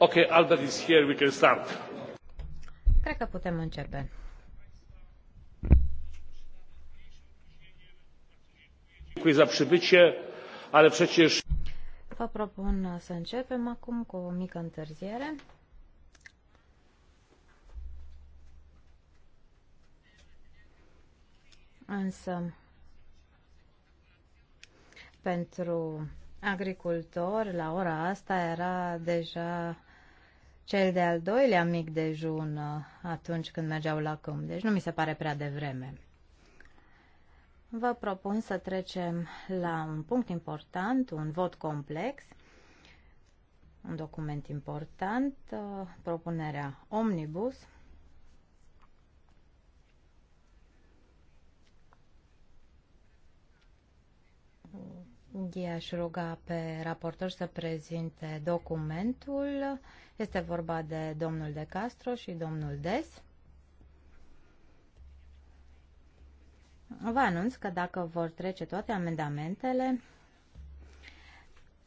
Ok, Albert is here, we can start. Cred că putem începe. Dziękuję za przybycie, ale przecież... Vă propun să începem acum cu o mică întârziere. Însă, pentru agricultori, la ora asta era deja cel de-al doilea mic dejun uh, atunci când mergeau la câmp. Deci nu mi se pare prea devreme. Vă propun să trecem la un punct important, un vot complex, un document important, uh, propunerea Omnibus. I-aș ruga pe raportor să prezinte documentul. Este vorba de domnul De Castro și domnul Des. Vă anunț că dacă vor trece toate amendamentele,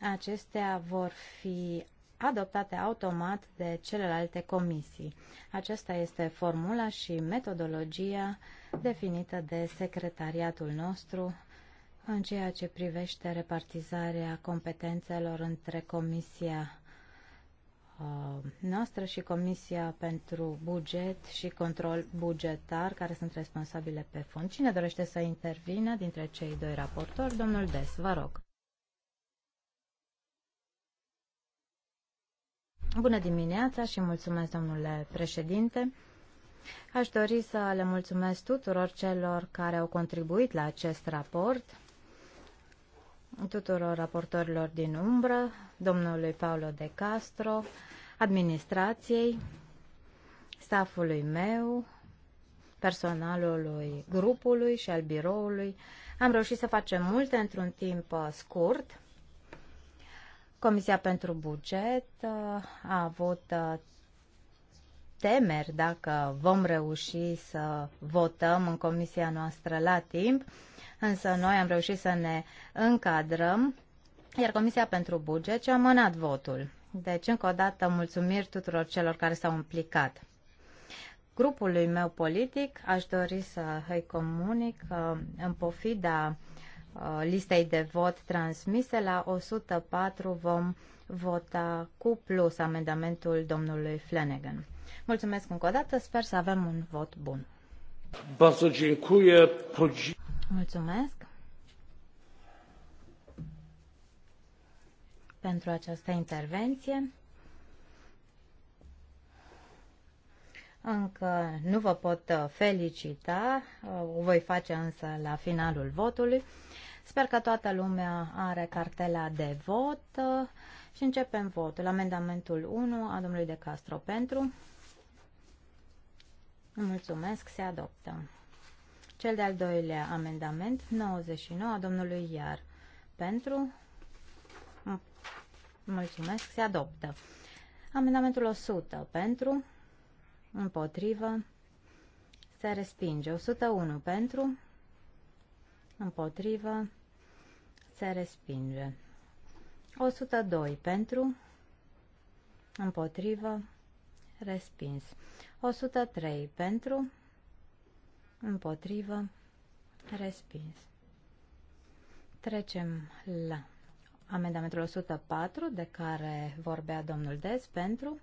acestea vor fi adoptate automat de celelalte comisii. Aceasta este formula și metodologia definită de secretariatul nostru în ceea ce privește repartizarea competențelor între Comisia uh, noastră și Comisia pentru Buget și Control Bugetar, care sunt responsabile pe fond. Cine dorește să intervină dintre cei doi raportori? Domnul Des, vă rog. Bună dimineața și mulțumesc, domnule președinte. Aș dori să le mulțumesc tuturor celor care au contribuit la acest raport tuturor raportorilor din umbră, domnului Paolo de Castro, administrației, stafului meu, personalului grupului și al biroului. Am reușit să facem multe într-un timp uh, scurt. Comisia pentru buget uh, a avut uh, temeri dacă vom reuși să votăm în comisia noastră la timp însă noi am reușit să ne încadrăm, iar Comisia pentru Buget și-a mânat votul. Deci, încă o dată, mulțumiri tuturor celor care s-au implicat. Grupului meu politic aș dori să îi comunic uh, în pofida uh, listei de vot transmise la 104 vom vota cu plus amendamentul domnului Flanagan. Mulțumesc încă o dată, sper să avem un vot bun. Bardzo dziękuję. Mulțumesc pentru această intervenție. Încă nu vă pot uh, felicita, uh, o voi face însă la finalul votului. Sper că toată lumea are cartela de vot uh, și începem votul. Amendamentul 1 a domnului De Castro pentru. Mulțumesc, se adoptă. Cel de-al doilea amendament, 99, a domnului Iar. Pentru? Mulțumesc, se adoptă. Amendamentul 100, pentru? Împotrivă? Se respinge. 101, pentru? Împotrivă? Se respinge. 102, pentru? Împotrivă? Respins. 103, pentru? împotrivă, respins. Trecem la amendamentul 104, de care vorbea domnul Dez, pentru.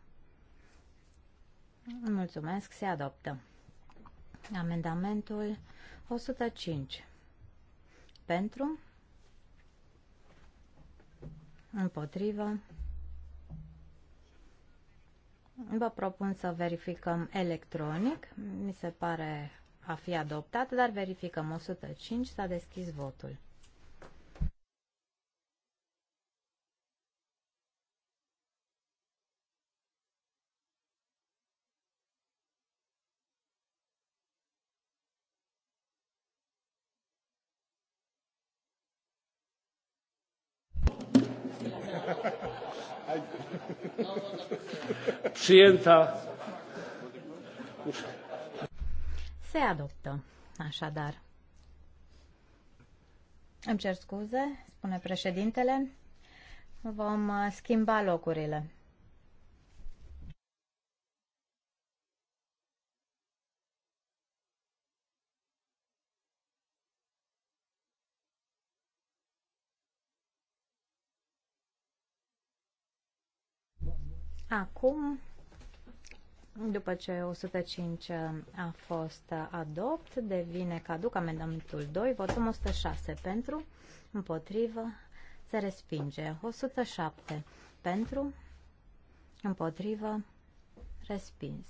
Mulțumesc, se adoptă. Amendamentul 105, pentru, împotrivă. Vă propun să verificăm electronic. Mi se pare a fi adoptat, dar verificăm 105, s-a deschis votul. przyjęta. Se adoptă. Așadar. Îmi cer scuze, spune președintele. Vom uh, schimba locurile. Acum după ce 105 a fost adopt, devine caduc amendamentul 2, votăm 106 pentru, împotrivă, se respinge. 107 pentru, împotrivă, respins.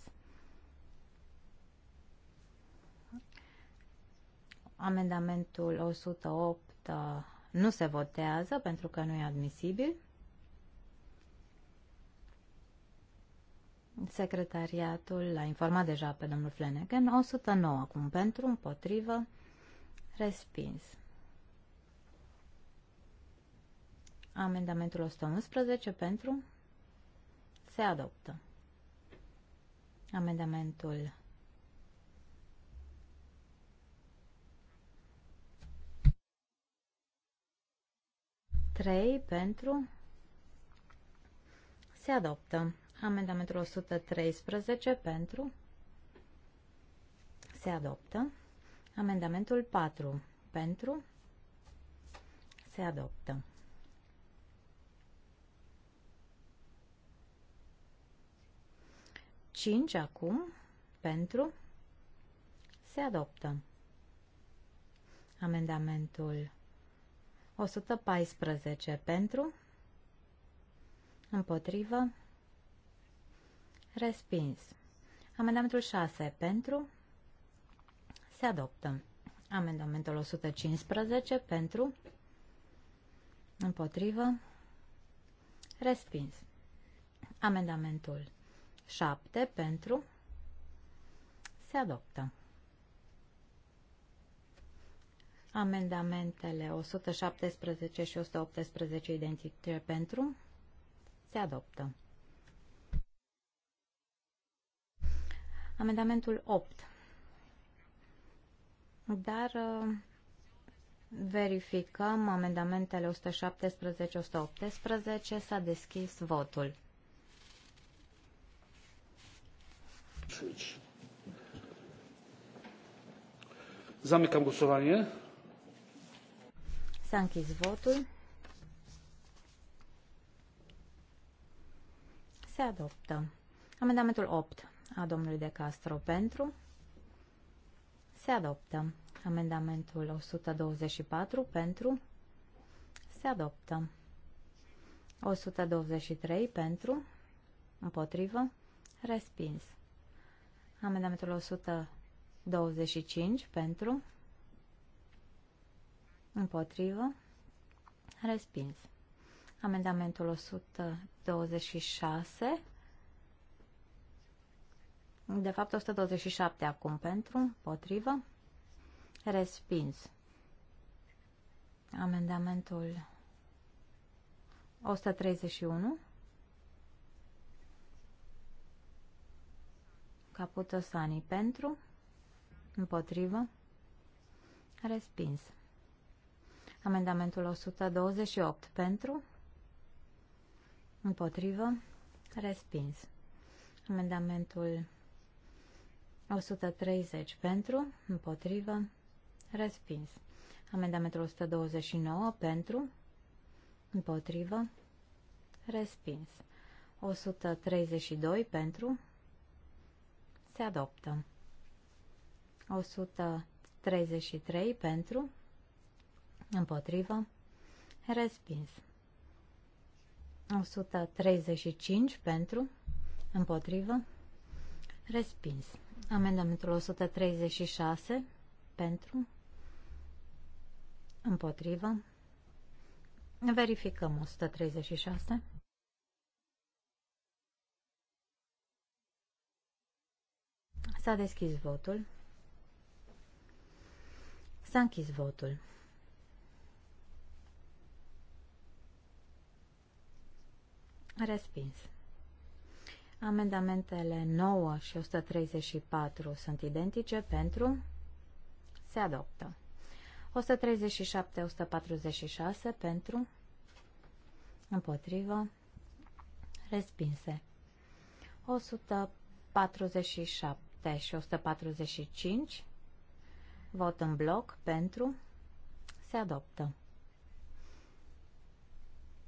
Amendamentul 108 nu se votează pentru că nu e admisibil. Secretariatul l-a informat deja pe domnul Flanagan. 109 acum pentru, împotrivă, respins. Amendamentul 111 pentru se adoptă. Amendamentul 3 pentru se adoptă. Amendamentul 113 pentru. Se adoptă. Amendamentul 4 pentru. Se adoptă. Cinci acum pentru. Se adoptă. Amendamentul 114 pentru. Împotrivă. Respins. Amendamentul 6 pentru. Se adoptă. Amendamentul 115 pentru. Împotrivă. Respins. Amendamentul 7 pentru. Se adoptă. Amendamentele 117 și 118 identice pentru. Se adoptă. amendamentul 8. Dar uh, verificăm amendamentele 117-118. S-a deschis votul. Zamykam głosowanie. Sanki z închis votul. Se adoptă. Amendamentul 8 a domnului De Castro pentru. Se adoptă. Amendamentul 124 pentru. Se adoptă. 123 pentru. Împotrivă. Respins. Amendamentul 125 pentru. Împotrivă. Respins. Amendamentul 126 de fapt, 127 acum pentru, potrivă respins. Amendamentul 131. Caputo Sani pentru, împotrivă, respins. Amendamentul 128 pentru, împotrivă, respins. Amendamentul 130 pentru, împotrivă, respins. Amendamentul 129 pentru, împotrivă, respins. 132 pentru, se adoptă. 133 pentru, împotrivă, respins. 135 pentru, împotrivă, respins. Amendamentul 136 pentru, împotrivă. Verificăm 136. S-a deschis votul. S-a închis votul. Respins. Amendamentele 9 și 134 sunt identice pentru se adoptă. 137-146 pentru împotrivă respinse. 147 și 145 vot în bloc pentru se adoptă.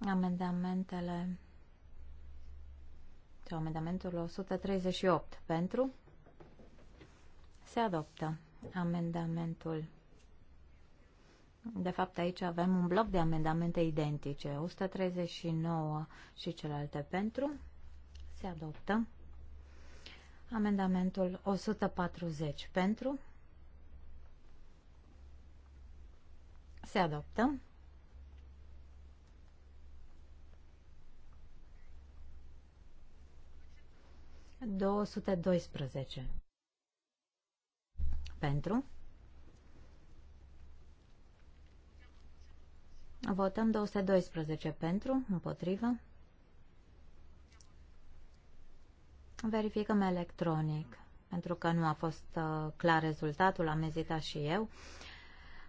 Amendamentele adopte amendamentul 138 pentru. Se adoptă amendamentul. De fapt, aici avem un bloc de amendamente identice. 139 și celelalte pentru. Se adoptă. Amendamentul 140 pentru. Se adoptă. 212. Pentru. Votăm 212 pentru, împotrivă. Verificăm electronic, pentru că nu a fost uh, clar rezultatul, am ezitat și eu.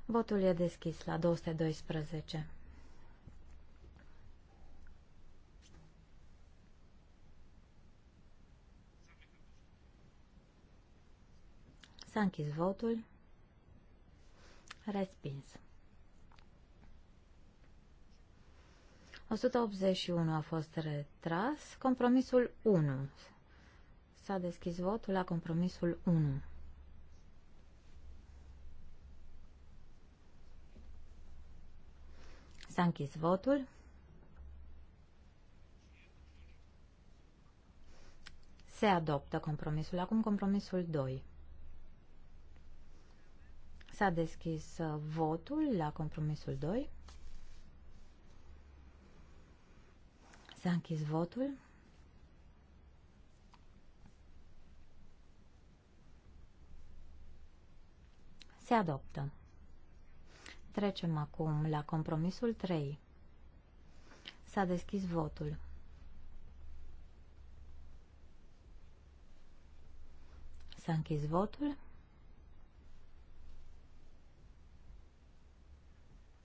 Votul e deschis la 212. S-a închis votul. Respins. 181 a fost retras. Compromisul 1. S-a deschis votul la compromisul 1. S-a închis votul. Se adoptă compromisul. Acum compromisul 2. S-a deschis uh, votul la compromisul 2. S-a închis votul. Se adoptă. Trecem acum la compromisul 3. S-a deschis votul. S-a închis votul.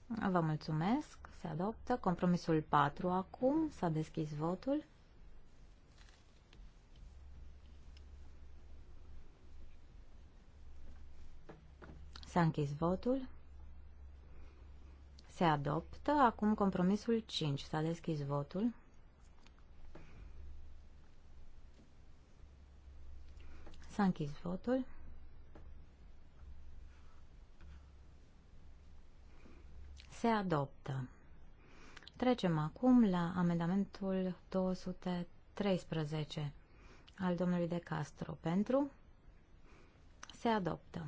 Vă mulțumesc. Se adoptă. Compromisul 4 acum. S-a deschis votul. S-a închis votul. Se adoptă. Acum compromisul 5. S-a deschis votul. S-a închis votul. se adoptă. Trecem acum la amendamentul 213 al domnului De Castro. Pentru se adoptă.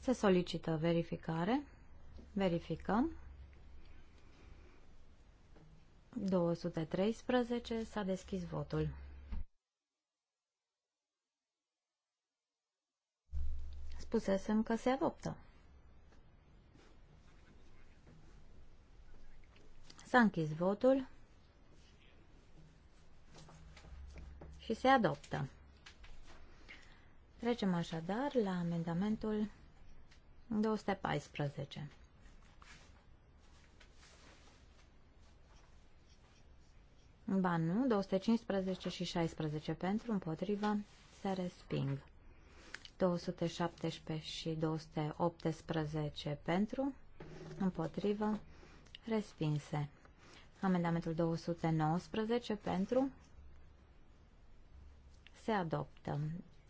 Se solicită verificare. Verificăm. 213 s-a deschis votul. spusesem că se adoptă. S-a închis votul și se adoptă. Trecem așadar la amendamentul 214. Ba nu, 215 și 16 pentru, împotriva, se resping. 217 și 218 pentru, împotrivă, respinse. Amendamentul 219 pentru, se adoptă.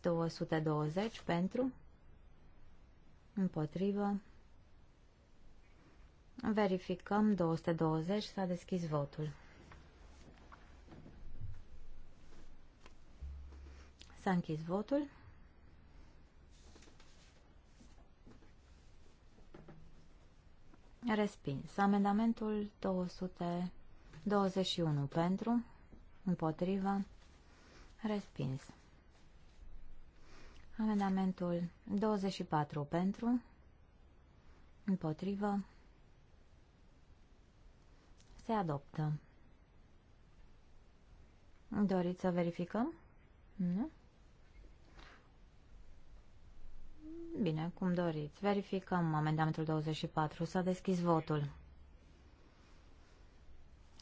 220 pentru, împotrivă, verificăm 220, s-a deschis votul. S-a închis votul. Respins. Amendamentul 221 pentru, împotrivă, respins. Amendamentul 24 pentru, împotrivă, se adoptă. Doriți să verificăm? Nu? Bine, cum doriți. Verificăm amendamentul 24. S-a deschis votul.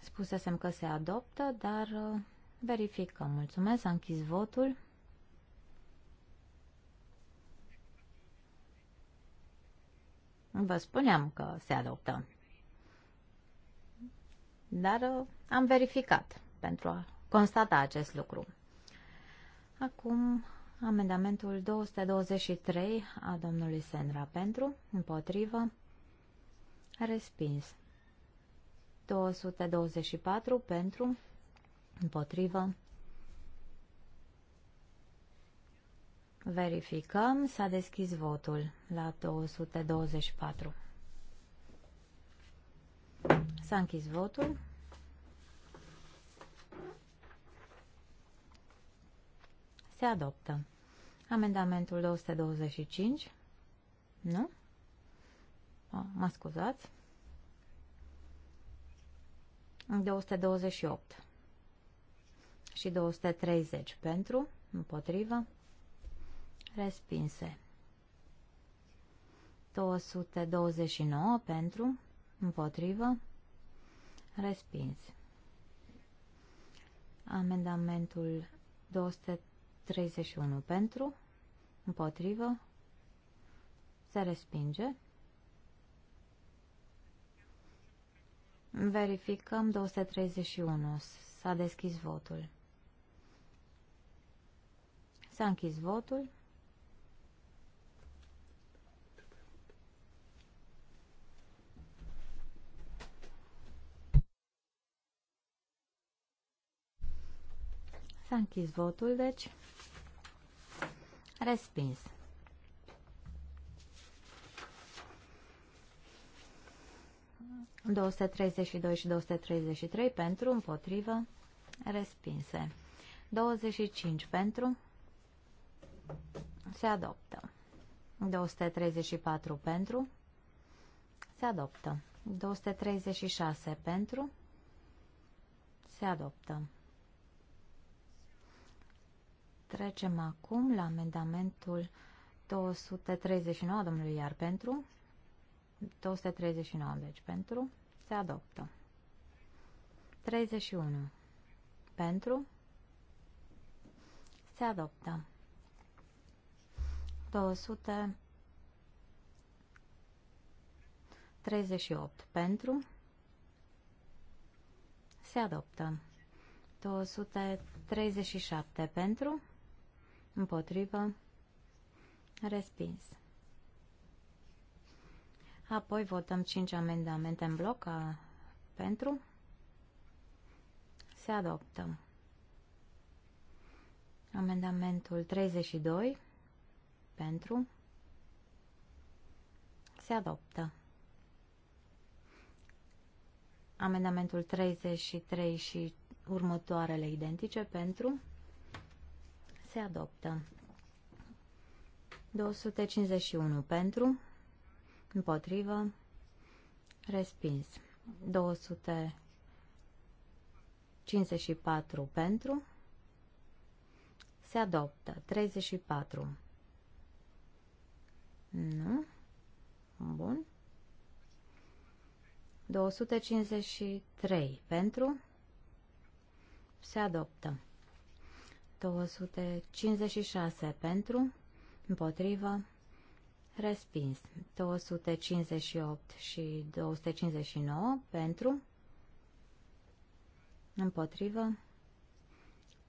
Spusesem că se adoptă, dar uh, verificăm. Mulțumesc, s-a închis votul. Vă spuneam că se adoptă. Dar uh, am verificat pentru a constata acest lucru. Acum Amendamentul 223 a domnului Senra pentru, împotrivă, respins. 224 pentru, împotrivă. Verificăm, s-a deschis votul la 224. S-a închis votul. Se adoptă. Amendamentul 225. Nu? O, mă scuzați. 228 și 230 pentru, împotrivă, respinse. 229 pentru, împotrivă, respins. Amendamentul 230 31 pentru, împotrivă, se respinge. Verificăm 231. S-a deschis votul. S-a închis votul. S-a închis votul, deci Respins. ...232 și 233 pentru, împotrivă, respinse. 25 pentru, se adoptă. 234 pentru, se adoptă. 236 pentru, se adoptă. Trecem acum la amendamentul 239, domnului Iar pentru. 239, deci pentru. Se adoptă. 31. Pentru. Se adoptă. 238. Pentru. Se adoptă. 237 pentru. Împotrivă. Respins. Apoi votăm 5 amendamente în bloc a, pentru. Se adoptă. Amendamentul 32 pentru. Se adoptă. Amendamentul 33 și următoarele identice pentru se adoptă. 251 pentru, împotrivă, respins. 254 pentru, se adoptă. 34. Nu? Bun. 253 pentru, se adoptă. 256 pentru, împotrivă, respins. 258 și 259 pentru, împotrivă,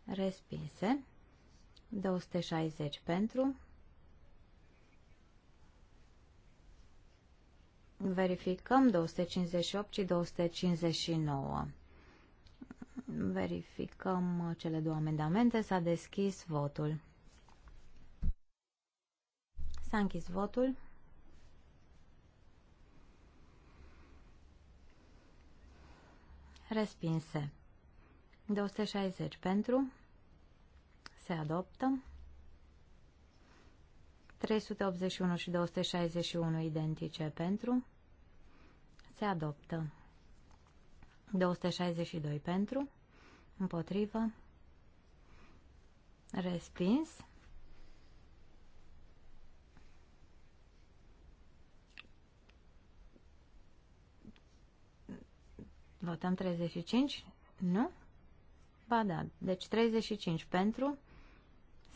respinse. 260 pentru, verificăm 258 și 259. Verificăm cele două amendamente. S-a deschis votul. S-a închis votul. Respinse. 260 pentru. Se adoptă. 381 și 261 identice pentru. Se adoptă. 262 pentru. Împotrivă. Respins. Votăm 35? Nu? Ba da, deci 35 pentru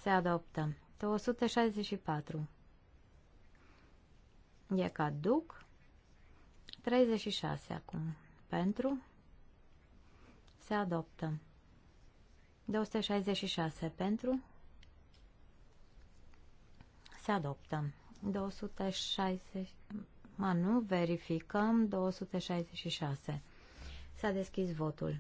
se adoptă. 264 e duc, 36 acum pentru se adoptă. 266 pentru. Se adoptă. 260. Ma nu, verificăm. 266. S-a deschis votul.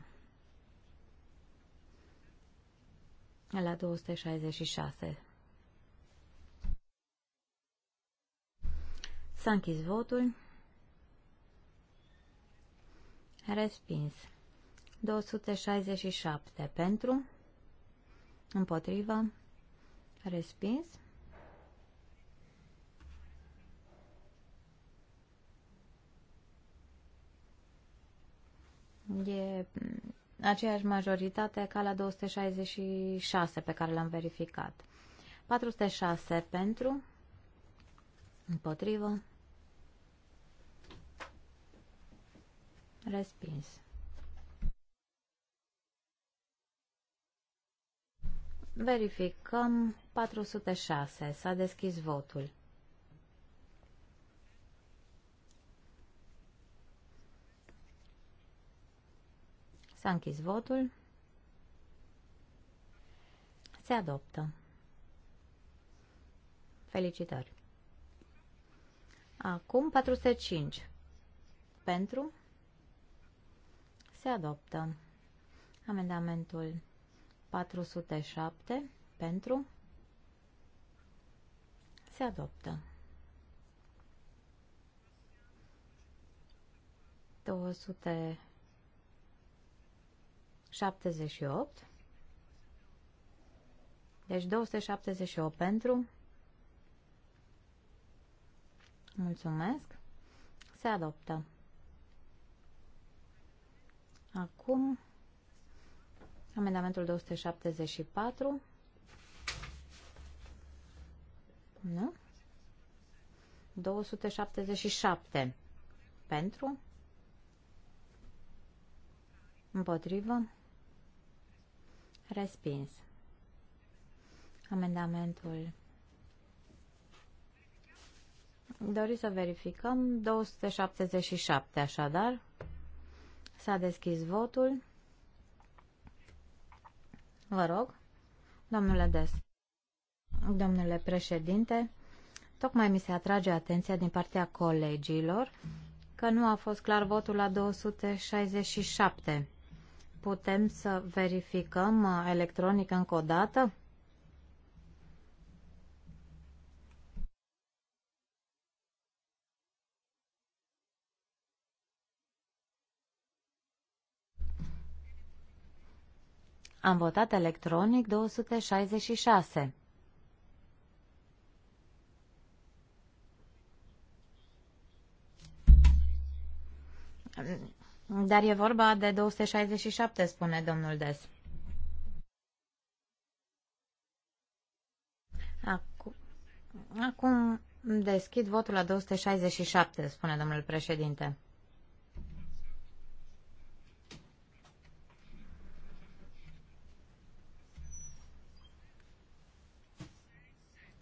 La 266. S-a închis votul. Respins. 267 pentru. Împotrivă. Respins. E aceeași majoritate ca la 266 pe care l-am verificat. 406 pentru, împotrivă, respins. Verificăm 406. S-a deschis votul. S-a închis votul. Se adoptă. Felicitări. Acum 405. Pentru. Se adoptă. Amendamentul 407 pentru se adoptă. 278 deci 278 pentru mulțumesc se adoptă. Acum Amendamentul 274. Nu? 277. Pentru? Împotrivă? Respins. Amendamentul. Doriți să verificăm. 277, așadar. S-a deschis votul. Vă rog, domnule Des. Domnule președinte, tocmai mi se atrage atenția din partea colegilor că nu a fost clar votul la 267. Putem să verificăm uh, electronic încă o dată? Am votat electronic 266. Dar e vorba de 267, spune domnul Des. Acum, deschid votul la 267, spune domnul președinte.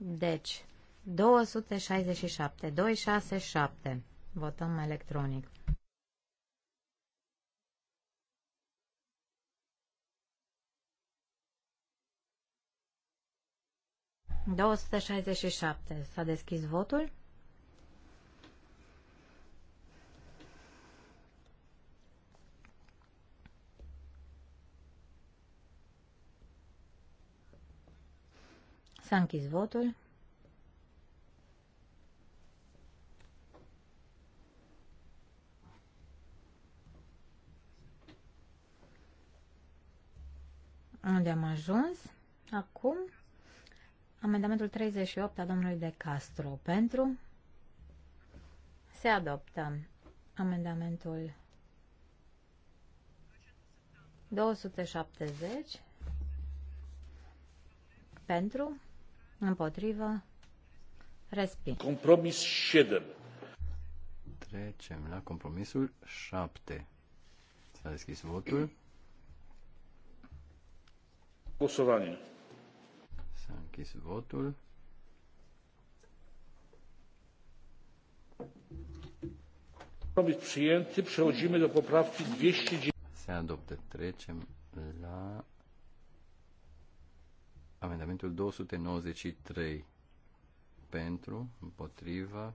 Deci, 267, 267. Votăm electronic. Două S-a deschis votul. S-a închis votul. Unde am ajuns? Acum, amendamentul 38 a domnului De Castro. Pentru? Se adoptă amendamentul 270 pentru Împotrivă. Respins. Compromis 7. Trecem la compromisul 7. S-a deschis votul. Głosowanie. S-a închis votul. Compromis prijent, Przechodzimy do poprawki 209. Se adoptă. Trecem la Amendamentul 293 pentru, împotrivă,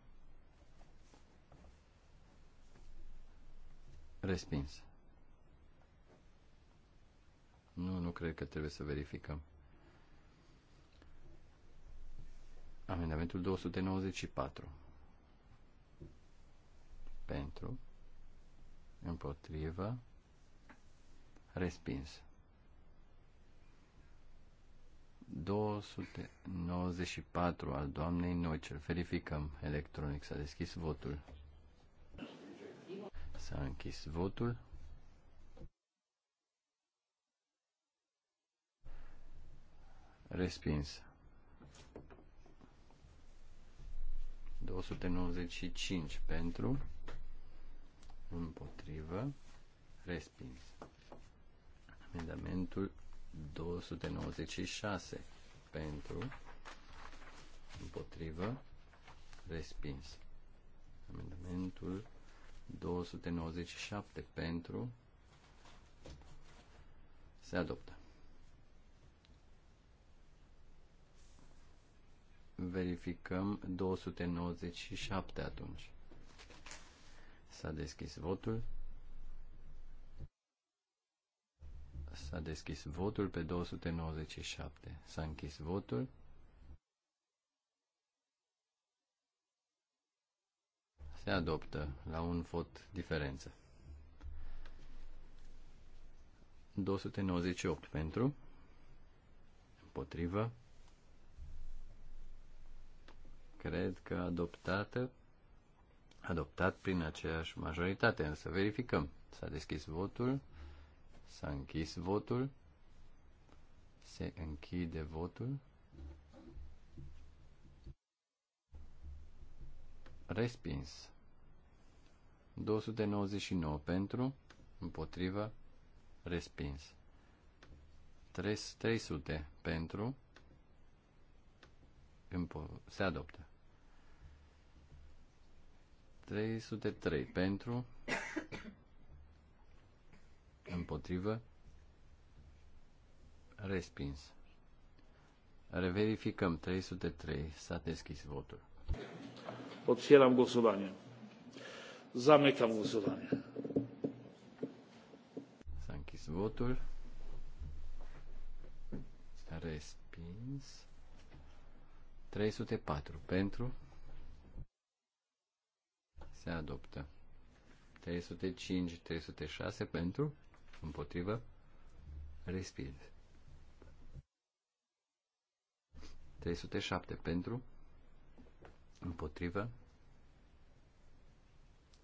respins. Nu, nu cred că trebuie să verificăm. Amendamentul 294 pentru, împotrivă, respins. 294 al doamnei Noicer. Verificăm electronic. S-a deschis votul. S-a închis votul. Respins. 295 pentru, împotrivă, respins. Amendamentul 296 pentru, împotrivă, respins. Amendamentul 297 pentru, se adoptă. Verificăm 297 atunci. S-a deschis votul. S-a deschis votul pe 297. S-a închis votul. Se adoptă la un vot diferență. 298 pentru, împotrivă, cred că adoptată, adoptat prin aceeași majoritate, însă verificăm. S-a deschis votul. S-a închis votul. Se închide votul. Respins. 299 pentru, împotrivă, respins. 300 pentru, se adoptă. 303 pentru, împotrivă, respins. Reverificăm 303. S-a deschis votul. Otvieram głosowanie. Zamykam głosowanie. S-a închis votul. Respins. 304 pentru. Se adoptă. 305, 306 pentru împotrivă, respir. 307 pentru, împotrivă,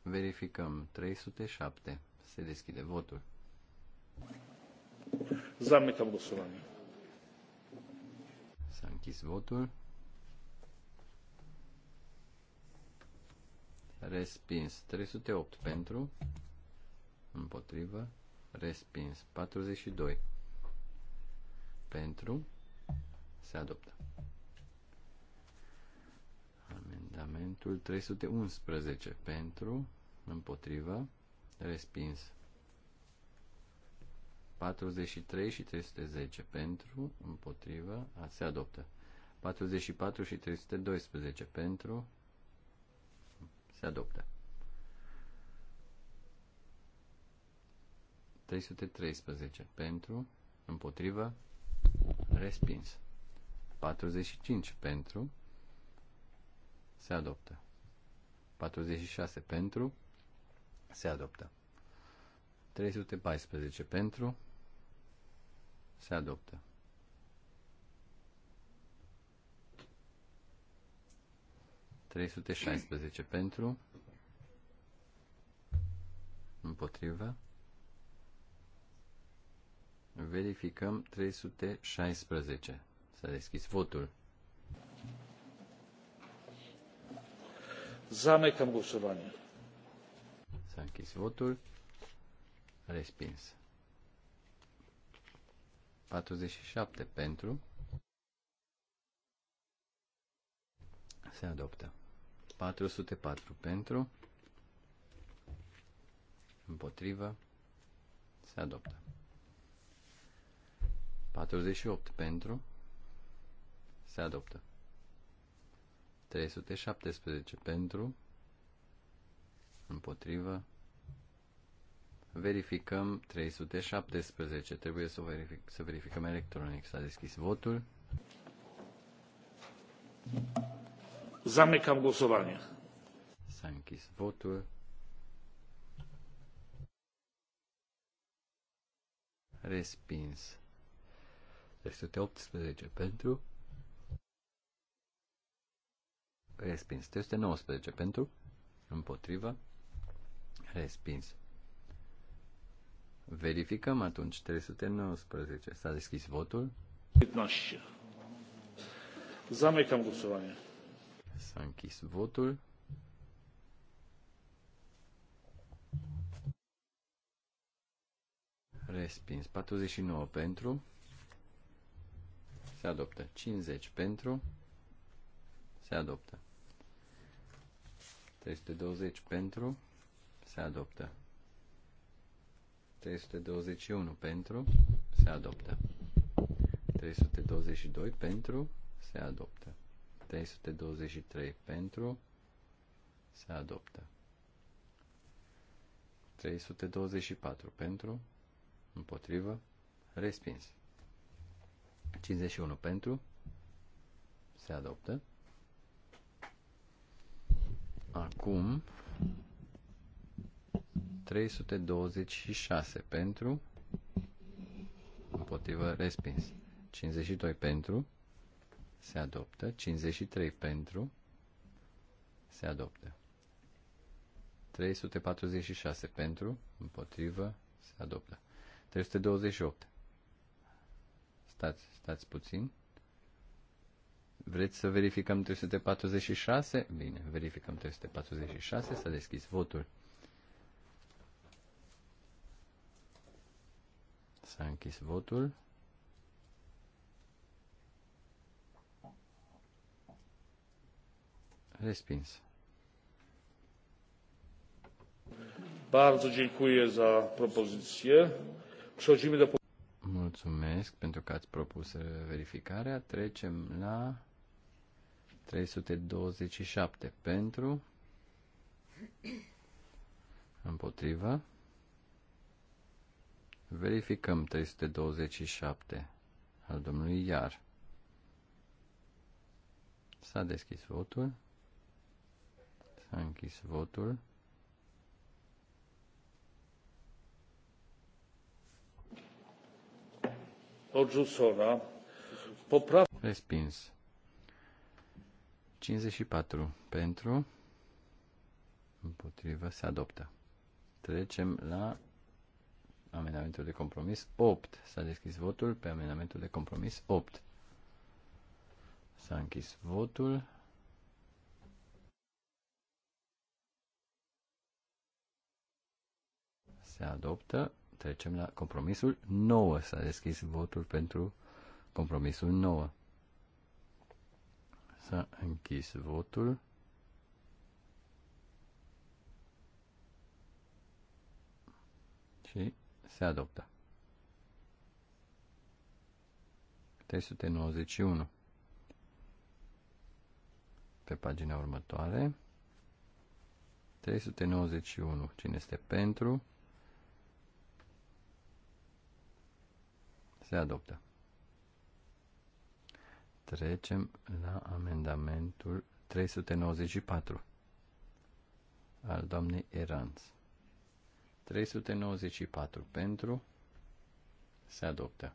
verificăm 307, se deschide votul. Zamykam głosowanie. S-a închis votul. Respins 308 pentru, împotrivă, Respins. 42. Pentru. Se adoptă. Amendamentul 311. Pentru. Împotrivă. Respins. 43 și 310 pentru, împotrivă, a, se adoptă. 44 și 312 pentru, se adoptă. 313 pentru, împotrivă, respins. 45 pentru, se adoptă. 46 pentru, se adoptă. 314 pentru, se adoptă. Trei sute șaisprezece pentru, împotrivă, Verificăm 316. S-a deschis votul. Zamecăm gusulanie. S-a închis votul. Respins. 47 pentru. Se adoptă. 404 pentru. Împotrivă. Se adoptă. 48 pentru. Se adoptă. 317 pentru. Împotrivă. Verificăm 317. Trebuie să, verific, să verificăm electronic. S-a deschis votul. Zamykam głosowanie. S-a închis votul. Respins. 318 pentru. Respins. 319 pentru. Împotrivă. Respins. Verificăm atunci 319. S-a deschis votul. 15. Zamykam głosowanie. S-a închis votul. Respins. 49 pentru se adoptă. 50 pentru, se adoptă. 320 pentru, se adoptă. 321 pentru, se adoptă. 322 pentru, se adoptă. 323 pentru, se adoptă. 324 pentru, împotrivă, respins. 51 pentru. Se adoptă. Acum 326 pentru. Împotrivă respins. 52 pentru. Se adoptă. 53 pentru. Se adoptă. 346 pentru. Împotrivă. Se adoptă. 328 Stați, stați puțin. Vreți să verificăm 346? Bine, verificăm 346, s-a deschis votul. S-a închis votul. Respins. Bardzo dziękuję za propozycję. Przechodzimy do mulțumesc pentru că ați propus verificarea. Trecem la 327 pentru, împotrivă. Verificăm 327 al domnului Iar. S-a deschis votul. S-a închis votul. odrzucona. poprav... Respins. 54 pentru, împotrivă, se adoptă. Trecem la amendamentul de compromis 8. S-a deschis votul pe amendamentul de compromis 8. S-a închis votul. Se adoptă Trecem la compromisul 9. S-a deschis votul pentru compromisul 9. S-a închis votul. Și se adoptă. 391 pe pagina următoare 391 cine este pentru Se adoptă. Trecem la amendamentul 394 al doamnei Eranț. 394 pentru se adoptă.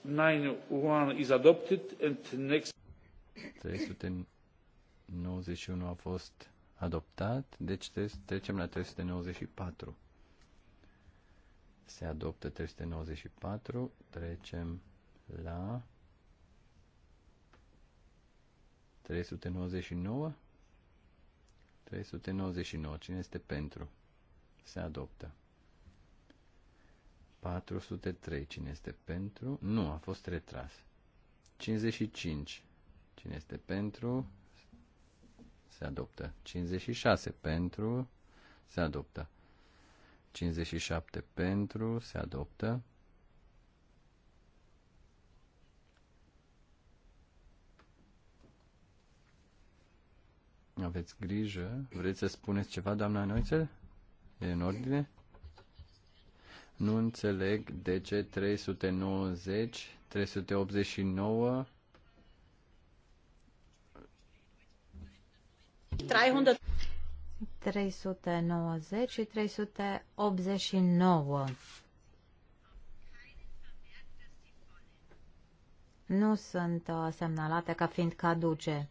Nine one is adopted and next. 391 a fost adoptat, deci trecem la 394. Se adoptă 394, trecem la 399. 399. Cine este pentru? Se adoptă. 403. Cine este pentru? Nu, a fost retras. 55. Cine este pentru? se adoptă. 56 pentru, se adoptă. 57 pentru, se adoptă. Aveți grijă. Vreți să spuneți ceva, doamna Noițel? E în ordine? Nu înțeleg de ce 390, 389 300... 390 și 389. Nu sunt uh, semnalate ca fiind caduce.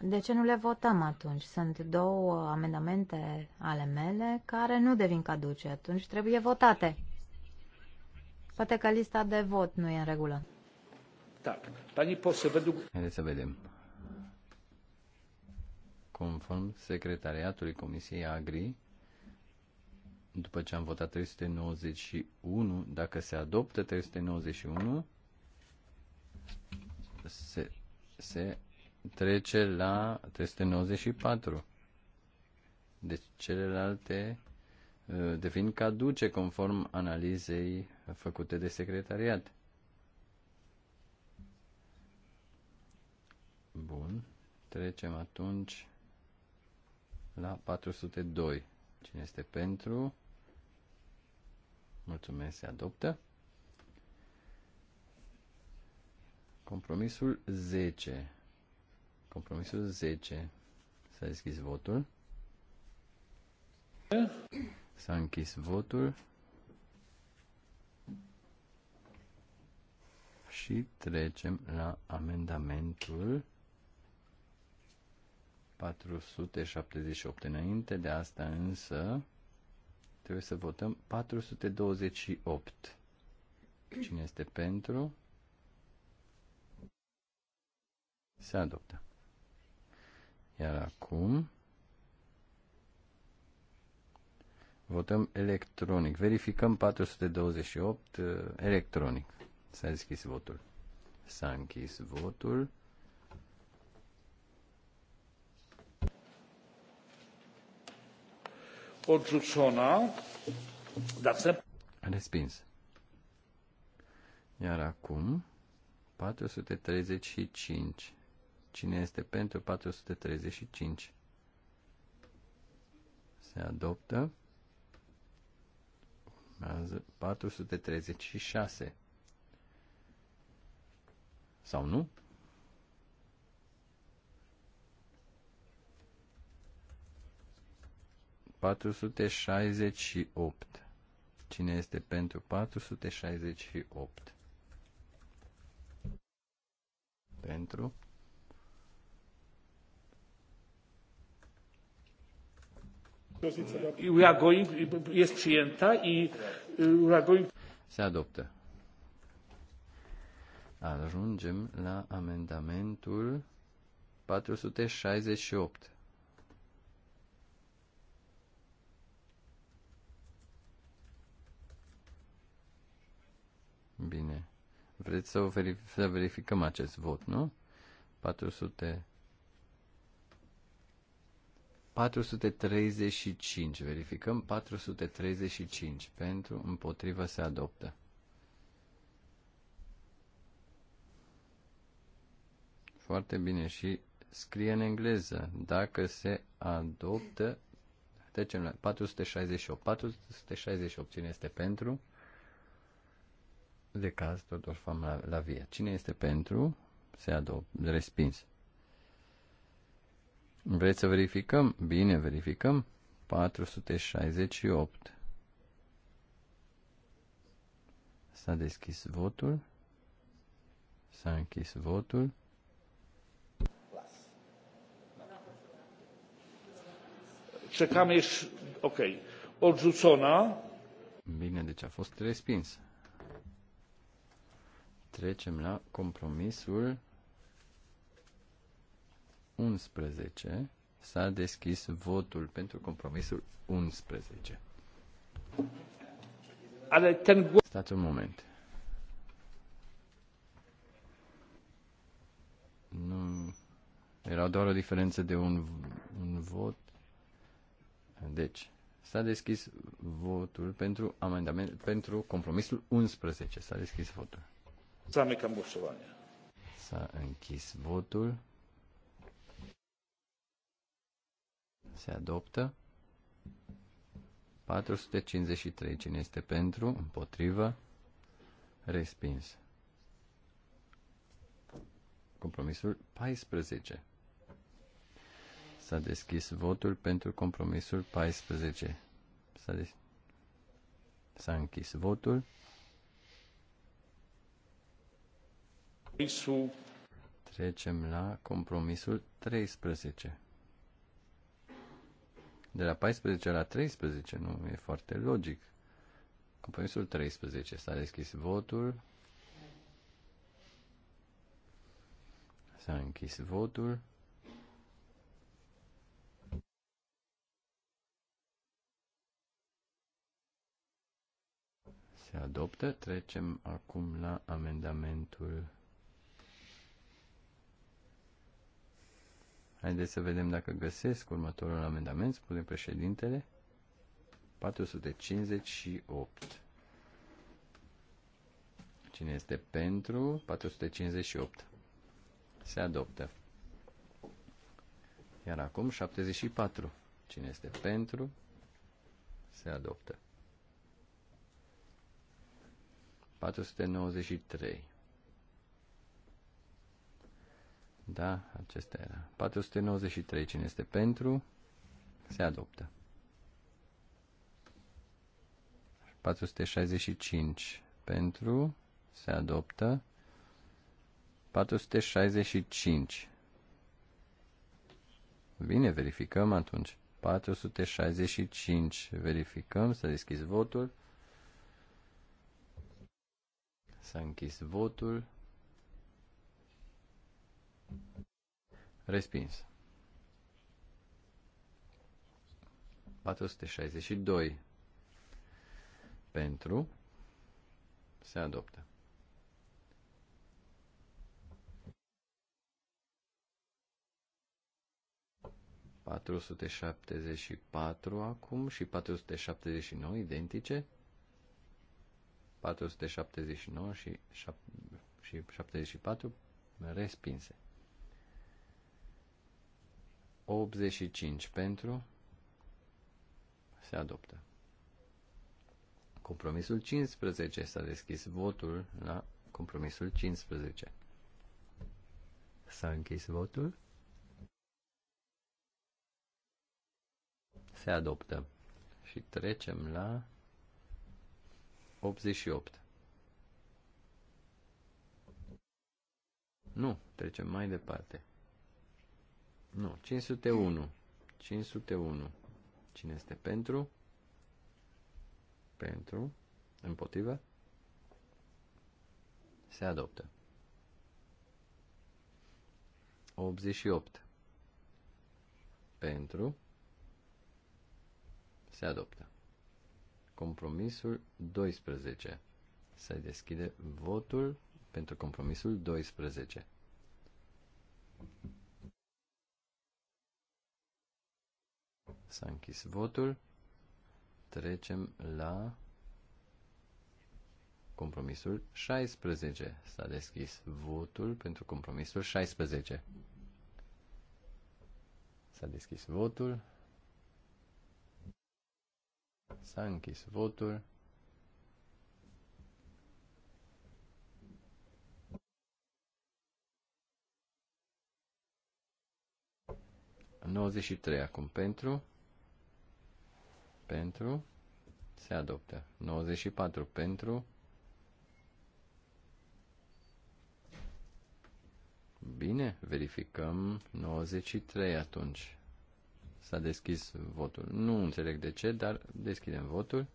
De ce nu le votăm atunci? Sunt două amendamente ale mele care nu devin caduce, atunci trebuie votate. Poate că lista de vot nu e în regulă. Tak. Pani poseł, według... Haideți să vedem. Conform secretariatului Comisiei Agri, după ce am votat 391, dacă se adoptă 391, se, se trece la 394. Deci celelalte ă, devin caduce conform analizei făcute de secretariat. Bun. Trecem atunci la 402. Cine este pentru? Mulțumesc, se adoptă. Compromisul 10. Compromisul 10. S-a deschis votul. S-a închis votul. Și trecem la amendamentul 478 înainte, de asta însă trebuie să votăm 428. Cine este pentru? Se adoptă. Iar acum votăm electronic. Verificăm 428 uh, electronic. S-a deschis votul. S-a închis votul. odrzucona. Respins. Iar acum, 435. Cine este pentru 435? Se adoptă. 436. Sau nu? 468. Cine este pentru 468? Pentru. We are going, jest przyjęta we are going... Se adoptă. Ajungem la amendamentul 468. Vreți să, verific, să verificăm acest vot, nu? 400... 435. Verificăm 435. Pentru, împotrivă, se adoptă. Foarte bine. Și scrie în engleză. Dacă se adoptă, 468. 468. Cine este pentru? de caz Todor Fam la, la via. Cine este pentru? Se adopt, Respins. Vreți să verificăm? Bine, verificăm. 468. S-a deschis votul. S-a închis votul. Czekamy jeszcze. Ok. Odrzucona. Bine, deci a fost respinsă. Trecem la compromisul 11. S-a deschis votul pentru compromisul 11. Stați un moment. Nu. Era doar o diferență de un, un vot. Deci, s-a deschis votul pentru amendament, pentru compromisul 11. S-a deschis votul. Zamykam głosowanie. S-a închis votul. Se adoptă. 453. Cine este pentru? Împotrivă? Respins. Compromisul 14. S-a deschis votul pentru compromisul 14. S-a, des- s-a închis votul. Compromisul. Trecem la compromisul 13. De la 14 la 13, nu e foarte logic. Compromisul 13. S-a deschis votul. S-a închis votul. Se adoptă. Trecem acum la amendamentul Haideți să vedem dacă găsesc următorul amendament, spune președintele. 458. Cine este pentru? 458. Se adoptă. Iar acum 74. Cine este pentru? Se adoptă. 493. Da, acesta era. 493. Cine este pentru? Se adoptă. 465. Pentru? Se adoptă. 465. Bine, verificăm atunci. 465. Verificăm, s-a deschis votul. S-a închis votul. Respins. 462 pentru se adoptă. patru acum și 479 identice. 479 și, și 74 respinse. 85 pentru se adoptă. Compromisul 15 s-a deschis votul la compromisul 15. S-a închis votul. Se adoptă. Și trecem la 88. Nu, trecem mai departe. Nu, 501. 501. Cine este pentru? Pentru. Împotrivă? Se adoptă. 88. Pentru. Se adoptă. Compromisul 12. Se deschide votul pentru compromisul 12. S-a închis votul. Trecem la compromisul 16. S-a deschis votul pentru compromisul 16. S-a deschis votul. S-a închis votul. Nouăzeci și trei acum pentru pentru, se adoptă. 94 pentru, Bine, verificăm 93 atunci. S-a deschis votul. Nu înțeleg de ce, dar deschidem votul.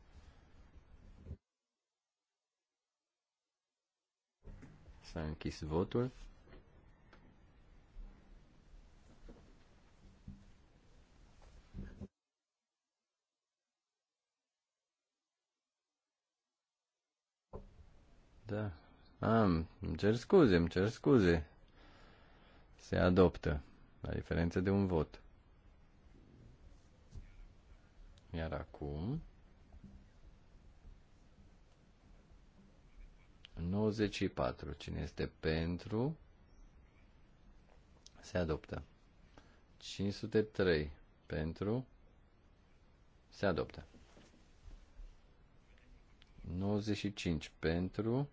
S-a închis votul. Da. Am, îmi cer scuze, îmi cer scuze. Se adoptă, la diferență de un vot. Iar acum... 94. Cine este pentru, se adoptă. 503. Pentru, se adoptă. 95. Pentru,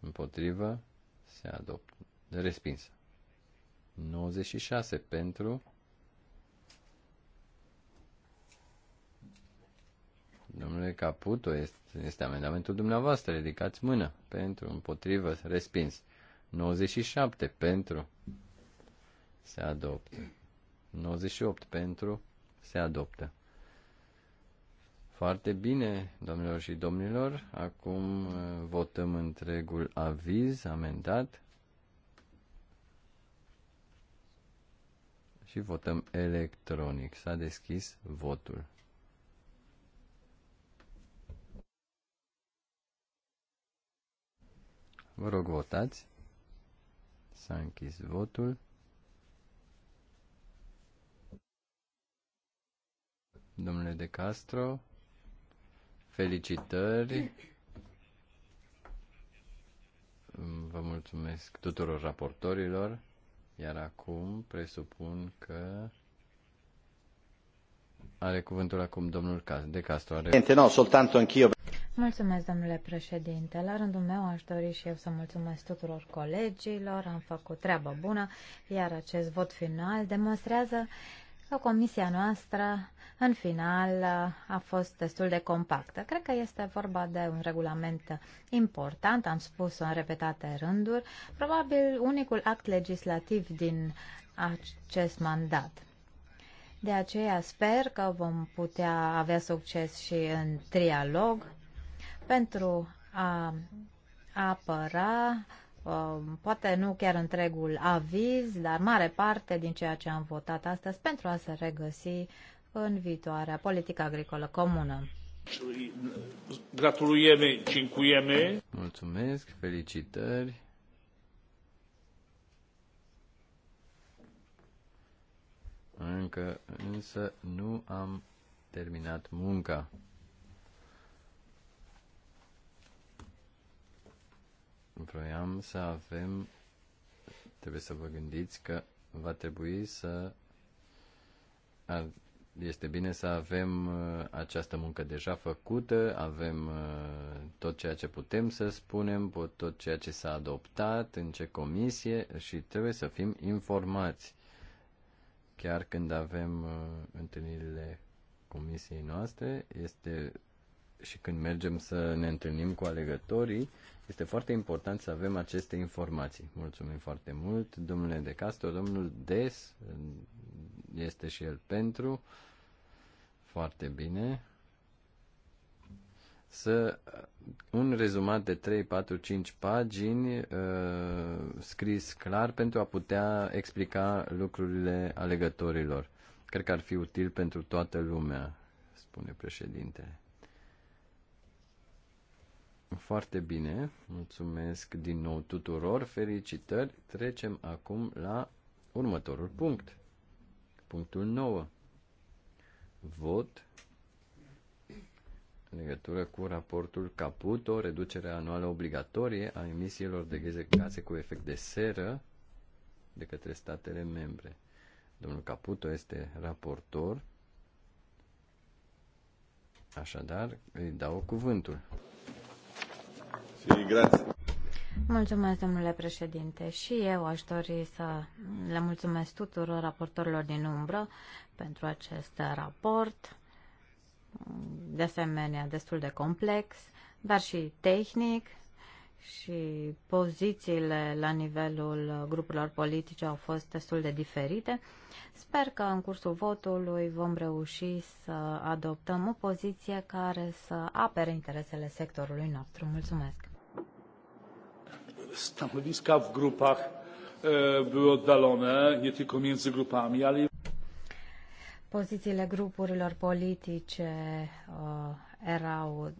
împotrivă, se adoptă, respinsă. 96 pentru, 96 Domnule Caputo, este, este amendamentul dumneavoastră, ridicați mână. Pentru, împotrivă, respins. 97 pentru, se adoptă. 98 pentru, se adoptă. Foarte bine, domnilor și domnilor. Acum uh, votăm întregul aviz amendat. Și votăm electronic. S-a deschis votul. Vă rog, votați. S-a închis votul. Domnule De Castro, Felicitări. Vă mulțumesc tuturor raportorilor. Iar acum presupun că are cuvântul acum domnul De Castro. Are... No, soltanto anch'io. Mulțumesc, domnule președinte. La rândul meu aș dori și eu să mulțumesc tuturor colegilor. Am făcut treabă bună, iar acest vot final demonstrează comisia noastră, în final, a fost destul de compactă. Cred că este vorba de un regulament important, am spus-o în repetate rânduri, probabil unicul act legislativ din acest mandat. De aceea sper că vom putea avea succes și în trialog pentru a apăra Um, poate nu chiar întregul aviz, dar mare parte din ceea ce am votat astăzi pentru a se regăsi în viitoarea politică agricolă comună. Gratulujemy, cincuieme. Mulțumesc, felicitări. Încă însă nu am terminat munca. Vroiam să avem, trebuie să vă gândiți că va trebui să este bine să avem uh, această muncă deja făcută, avem uh, tot ceea ce putem să spunem, tot ceea ce s-a adoptat, în ce comisie și trebuie să fim informați. Chiar când avem uh, întâlnirile comisiei noastre, este și când mergem să ne întâlnim cu alegătorii, este foarte important să avem aceste informații. Mulțumim foarte mult, domnule De Castro, domnul Des mm, este și el pentru. Foarte bine. Să un rezumat de 3, 4, 5 pagini uh, scris clar pentru a putea explica lucrurile alegătorilor. Cred că ar fi util pentru toată lumea, spune președintele. Foarte bine, mulțumesc din nou tuturor, felicitări. Trecem acum la următorul punct. Punctul 9. Vot în legătură cu raportul Caputo, reducerea anuală obligatorie a emisiilor de gaze cu efect de seră de către statele membre. Domnul Caputo este raportor, așadar îi dau cuvântul. Mulțumesc, domnule președinte, și eu aș dori să le mulțumesc tuturor raportorilor din umbră pentru acest raport, de asemenea destul de complex, dar și tehnic și pozițiile la nivelul grupurilor politice au fost destul de diferite. Sper că în cursul votului vom reuși să adoptăm o poziție care să apere interesele sectorului nostru. Mulțumesc! stanowiska w grupach były oddalone, nie tylko między grupami, ale i Pozițiile grupurilor politice uh, erau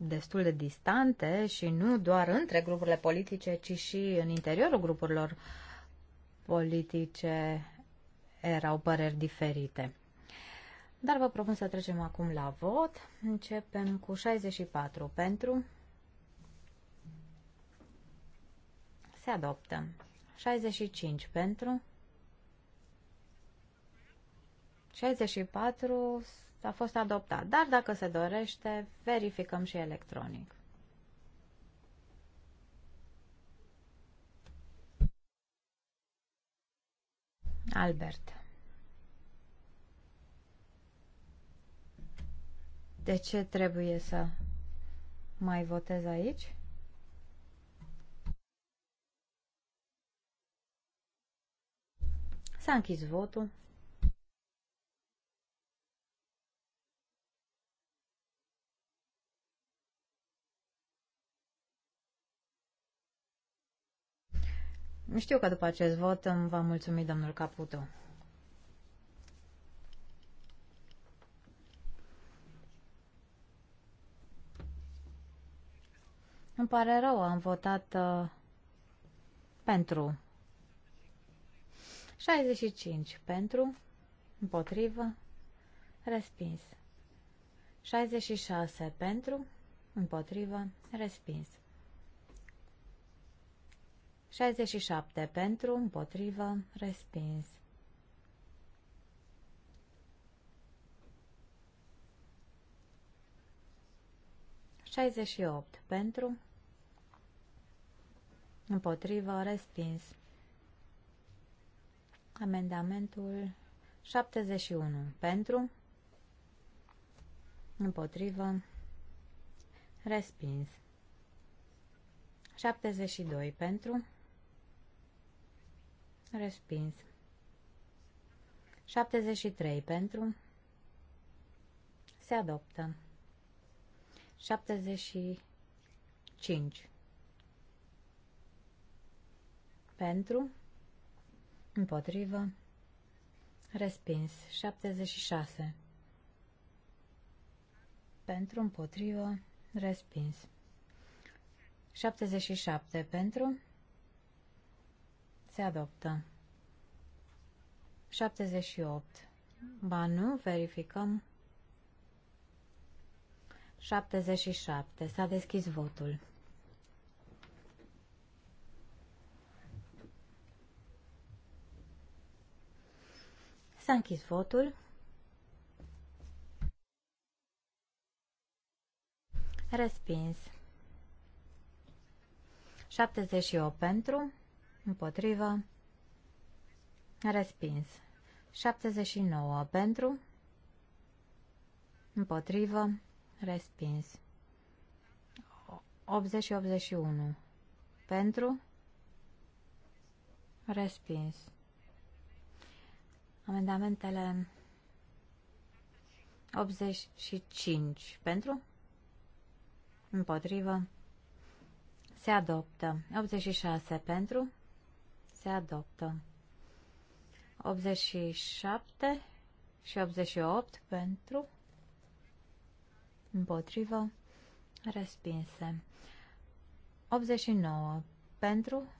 destul de distante și nu doar între grupurile politice, ci și în interiorul grupurilor politice erau păreri diferite. Dar vă propun să trecem acum la vot. Începem cu 64 pentru, Se adoptă. 65 pentru. 64 a fost adoptat, dar dacă se dorește, verificăm și electronic. Albert. De ce trebuie să mai votez aici? S-a închis votul. Știu că după acest vot îmi va mulțumi domnul Caputo. Îmi pare rău, am votat uh, pentru 65 pentru, împotrivă, respins. 66 pentru, împotrivă, respins. 67 pentru, împotrivă, respins. 68 pentru, împotrivă, respins. Amendamentul 71 pentru, împotrivă, respins. 72 pentru, respins. 73 pentru, se adoptă. 75 pentru, Împotrivă. Respins. 76. Pentru, împotrivă, respins. 77. Pentru. Se adoptă. 78. Ba nu, verificăm. 77. S-a deschis votul. S-a închis votul. Respins. 78 pentru, împotrivă, respins. 79 pentru, împotrivă, respins. 80 și 81 pentru, respins. Amendamentele 85 pentru, împotrivă, se adoptă. 86 pentru, se adoptă. 87 și 88 pentru, împotrivă, respinse. 89 pentru,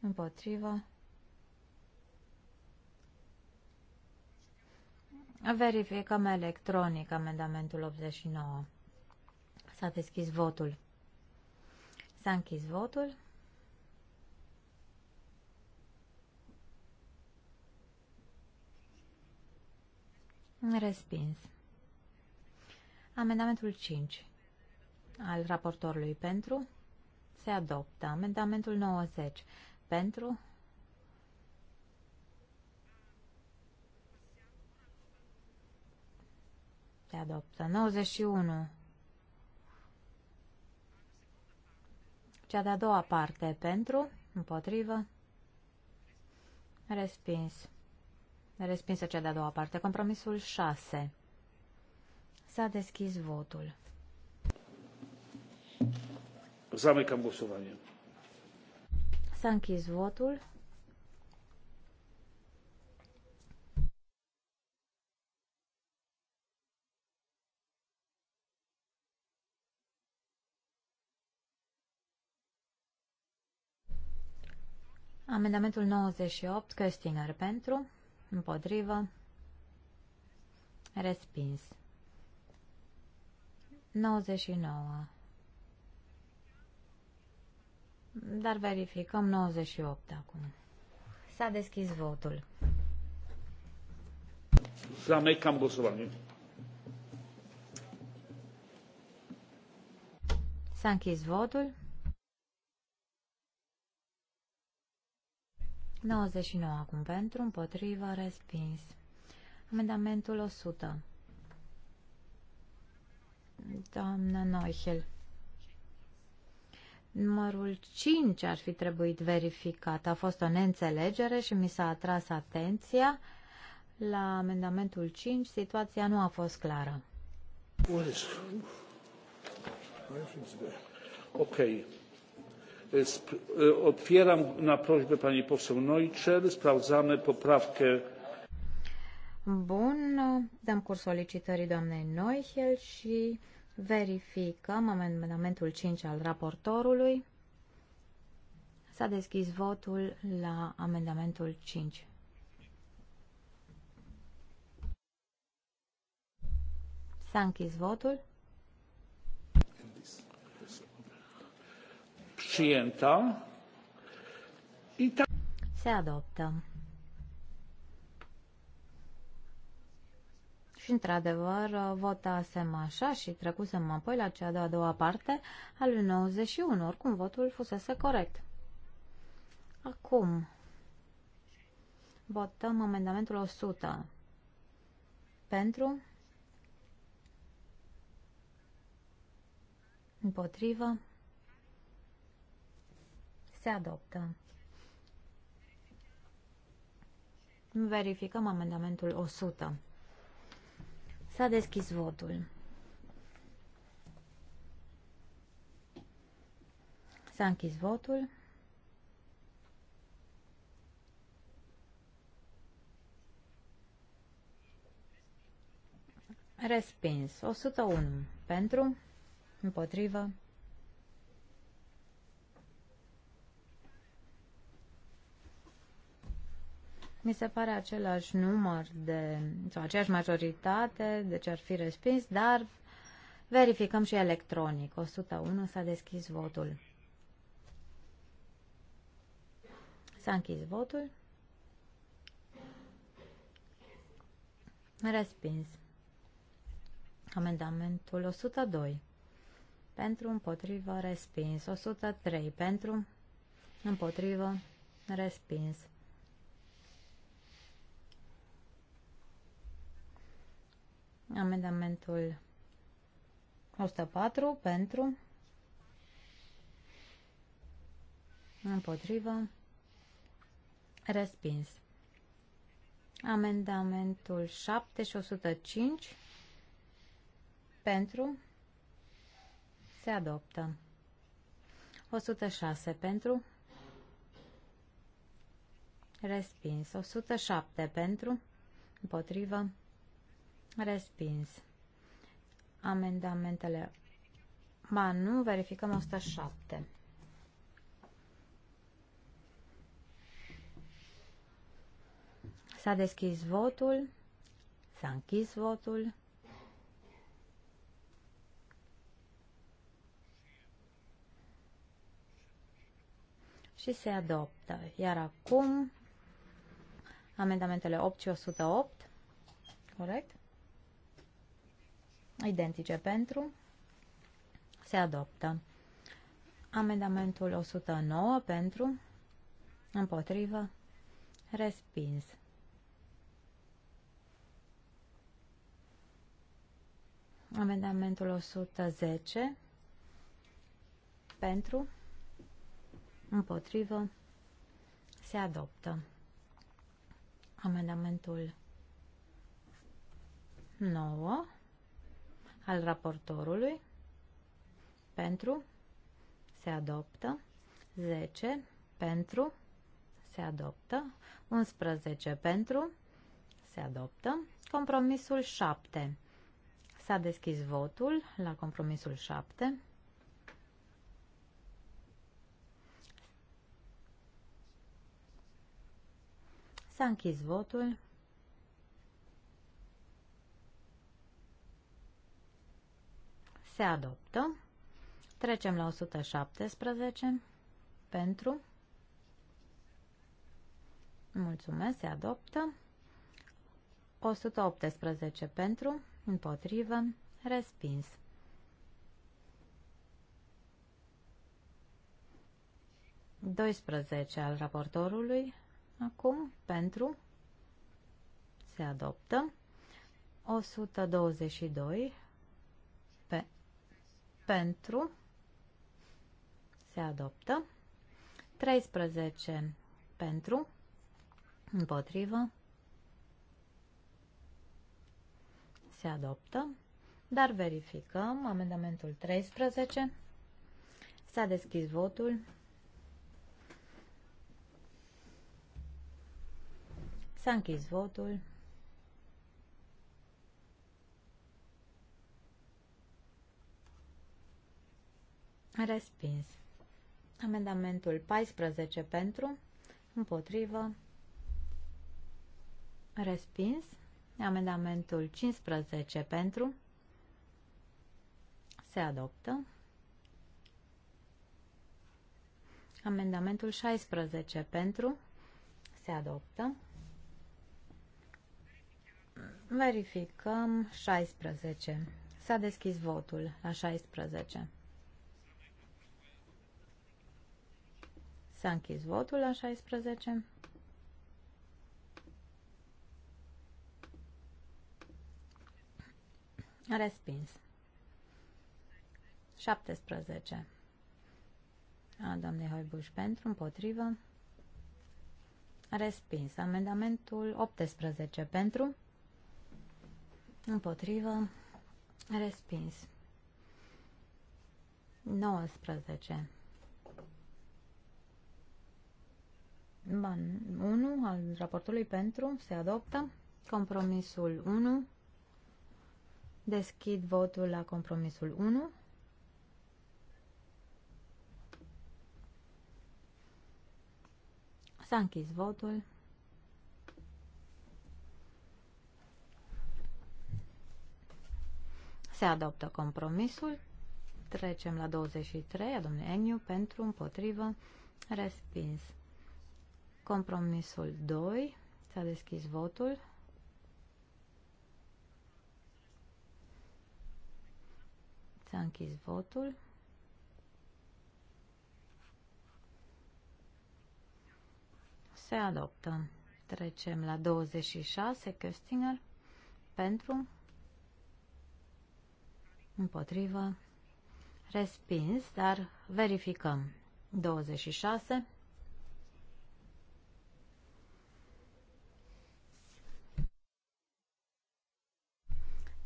împotrivă, Verificăm electronic amendamentul 89. S-a deschis votul. S-a închis votul. Respins. Amendamentul 5 al raportorului pentru se adoptă. Amendamentul 90 pentru adoptă. 91. Cea de-a doua parte pentru, împotrivă, respins. Respinsă cea de-a doua parte. Compromisul 6. S-a deschis votul. Zamykam głosowanie. S-a închis votul. Amendamentul 98, Căștinări pentru, împotrivă, respins. 99. Dar verificăm 98 acum. S-a deschis votul. mai cam S-a închis votul. 99 acum pentru, împotriva, respins. Amendamentul 100. Doamna Noichel. Numărul 5 ar fi trebuit verificat. A fost o neînțelegere și mi s-a atras atenția. La amendamentul 5 situația nu a fost clară. Ok otwieram na prośbę pani poseł Neuchel. Sprawdzamy poprawkę. Bun, dăm curs solicitării doamnei Neuchel și verificăm amendamentul 5 al raportorului. S-a deschis votul la amendamentul 5. S-a închis votul. przyjęta. I ta... Se adoptă. Și într-adevăr votasem așa și trecusem apoi la cea de-a doua parte a lui 91, oricum votul fusese corect. Acum votăm amendamentul 100. Pentru? Împotrivă? se adoptă. Verificăm amendamentul 100. S-a deschis votul. S-a închis votul. Respins. 101. Pentru. Împotrivă. mi se pare același număr de, sau aceeași majoritate, deci ar fi respins, dar verificăm și electronic. 101 s-a deschis votul. S-a închis votul. Respins. Amendamentul 102. Pentru împotrivă respins. 103. Pentru împotrivă respins. Amendamentul 104 pentru, împotrivă, respins. Amendamentul 7 și 105 pentru se adoptă. 106 pentru respins. 107 pentru împotrivă Respins. Amendamentele. Ba nu, verificăm 107. S-a deschis votul. S-a închis votul. Și se adoptă. Iar acum amendamentele 8 și 108. Corect? identice pentru, se adoptă. Amendamentul 109 pentru, împotrivă, respins. Amendamentul 110 pentru, împotrivă, se adoptă. Amendamentul 9 al raportorului pentru se adoptă 10 pentru se adoptă 11 pentru se adoptă compromisul 7 s-a deschis votul la compromisul 7 s-a închis votul se adoptă. Trecem la 117 pentru. Mulțumesc, se adoptă. 118 pentru, împotrivă, respins. Doisprezece al raportorului, acum, pentru, se adoptă. 122 pentru, se adoptă, 13 pentru, împotrivă, se adoptă, dar verificăm amendamentul 13, s-a deschis votul, s-a închis votul, Respins. Amendamentul 14 pentru, împotrivă, respins. Amendamentul 15 pentru, se adoptă. Amendamentul 16 pentru, se adoptă. Verificăm 16. S-a deschis votul la 16. S-a închis votul la 16. Respins. 17. A doamnei Hoibuș pentru, împotrivă. Respins. Amendamentul 18 pentru, împotrivă. Respins. 19. Ban 1 al raportului pentru se adoptă. Compromisul 1. Deschid votul la compromisul 1. S-a închis votul. Se adoptă compromisul. Trecem la 23, a domnului Eniu, pentru, împotrivă, respins. Compromisul 2. S-a deschis votul. S-a închis votul. Se adoptă. Trecem la 26, Köstinger, pentru, împotrivă, respins, dar verificăm. 26,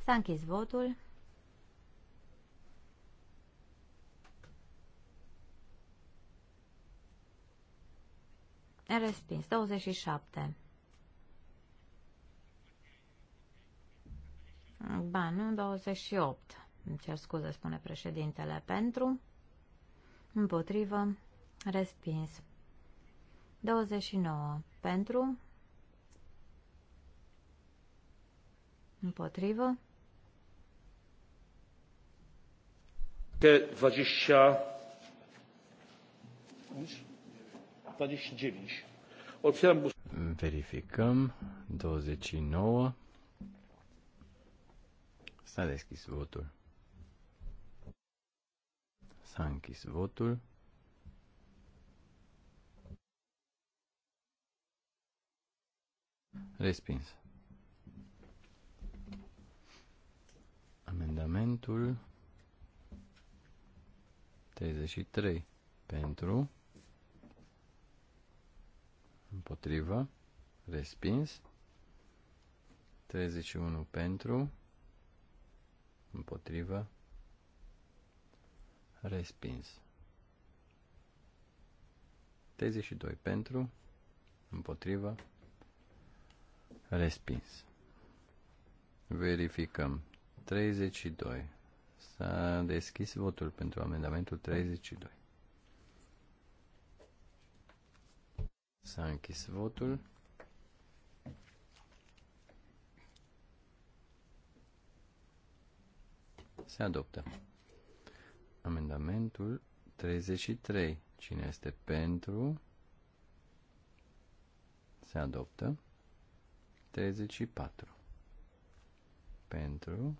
S-a închis votul. Respins. 27. Ba, nu, 28. Îmi cer scuze, spune președintele. Pentru, împotrivă, respins. 29. Pentru, împotrivă, te dwadzieścia otwieram Verificăm 29 S-a deschis votul. S-a închis votul. Respins. Amendamentul 33 pentru, împotrivă, respins, 31 pentru, împotrivă, respins, 32 pentru, împotrivă, respins. Verificăm. 32. S-a deschis votul pentru amendamentul 32. S-a închis votul. Se adoptă. Amendamentul 33. Cine este pentru? Se adoptă. 34. Pentru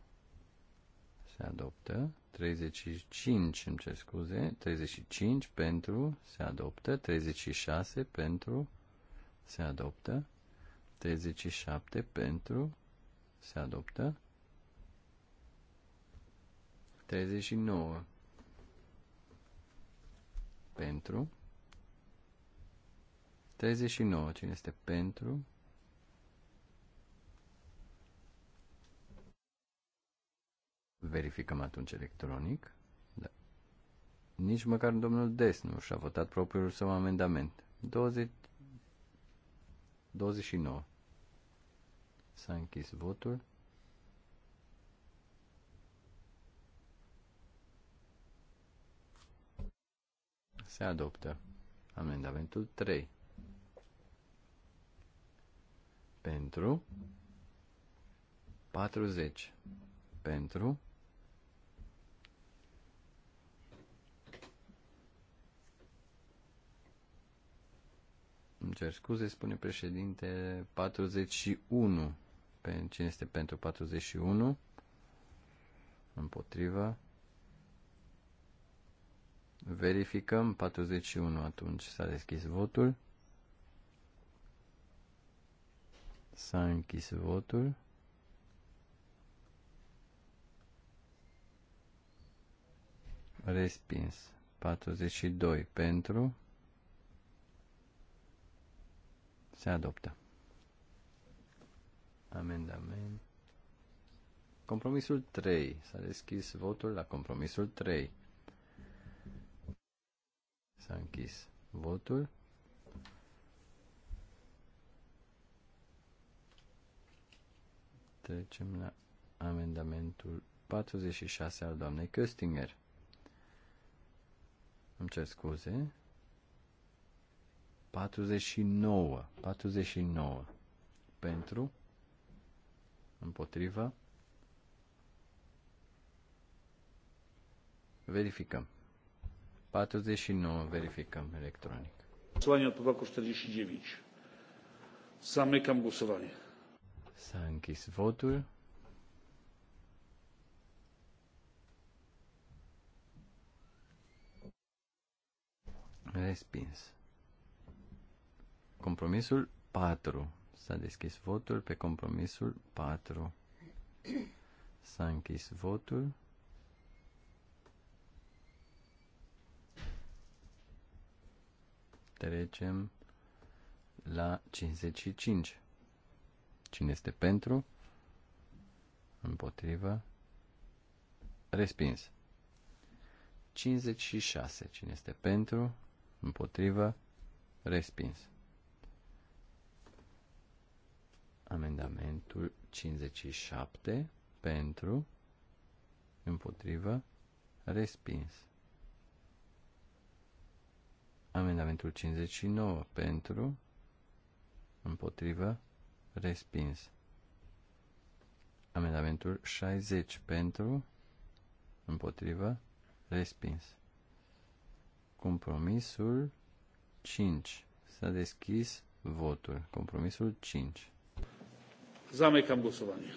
se adoptă, 35, îmi cer scuze, 35 pentru, se adoptă, 36 pentru, se adoptă, 37 pentru, se adoptă, 39 pentru, 39, cine este pentru, Verificăm atunci electronic. Da. Nici măcar domnul Des nu și-a votat propriul său amendament. 20... 29. S-a închis votul. Se adoptă amendamentul 3. Pentru 40. Pentru Îmi cer scuze, spune președinte, 41. Pe, cine este pentru 41? Împotrivă. Verificăm 41 atunci s-a deschis votul. S-a închis votul. Respins. 42 pentru. Se adoptă. Amendament. Compromisul 3. S-a deschis votul la compromisul 3. S-a închis votul. Trecem la amendamentul 46 al doamnei Köstinger. Îmi cer scuze. 49. 49. Pentru. Împotriva. Verificăm. 49 verificăm electronic. Slania pe poprawku 49. Zamykam gusovanie. S-a închis votul. Respins. Compromisul 4. S-a deschis votul pe compromisul 4. S-a închis votul. Trecem la 55. Cine este pentru? Împotrivă. Respins. 56. Cine este pentru? Împotrivă. Respins. Amendamentul 57 pentru, împotrivă, respins. Amendamentul 59 pentru, împotrivă, respins. Amendamentul 60 pentru, împotrivă, respins. Compromisul 5. S-a deschis votul. Compromisul 5. Zamykam głosowanie.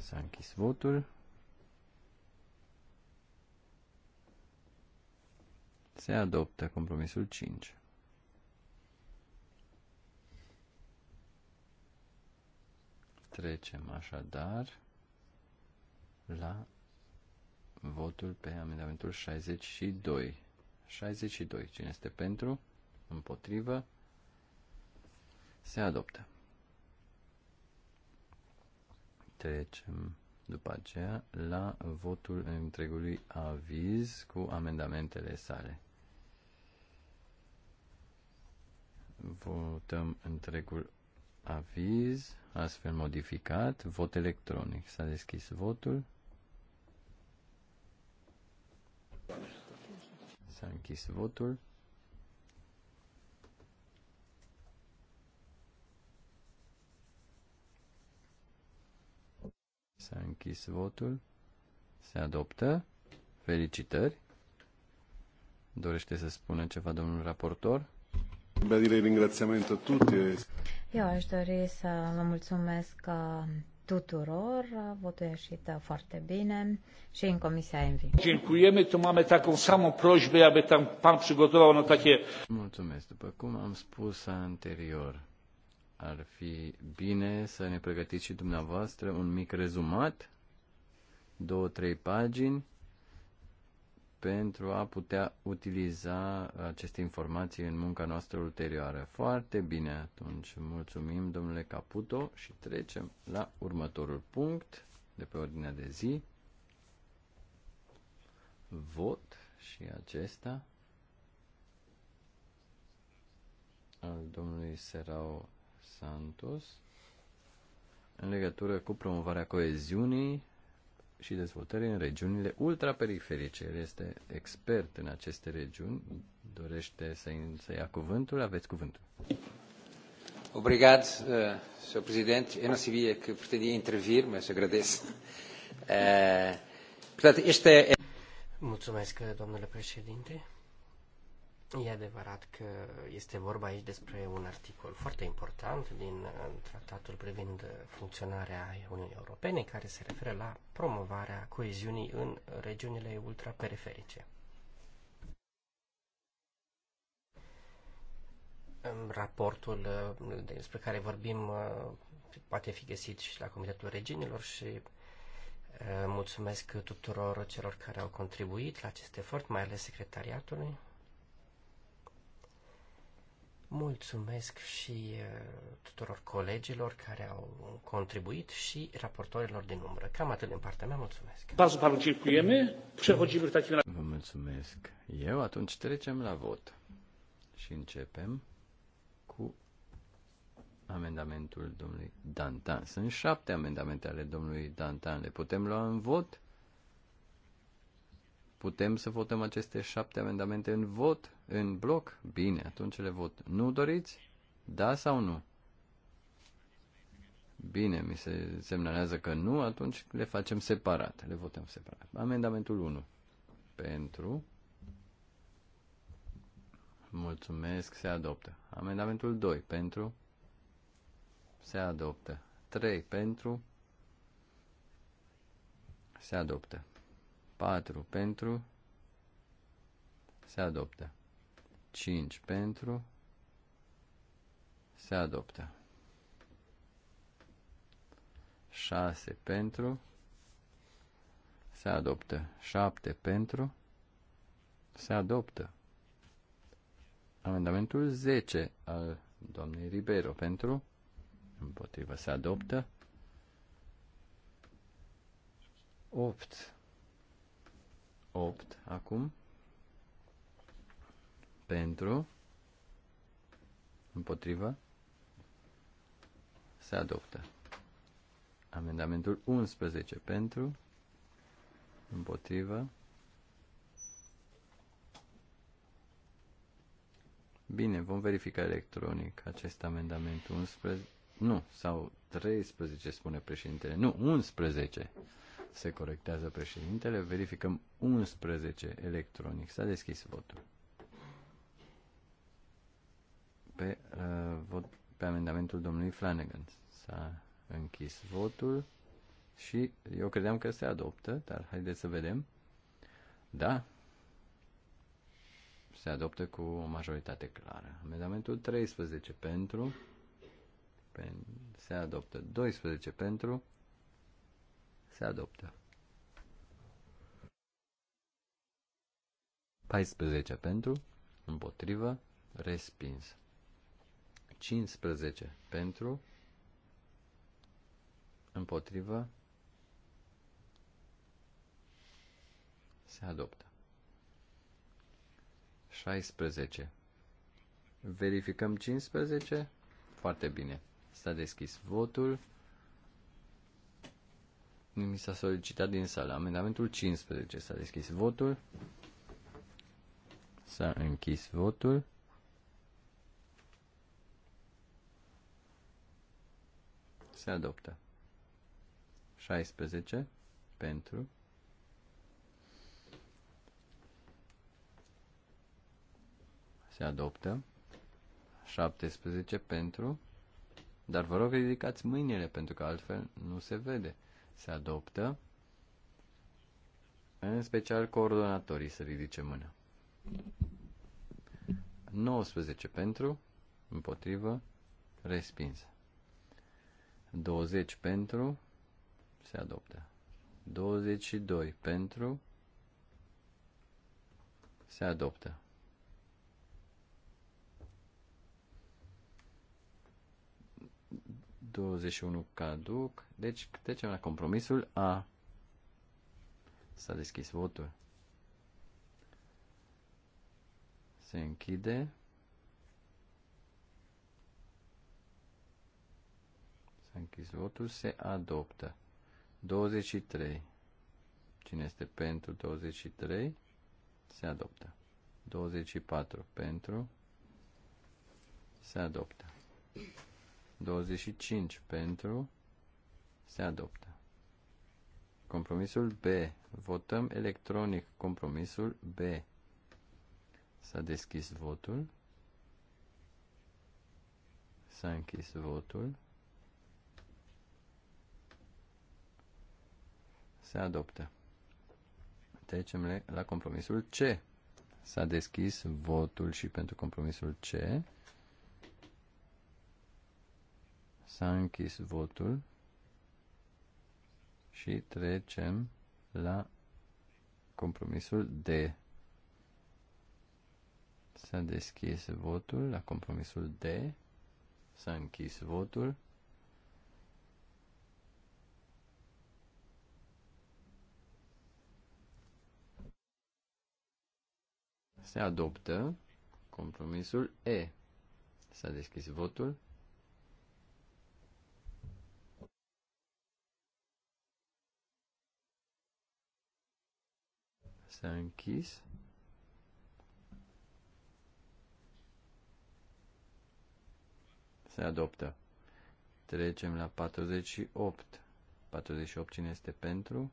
S-a votul. Se adoptă compromisul 5. Trecem așadar la votul pe amendamentul 62. 62. Cine este pentru? Împotrivă? Se adoptă trecem după aceea la votul întregului aviz cu amendamentele sale. Votăm întregul aviz, astfel modificat, vot electronic. S-a deschis votul. S-a închis votul. S-a închis votul. Se adoptă. Felicitări. Dorește să spună ceva domnul raportor? Bă, direi ringrațiamento a tutti. Eu aș dori să vă mulțumesc uh, tuturor, votul a ieșit uh, foarte bine și în Comisia Envi. Dziękujemy, mamy taką samą prośbę, aby tam pan przygotował na takie... Mulțumesc, după cum am spus anterior ar fi bine să ne pregătiți și dumneavoastră un mic rezumat, două, trei pagini, pentru a putea utiliza aceste informații în munca noastră ulterioară. Foarte bine, atunci mulțumim domnule Caputo și trecem la următorul punct de pe ordinea de zi. Vot și acesta al domnului Serau Santos în legătură cu promovarea coeziunii și dezvoltării în regiunile ultraperiferice. El este expert în aceste regiuni, dorește să, să ia cuvântul, aveți cuvântul. Obrigado, eh, Sr. Presidente. Eu não sabia que pretendia intervir, mas agradeço. Eh, portanto, este é... Muito mais que a Dona Presidente. E adevărat că este vorba aici despre un articol foarte important din uh, tratatul privind funcționarea Uniunii Europene care se referă la promovarea coeziunii în regiunile ultraperiferice. Raportul uh, despre care vorbim uh, poate fi găsit și la Comitetul Reginilor și mulțumesc tuturor celor care au contribuit la acest efort, mai ales secretariatului. Mulțumesc și uh, tuturor colegilor care au contribuit și raportorilor din umbră. Cam atât din partea mea, mulțumesc. Bardzo panu dziękujemy. Przechodzimy Vă mulțumesc. Eu atunci trecem la vot. Și începem cu amendamentul domnului Dantan. Sunt șapte amendamente ale domnului Dantan. Le putem lua în vot? Putem să votăm aceste șapte amendamente în vot, în bloc? Bine, atunci le vot. Nu doriți? Da sau nu? Bine, mi se semnalează că nu, atunci le facem separat, le votăm separat. Amendamentul 1. Pentru. Mulțumesc, se adoptă. Amendamentul 2. Pentru. Se adoptă. 3. Pentru. Se adoptă. 4 pentru, se adoptă. 5 pentru, se adoptă. 6 pentru, se adoptă. 7 pentru, se adoptă. Amendamentul 10 al doamnei Ribeiro pentru, împotrivă se adoptă. 8 8 acum. Pentru. Împotrivă. Se adoptă. Amendamentul 11 pentru. Împotrivă. Bine, vom verifica electronic acest amendament 11. Nu, sau 13, spune președintele. Nu, 11 se corectează președintele. Verificăm 11 electronic. S-a deschis votul. Pe, uh, vot, pe amendamentul domnului Flanagan s-a închis votul și eu credeam că se adoptă, dar haideți să vedem. Da, se adoptă cu o majoritate clară. Amendamentul 13 pentru, pen, se adoptă 12 pentru, se adoptă. 14 pentru, împotrivă, respins. 15 pentru, împotrivă, se adoptă. 16. Verificăm 15? Foarte bine. S-a deschis votul mi s-a solicitat din sală. Amendamentul 15 s-a deschis votul. S-a închis votul. Se adoptă. 16 pentru. Se adoptă. 17 pentru. Dar vă rog ridicați mâinile pentru că altfel nu se vede se adoptă. În special coordonatorii să ridice mână. 19 pentru, împotrivă, respinsă. 20 pentru, se adoptă. 22 pentru, se adoptă. 21 caduc, deci trecem la compromisul A. S-a deschis votul. Se închide. S-a închis votul, se adoptă. 23. Cine este pentru 23, se adoptă. 24 pentru, se adoptă. 25 pentru, se adoptă. Compromisul B. Votăm electronic compromisul B. S-a deschis votul. S-a închis votul. Se adoptă. Trecem la compromisul C. S-a deschis votul și pentru compromisul C. S-a închis votul și trecem la compromisul D. S-a deschis votul la compromisul D. S-a închis votul. Se adoptă compromisul E. S-a deschis votul. S-a închis. Se adoptă. Trecem la 48. 48 cine este pentru?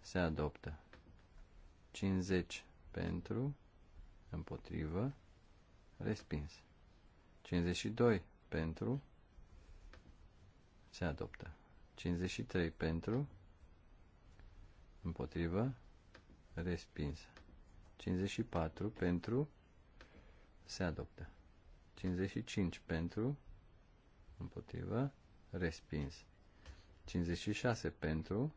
Se adoptă. 50 pentru, împotrivă, respins. 52 pentru, se adoptă. 53 pentru, împotrivă, respinsă. 54 pentru se adoptă. 55 pentru împotrivă respins. 56 pentru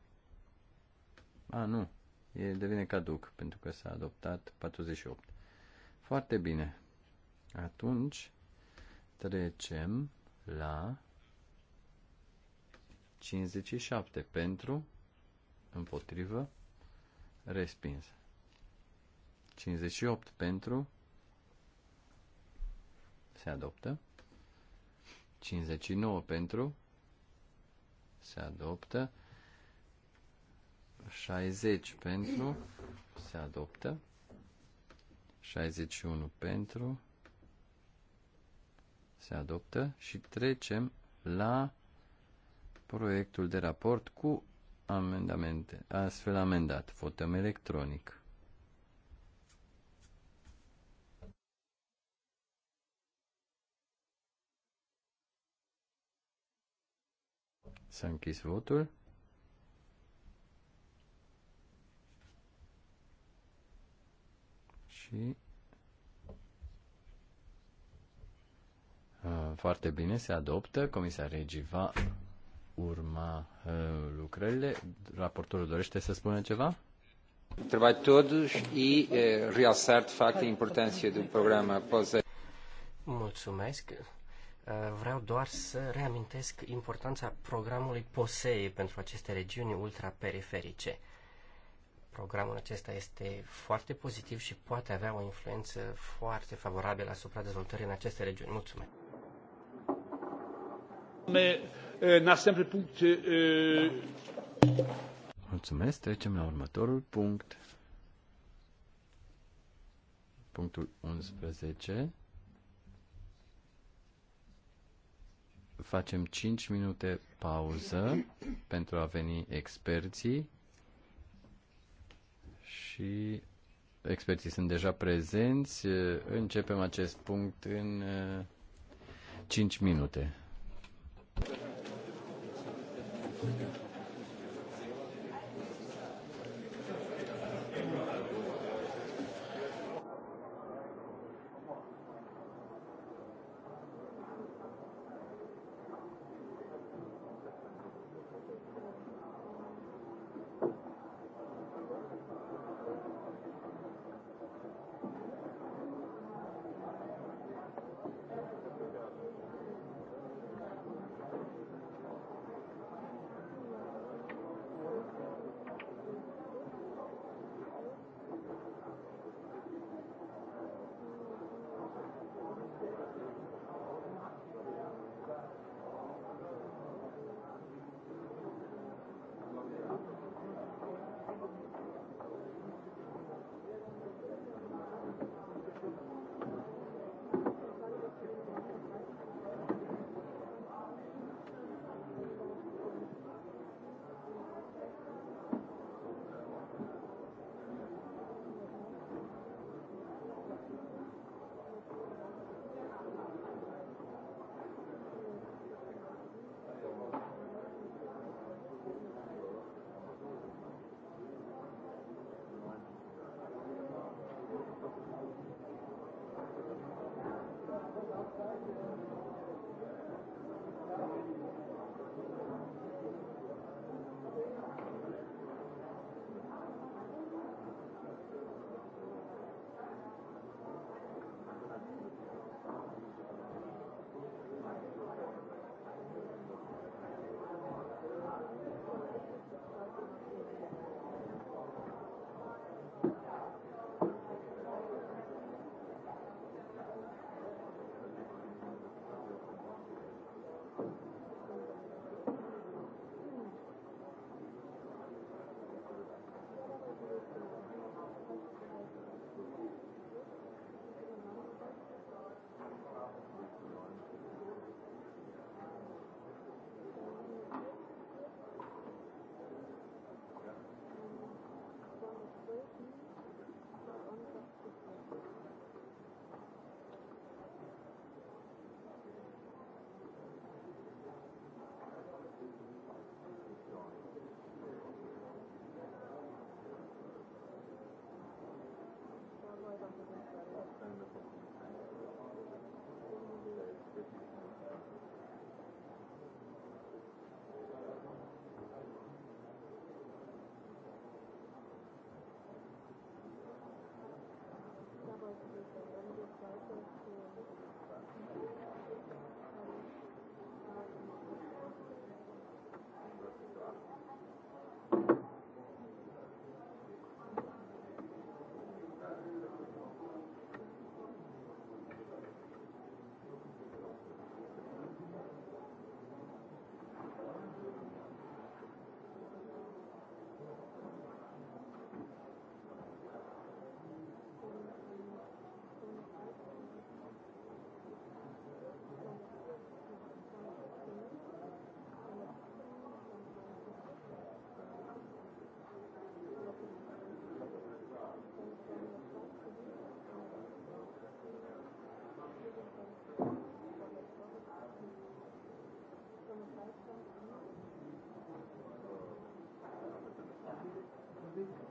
a, nu, e devine caduc pentru că s-a adoptat 48. Foarte bine. Atunci trecem la 57 pentru împotrivă Respins. 58 pentru. Se adoptă. 59 pentru. Se adoptă. 60 pentru. Se adoptă. 61 pentru. Se adoptă. Și trecem la proiectul de raport cu amendamente, astfel amendat. Votăm electronic. S-a închis votul. Și uh, foarte bine se adoptă. Comisar Regi va urma uh, lucrările. Raportorul dorește să spună ceva? Trabalho todos e eh, realçar de facto a importância Mulțumesc. Uh, vreau doar să reamintesc importanța programului POSEI pentru aceste regiuni ultraperiferice. Programul acesta este foarte pozitiv și poate avea o influență foarte favorabilă asupra dezvoltării în aceste regiuni. Mulțumesc. Eh, Następny punkt... Eh, eh. Mulțumesc. Trecem la următorul punct. Punctul 11. Facem 5 minute pauză pentru a veni experții și experții sunt deja prezenți. Începem acest punct în 5 minute. Amen. Thank you.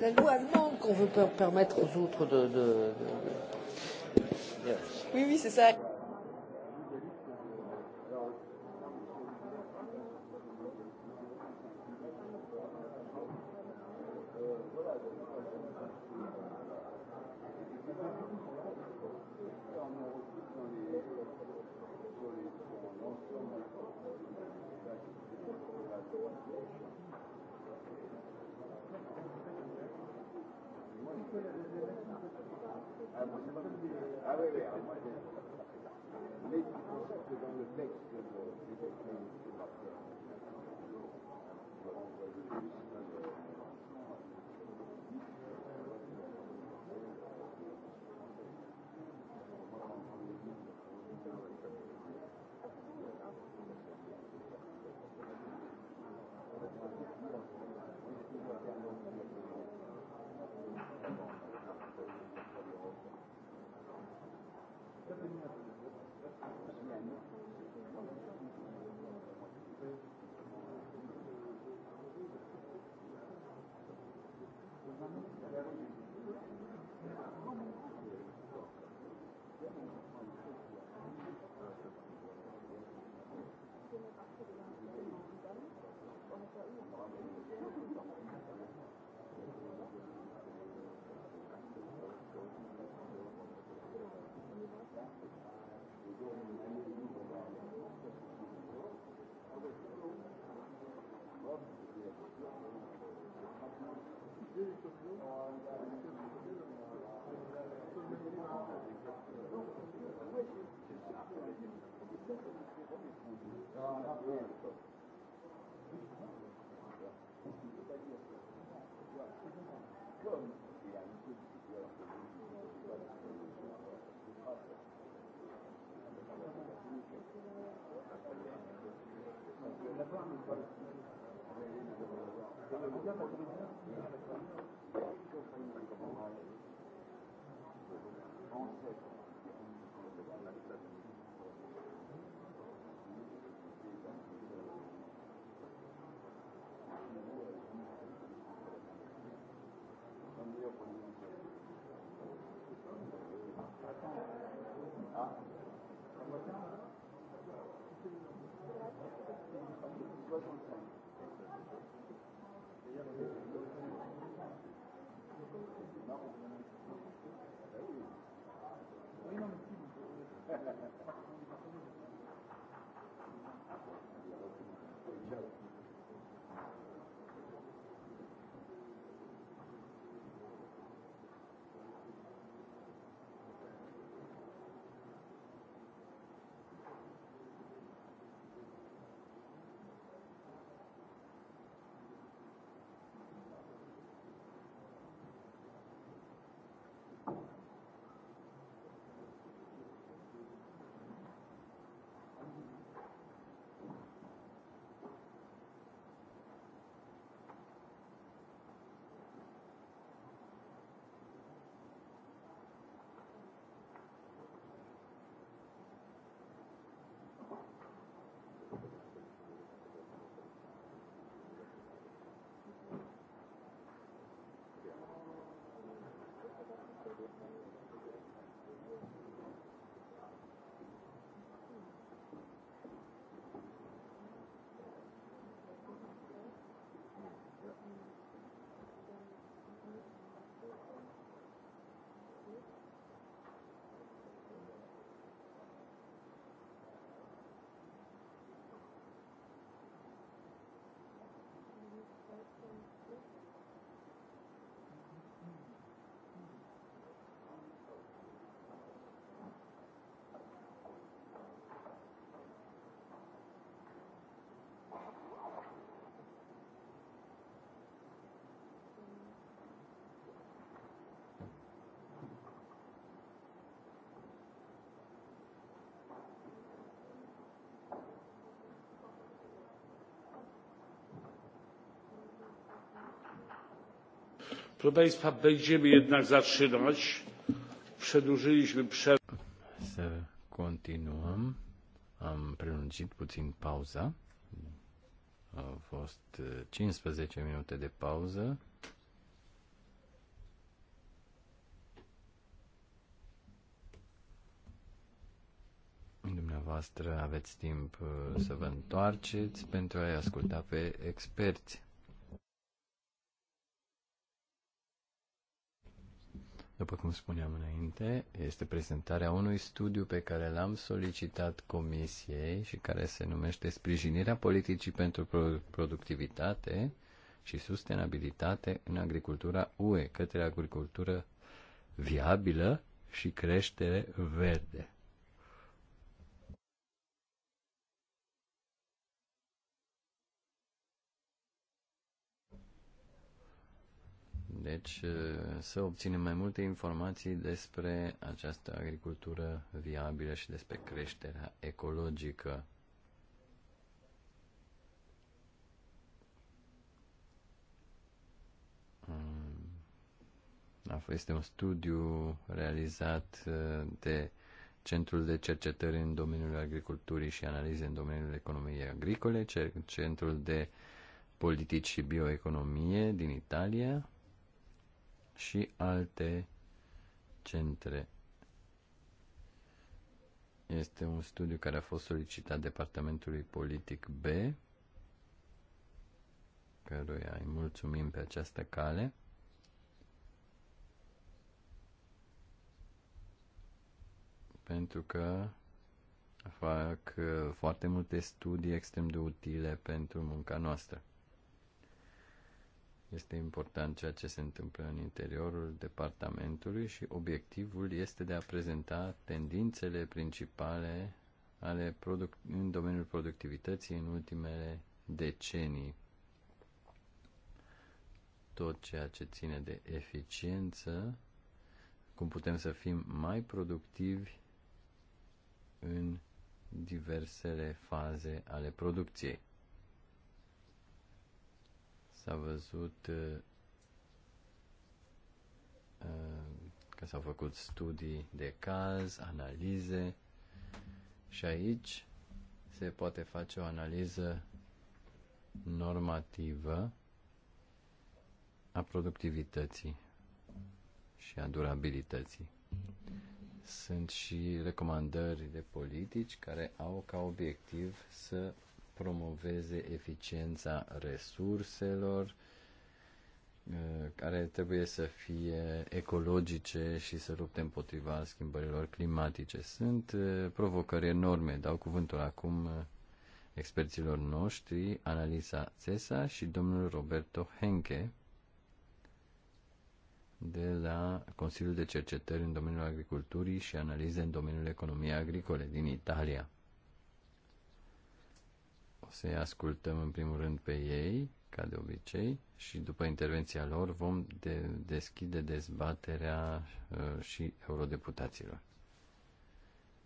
c'est la loi allemande qu'on veut permettre aux autres de. de, de... Oui, oui, c'est ça. Proszę Państwa, będziemy jednak zatrzymać. Przedłużyliśmy przerwę. Să continuăm. Am prelungit puțin pauza. Au fost 15 minute de pauză. Dumneavoastră aveți timp să vă întoarceți pentru a-i asculta pe experți. După cum spuneam înainte, este prezentarea unui studiu pe care l-am solicitat comisiei și care se numește Sprijinirea politicii pentru productivitate și sustenabilitate în agricultura UE către agricultură viabilă și creștere verde. Deci să obținem mai multe informații despre această agricultură viabilă și despre creșterea ecologică. A Este un studiu realizat de Centrul de Cercetări în domeniul agriculturii și analize în domeniul economiei agricole, Centrul de Politici și Bioeconomie din Italia, și alte centre. Este un studiu care a fost solicitat Departamentului Politic B, căruia îi mulțumim pe această cale. Pentru că fac foarte multe studii extrem de utile pentru munca noastră. Este important ceea ce se întâmplă în interiorul departamentului și obiectivul este de a prezenta tendințele principale ale produc- în domeniul productivității în ultimele decenii. Tot ceea ce ține de eficiență, cum putem să fim mai productivi în diversele faze ale producției s-a văzut uh, uh, că s-au făcut studii de caz, analize și aici se poate face o analiză normativă a productivității și a durabilității. Sunt și recomandări de politici care au ca obiectiv să promoveze eficiența resurselor uh, care trebuie să fie ecologice și să lupte împotriva schimbărilor climatice. Sunt uh, provocări enorme. Dau cuvântul acum uh, experților noștri, Analisa Țesa și domnul Roberto Henke de la Consiliul de Cercetări în domeniul agriculturii și analize în domeniul economiei agricole din Italia să-i ascultăm în primul rând pe ei, ca de obicei, și după intervenția lor vom de- deschide dezbaterea uh, și eurodeputaților.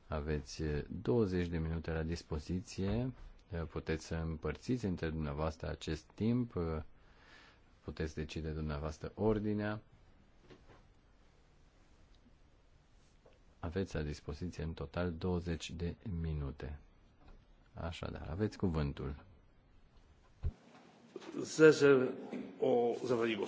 Aveți 20 uh, de minute la dispoziție, uh, puteți să împărțiți între dumneavoastră acest timp, uh, puteți decide dumneavoastră ordinea. Aveți la dispoziție în total 20 de minute. Așadar, aveți cuvântul. Zezer o zavrăni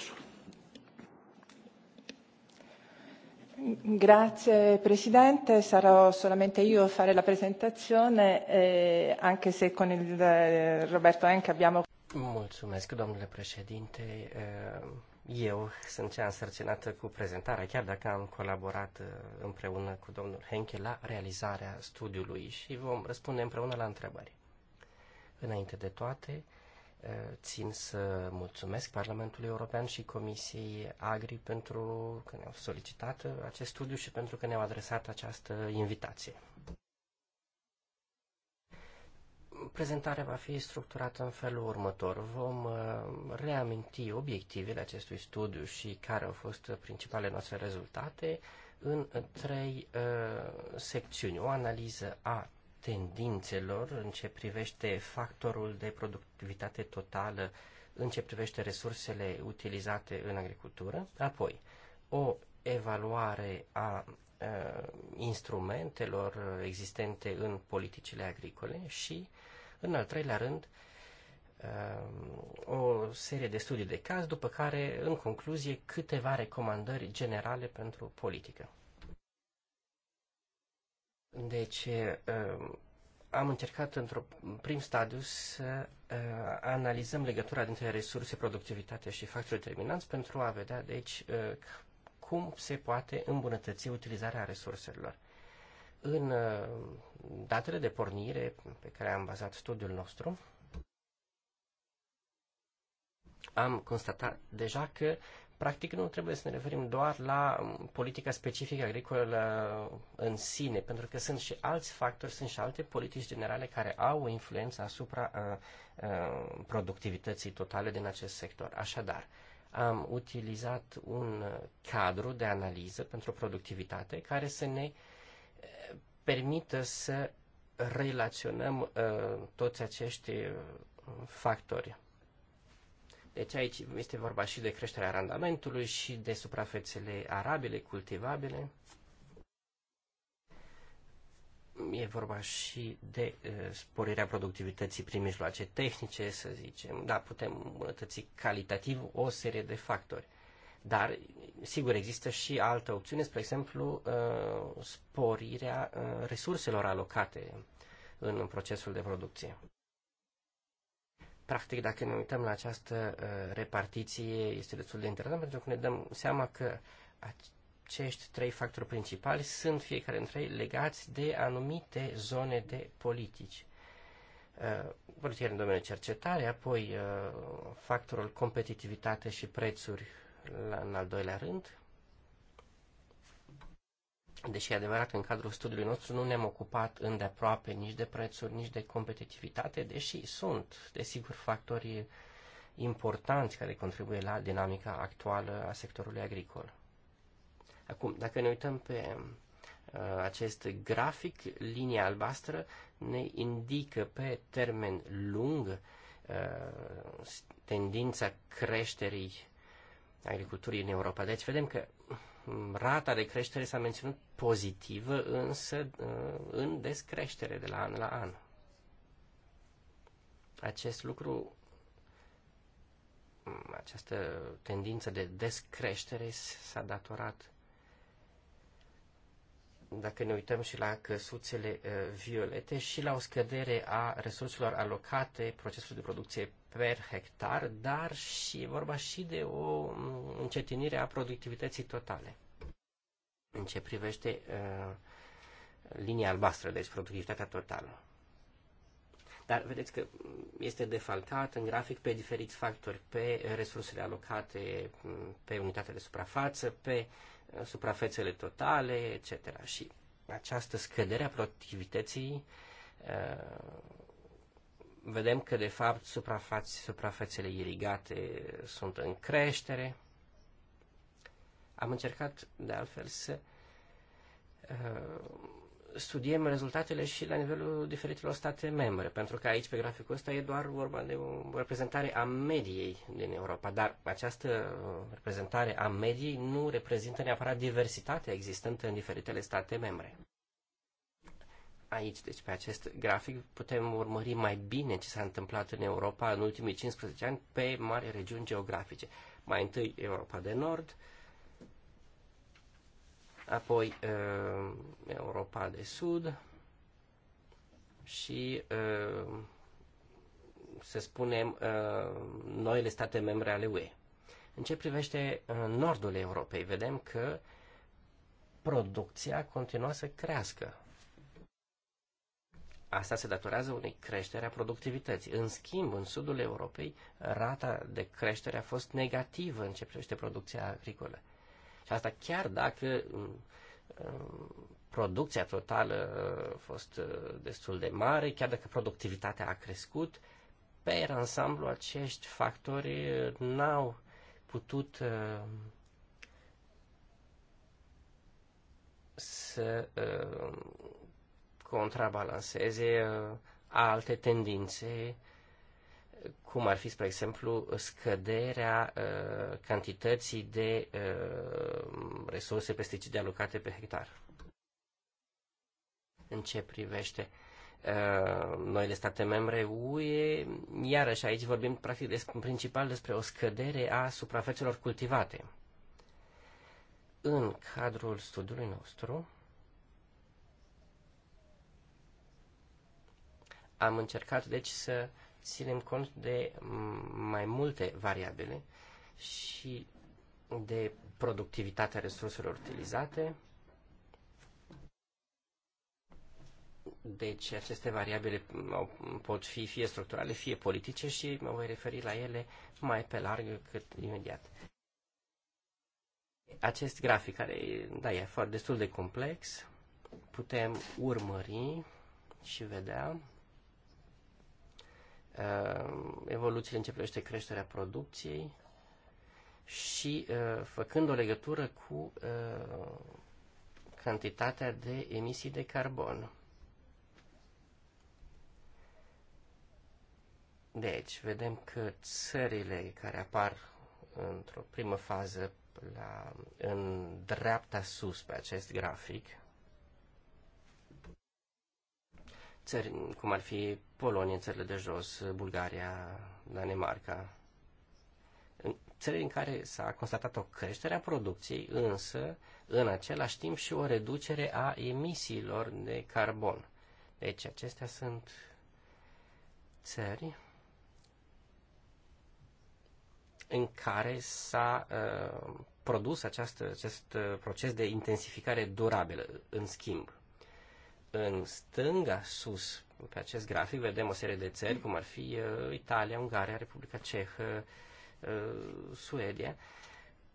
Grazie Presidente, sarò solamente io a fare la presentazione, eh, anche se con il eh, Roberto Enca abbiamo... Mulțumesc, domnule președinte. Eh, eu sunt cea însărcinată cu prezentarea, chiar dacă am colaborat uh, împreună cu domnul Henke la realizarea studiului și vom răspunde împreună la întrebări. Înainte de toate, uh, țin să mulțumesc Parlamentului European și Comisiei Agri pentru că ne-au solicitat uh, acest studiu și pentru că ne-au adresat această invitație prezentarea va fi structurată în felul următor. Vom uh, reaminti obiectivele acestui studiu și care au fost principalele noastre rezultate în trei uh, secțiuni. O analiză a tendințelor în ce privește factorul de productivitate totală în ce privește resursele utilizate în agricultură, apoi o evaluare a uh, instrumentelor existente în politicile agricole și în al treilea rând, um, o serie de studii de caz, după care, în concluzie, câteva recomandări generale pentru politică. Deci, um, am încercat într-un prim stadiu să uh, analizăm legătura dintre resurse, productivitate și factori determinanți pentru a vedea, deci, uh, cum se poate îmbunătăți utilizarea resurselor. În uh, datele de pornire pe care am bazat studiul nostru, am constatat deja că practic nu trebuie să ne referim doar la politica specifică agricolă în sine, pentru că sunt și alți factori, sunt și alte politici generale care au o influență asupra uh, uh, productivității totale din acest sector. Așadar, am utilizat un cadru de analiză pentru productivitate care să ne uh, permită să relaționăm uh, toți acești uh, factori. Deci aici este vorba și de creșterea randamentului și de suprafețele arabile, cultivabile. E vorba și de uh, sporirea productivității prin mijloace tehnice, să zicem. Da, putem îmbunătăți calitativ o serie de factori. Dar, sigur, există și altă opțiune, spre exemplu, uh, sporirea uh, resurselor alocate în procesul de producție. Practic, dacă ne uităm la această uh, repartiție, este destul de interesant pentru că ne dăm seama că acești trei factori principali sunt fiecare dintre ei legați de anumite zone de politici. Politică în domeniul cercetare, apoi factorul competitivitate și prețuri la, în al doilea rând, deși e adevărat că în cadrul studiului nostru nu ne-am ocupat îndeaproape nici de prețuri, nici de competitivitate, deși sunt, desigur, factori importanți care contribuie la dinamica actuală a sectorului agricol. Acum, dacă ne uităm pe uh, acest grafic, linia albastră ne indică pe termen lung uh, tendința creșterii agriculturii în Europa. Deci vedem că mm, rata de creștere s-a menținut pozitivă, însă uh, în descreștere de la an la an. Acest lucru, mm, această tendință de descreștere s-a datorat dacă ne uităm și la căsuțele uh, violete și la o scădere a resurselor alocate procesului de producție per hectar, dar și e vorba și de o încetinire a productivității totale. În ce privește uh, linia albastră, deci productivitatea totală. Dar vedeți că este defalcat în grafic pe diferiți factori, pe resursele alocate, pe unitate de suprafață, pe uh, suprafețele totale, etc. Și această scădere a productivității uh, vedem că, de fapt, suprafețele irigate sunt în creștere. Am încercat, de altfel, să uh, studiem rezultatele și la nivelul diferitelor state membre, pentru că aici, pe graficul ăsta, e doar vorba de o reprezentare a mediei din Europa, dar această reprezentare a mediei nu reprezintă neapărat diversitatea existentă în diferitele state membre aici, deci pe acest grafic, putem urmări mai bine ce s-a întâmplat în Europa în ultimii 15 ani pe mari regiuni geografice. Mai întâi Europa de Nord, apoi uh, Europa de Sud și, uh, să spunem, uh, noile state membre ale UE. În ce privește nordul Europei, vedem că producția continua să crească Asta se datorează unei creșteri a productivității. În schimb, în sudul Europei, rata de creștere a fost negativă în ce privește producția agricolă. Și asta chiar dacă mm, mm, producția totală mm, a fost destul de mare, chiar dacă productivitatea a crescut, pe ansamblu acești factori n-au putut să contrabalanceze uh, alte tendințe, cum ar fi, spre exemplu, scăderea uh, cantității de uh, resurse pesticide alocate pe hectar. În ce privește noile state membre UE, iarăși aici vorbim practic des, în principal despre o scădere a suprafețelor cultivate. În cadrul studiului nostru, Am încercat, deci, să ținem cont de mai multe variabile și de productivitatea resurselor utilizate. Deci aceste variabile pot fi fie structurale, fie politice și mă voi referi la ele mai pe larg cât imediat. Acest grafic, care da, e foarte destul de complex, putem urmări și vedea Uh, evoluțiile începește creșterea producției și uh, făcând o legătură cu uh, cantitatea de emisii de carbon. Deci, vedem că țările care apar într-o primă fază la, în dreapta sus pe acest grafic țări cum ar fi Polonia, țările de jos, Bulgaria, Danemarca. Țări în care s-a constatat o creștere a producției, însă, în același timp și o reducere a emisiilor de carbon. Deci acestea sunt țări în care s-a uh, produs această, acest uh, proces de intensificare durabilă, în schimb. În stânga sus, pe acest grafic, vedem o serie de țări, cum ar fi uh, Italia, Ungaria, Republica Cehă, uh, Suedia.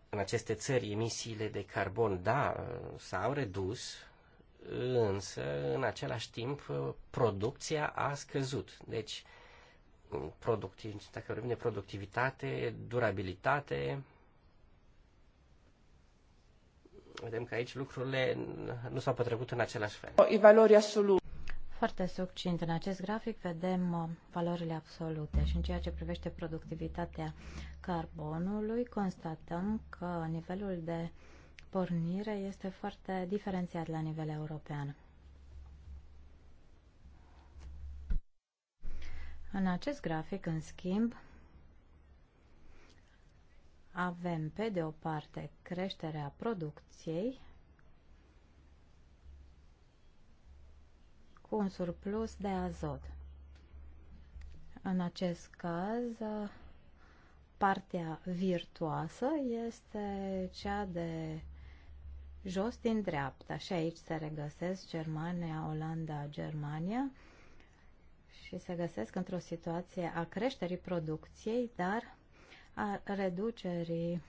În aceste țări emisiile de carbon, da, uh, s-au redus, însă, în același timp, producția a scăzut. Deci, productiv, dacă vorbim de productivitate, durabilitate, vedem că aici lucrurile nu s-au petrecut în același fel. Valori absolute. Foarte succint. În acest grafic vedem uh, valorile absolute și în ceea ce privește productivitatea carbonului, constatăm că nivelul de pornire este foarte diferențiat la nivel european. În acest grafic, în schimb, avem, pe de o parte, creșterea producției cu un surplus de azot. În acest caz, partea virtuoasă este cea de jos din dreapta și aici se regăsesc Germania, Olanda, Germania și se găsesc într-o situație a creșterii producției, dar a reducerii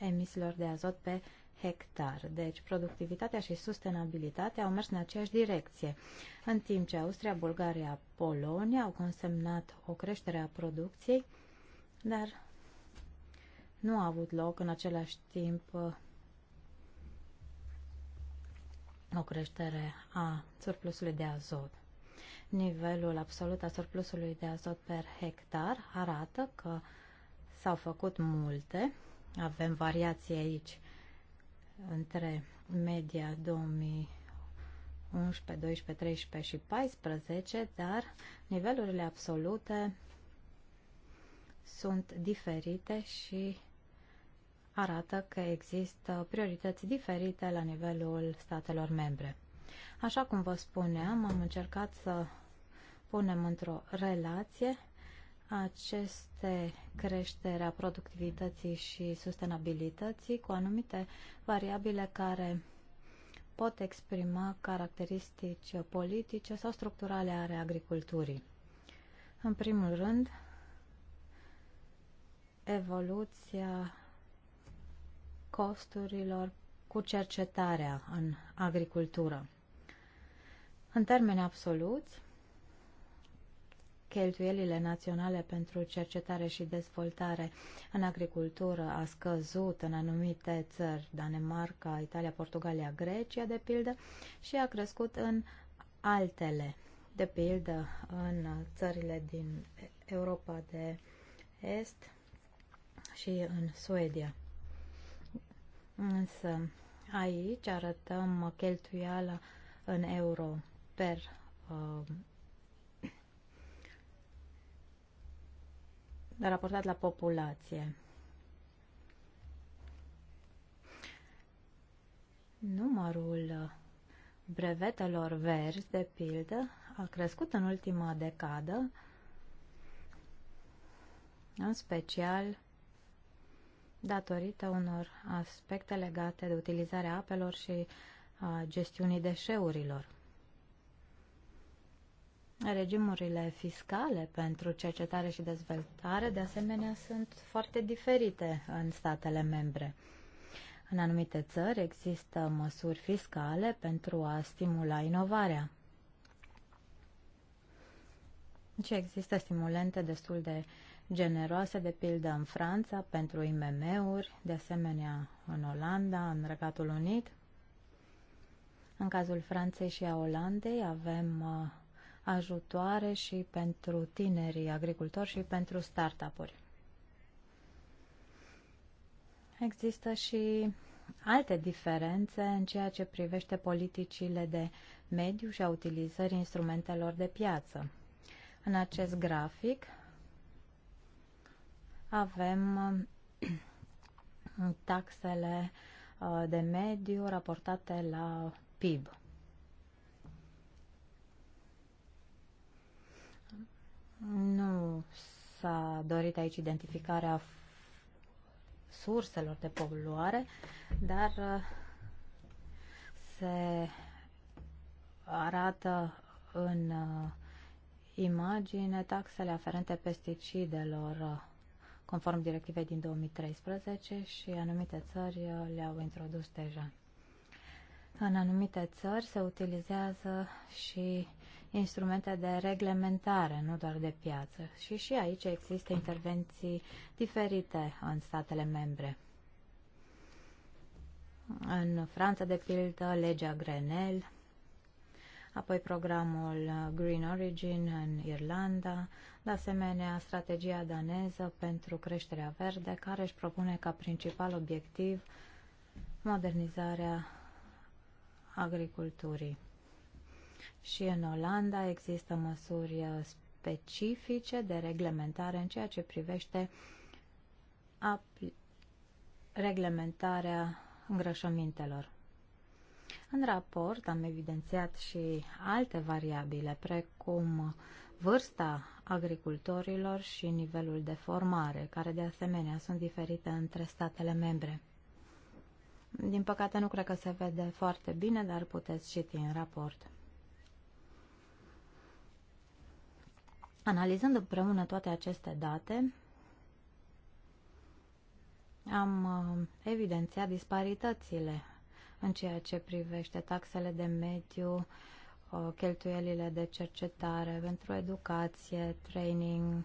emisiilor de azot pe hectar. Deci productivitatea și sustenabilitatea au mers în aceeași direcție, în timp ce Austria, Bulgaria, Polonia au consemnat o creștere a producției, dar nu a avut loc în același timp uh, o creștere a surplusului de azot. Nivelul absolut al surplusului de azot per hectar arată că S-au făcut multe. Avem variații aici între media 2011, 12, 13 și 14, dar nivelurile absolute sunt diferite și arată că există priorități diferite la nivelul statelor membre. Așa cum vă spuneam, am încercat să punem într-o relație aceste creșteri a productivității și sustenabilității cu anumite variabile care pot exprima caracteristici politice sau structurale ale agriculturii. În primul rând, evoluția costurilor cu cercetarea în agricultură. În termeni absoluți, cheltuielile naționale pentru cercetare și dezvoltare în agricultură a scăzut în anumite țări, Danemarca, Italia, Portugalia, Grecia, de pildă, și a crescut în altele, de pildă în țările din Europa de Est și în Suedia. Însă aici arătăm cheltuiala în euro per uh, dar raportat la populație. Numărul brevetelor verzi, de pildă, a crescut în ultima decadă, în special datorită unor aspecte legate de utilizarea apelor și a gestiunii deșeurilor regimurile fiscale pentru cercetare și dezvoltare, de asemenea, sunt foarte diferite în statele membre. În anumite țări există măsuri fiscale pentru a stimula inovarea. Și există stimulente destul de generoase, de pildă în Franța, pentru IMM-uri, de asemenea în Olanda, în Regatul Unit. În cazul Franței și a Olandei avem uh, ajutoare și pentru tinerii agricultori și pentru startup-uri. Există și alte diferențe în ceea ce privește politicile de mediu și a utilizării instrumentelor de piață. În acest grafic avem uh, taxele uh, de mediu raportate la PIB. Nu s-a dorit aici identificarea surselor de poluare, dar uh, se arată în uh, imagine taxele aferente pesticidelor uh, conform directivei din 2013 și anumite țări le-au introdus deja. În anumite țări se utilizează și instrumente de reglementare, nu doar de piață. Și și aici există intervenții diferite în statele membre. În Franța, de pildă, legea Grenell, apoi programul Green Origin în Irlanda, de asemenea strategia daneză pentru creșterea verde, care își propune ca principal obiectiv modernizarea agriculturii și în Olanda există măsuri uh, specifice de reglementare în ceea ce privește reglementarea îngrășămintelor. În raport am evidențiat și alte variabile, precum vârsta agricultorilor și nivelul de formare, care de asemenea sunt diferite între statele membre. Din păcate nu cred că se vede foarte bine, dar puteți citi în raport. Analizând împreună toate aceste date, am uh, evidențiat disparitățile în ceea ce privește taxele de mediu, uh, cheltuielile de cercetare pentru educație, training,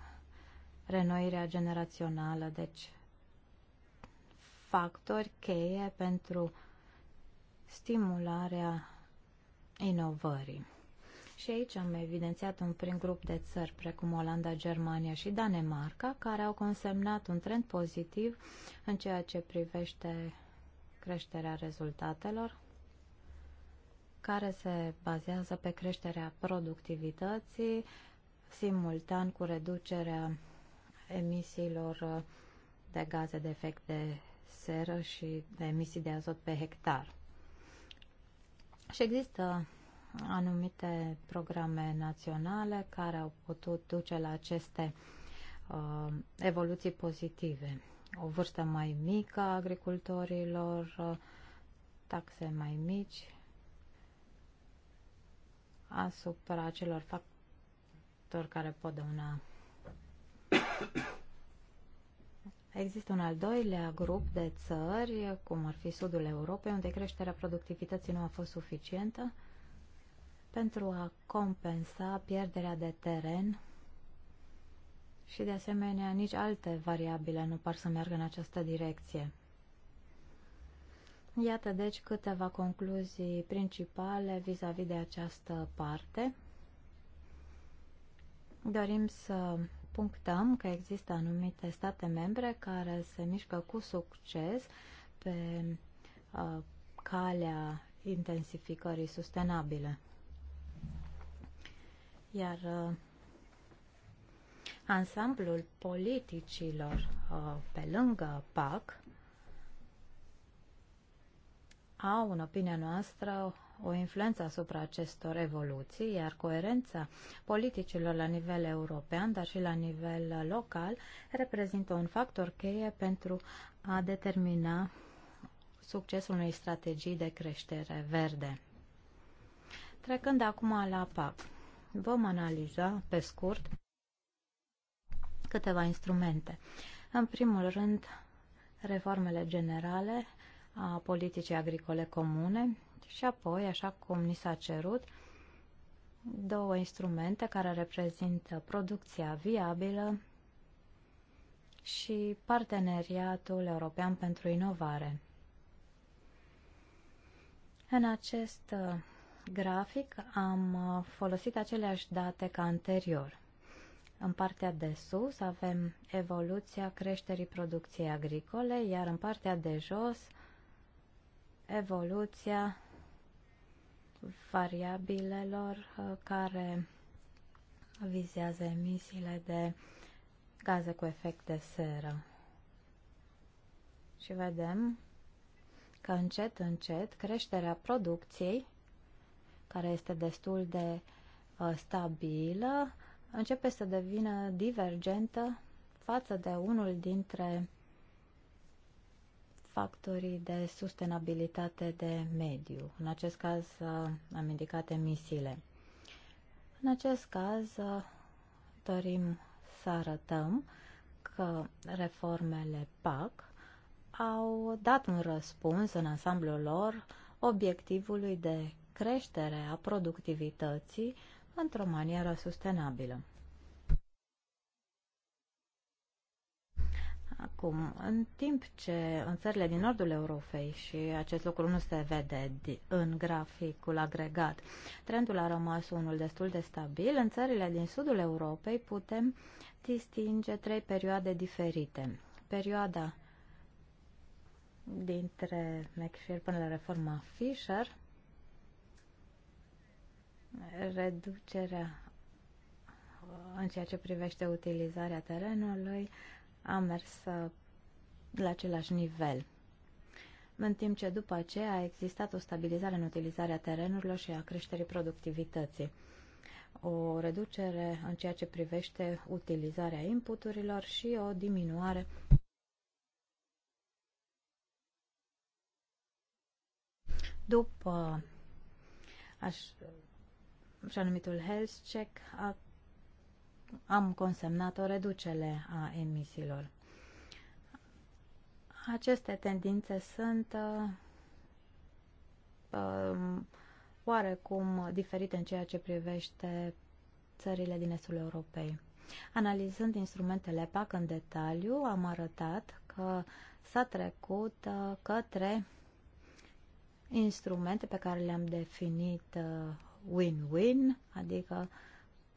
renoirea generațională, deci factori cheie pentru stimularea inovării. Și aici am evidențiat un prim grup de țări, precum Olanda, Germania și Danemarca, care au consemnat un trend pozitiv în ceea ce privește creșterea rezultatelor, care se bazează pe creșterea productivității, simultan cu reducerea emisiilor de gaze de efect de seră și de emisii de azot pe hectar. Și există anumite programe naționale care au putut duce la aceste uh, evoluții pozitive. O vârstă mai mică a agricultorilor, taxe mai mici asupra celor factori care pot dăuna. Există un al doilea grup de țări, cum ar fi sudul Europei, unde creșterea productivității nu a fost suficientă pentru a compensa pierderea de teren și de asemenea nici alte variabile nu par să meargă în această direcție. Iată deci câteva concluzii principale vis-a-vis -vis de această parte. Dorim să punctăm că există anumite state membre care se mișcă cu succes pe uh, calea intensificării sustenabile. Iar uh, ansamblul politicilor uh, pe lângă PAC au, în opinia noastră, o influență asupra acestor evoluții, iar coerența politicilor la nivel european, dar și la nivel uh, local, reprezintă un factor cheie pentru a determina succesul unei strategii de creștere verde. Trecând acum la PAC vom analiza pe scurt câteva instrumente. În primul rând, reformele generale a politicii agricole comune și apoi, așa cum ni s-a cerut, două instrumente care reprezintă producția viabilă și parteneriatul european pentru inovare. În acest grafic am uh, folosit aceleași date ca anterior. În partea de sus avem evoluția creșterii producției agricole, iar în partea de jos evoluția variabilelor uh, care vizează emisiile de gaze cu efect de seră. Și vedem că încet, încet creșterea producției care este destul de uh, stabilă, începe să devină divergentă față de unul dintre factorii de sustenabilitate de mediu. În acest caz uh, am indicat emisiile. În acest caz uh, dorim să arătăm că reformele PAC au dat un răspuns în ansamblul lor obiectivului de creștere a productivității într-o manieră sustenabilă. Acum, în timp ce în țările din nordul Europei și acest lucru nu se vede în graficul agregat, trendul a rămas unul destul de stabil, în țările din sudul Europei putem distinge trei perioade diferite. Perioada dintre McFear până la reforma Fisher, reducerea uh, în ceea ce privește utilizarea terenului a mers uh, la același nivel. În timp ce după aceea a existat o stabilizare în utilizarea terenurilor și a creșterii productivității, o reducere în ceea ce privește utilizarea inputurilor și o diminuare după și anumitul health check, a, am consemnat o reducere a emisiilor. Aceste tendințe sunt uh, oarecum diferite în ceea ce privește țările din estul Europei. Analizând instrumentele PAC în detaliu, am arătat că s-a trecut către instrumente pe care le-am definit win-win, adică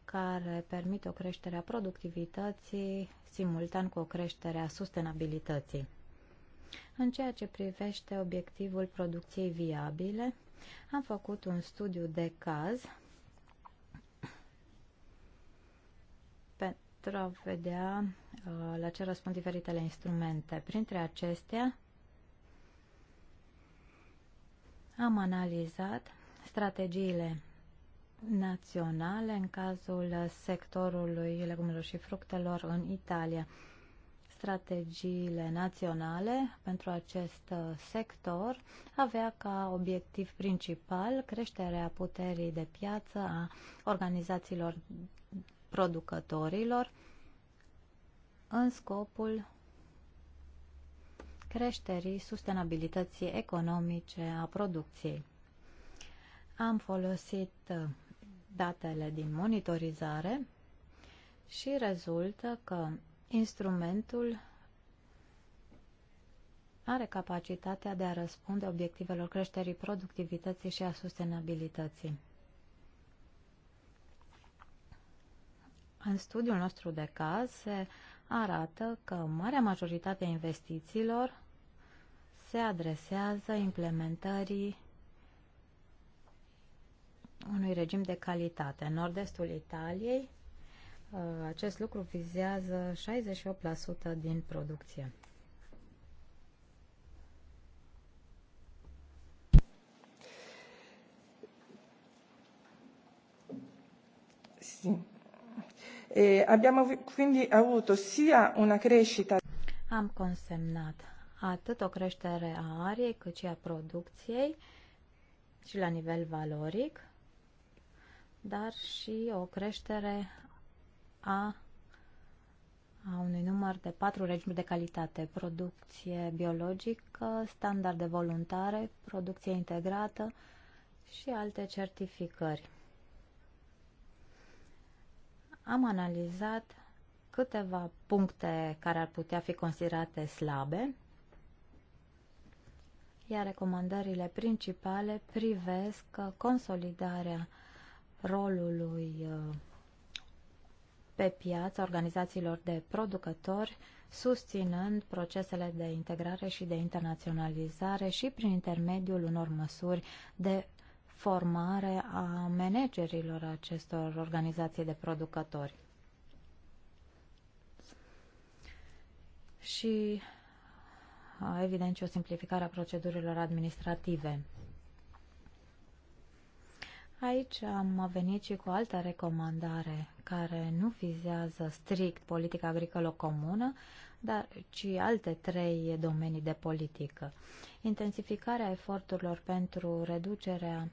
care permite o creștere a productivității simultan cu o creștere a sustenabilității. În ceea ce privește obiectivul producției viabile, am făcut un studiu de caz pentru a vedea uh, la ce răspund diferitele instrumente. Printre acestea, am analizat strategiile naționale în cazul sectorului legumelor și fructelor în Italia. Strategiile naționale pentru acest uh, sector avea ca obiectiv principal creșterea puterii de piață a organizațiilor producătorilor în scopul creșterii sustenabilității economice a producției. Am folosit uh, datele din monitorizare și rezultă că instrumentul are capacitatea de a răspunde obiectivelor creșterii productivității și a sustenabilității. În studiul nostru de caz se arată că marea majoritate a investițiilor se adresează implementării unui regim de calitate. În nord-estul Italiei, uh, acest lucru vizează 68% din producție. E abbiamo quindi avuto sia una crescita. Am consemnat atât o creștere a ariei cât și a producției și la nivel valoric dar și o creștere a, a unui număr de patru regimuri de calitate, producție biologică, standarde voluntare, producție integrată și alte certificări. Am analizat câteva puncte care ar putea fi considerate slabe, iar recomandările principale privesc consolidarea rolului uh, pe piață organizațiilor de producători, susținând procesele de integrare și de internaționalizare și prin intermediul unor măsuri de formare a managerilor acestor organizații de producători. Și uh, evident și o simplificare a procedurilor administrative. Aici am venit și cu o altă recomandare care nu vizează strict politica agricolă comună, dar ci alte trei domenii de politică. Intensificarea eforturilor pentru reducerea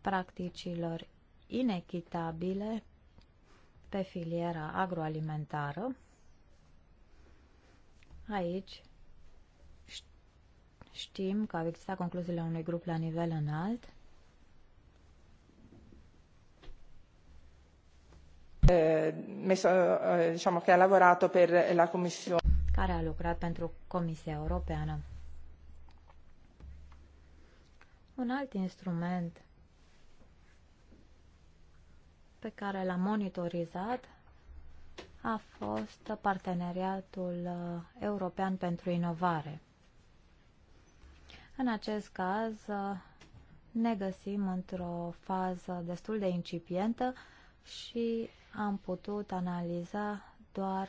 practicilor inechitabile pe filiera agroalimentară. Aici știm că au existat concluziile unui grup la nivel înalt care a lucrat pentru Comisia Europeană. Un alt instrument pe care l-am monitorizat a fost Parteneriatul eh, European pentru Inovare. În acest caz eh, ne găsim într-o fază destul de incipientă, și am putut analiza doar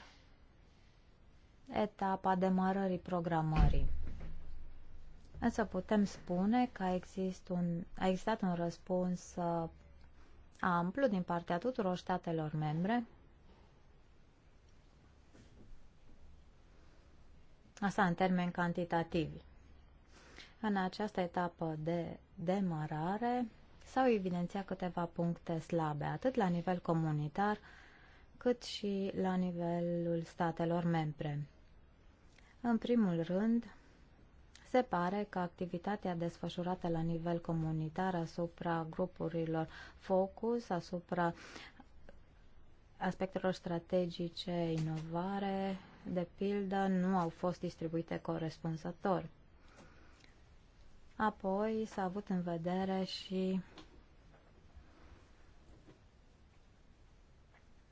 etapa demarării programării. Însă putem spune că există un, a existat un răspuns uh, amplu din partea tuturor statelor membre. Asta în termeni cantitativi. În această etapă de demarare, s-au evidențiat câteva puncte slabe, atât la nivel comunitar, cât și la nivelul statelor membre. În primul rând, se pare că activitatea desfășurată la nivel comunitar asupra grupurilor focus, asupra aspectelor strategice, inovare, de pildă, nu au fost distribuite corespunzător. Apoi s-a avut în vedere și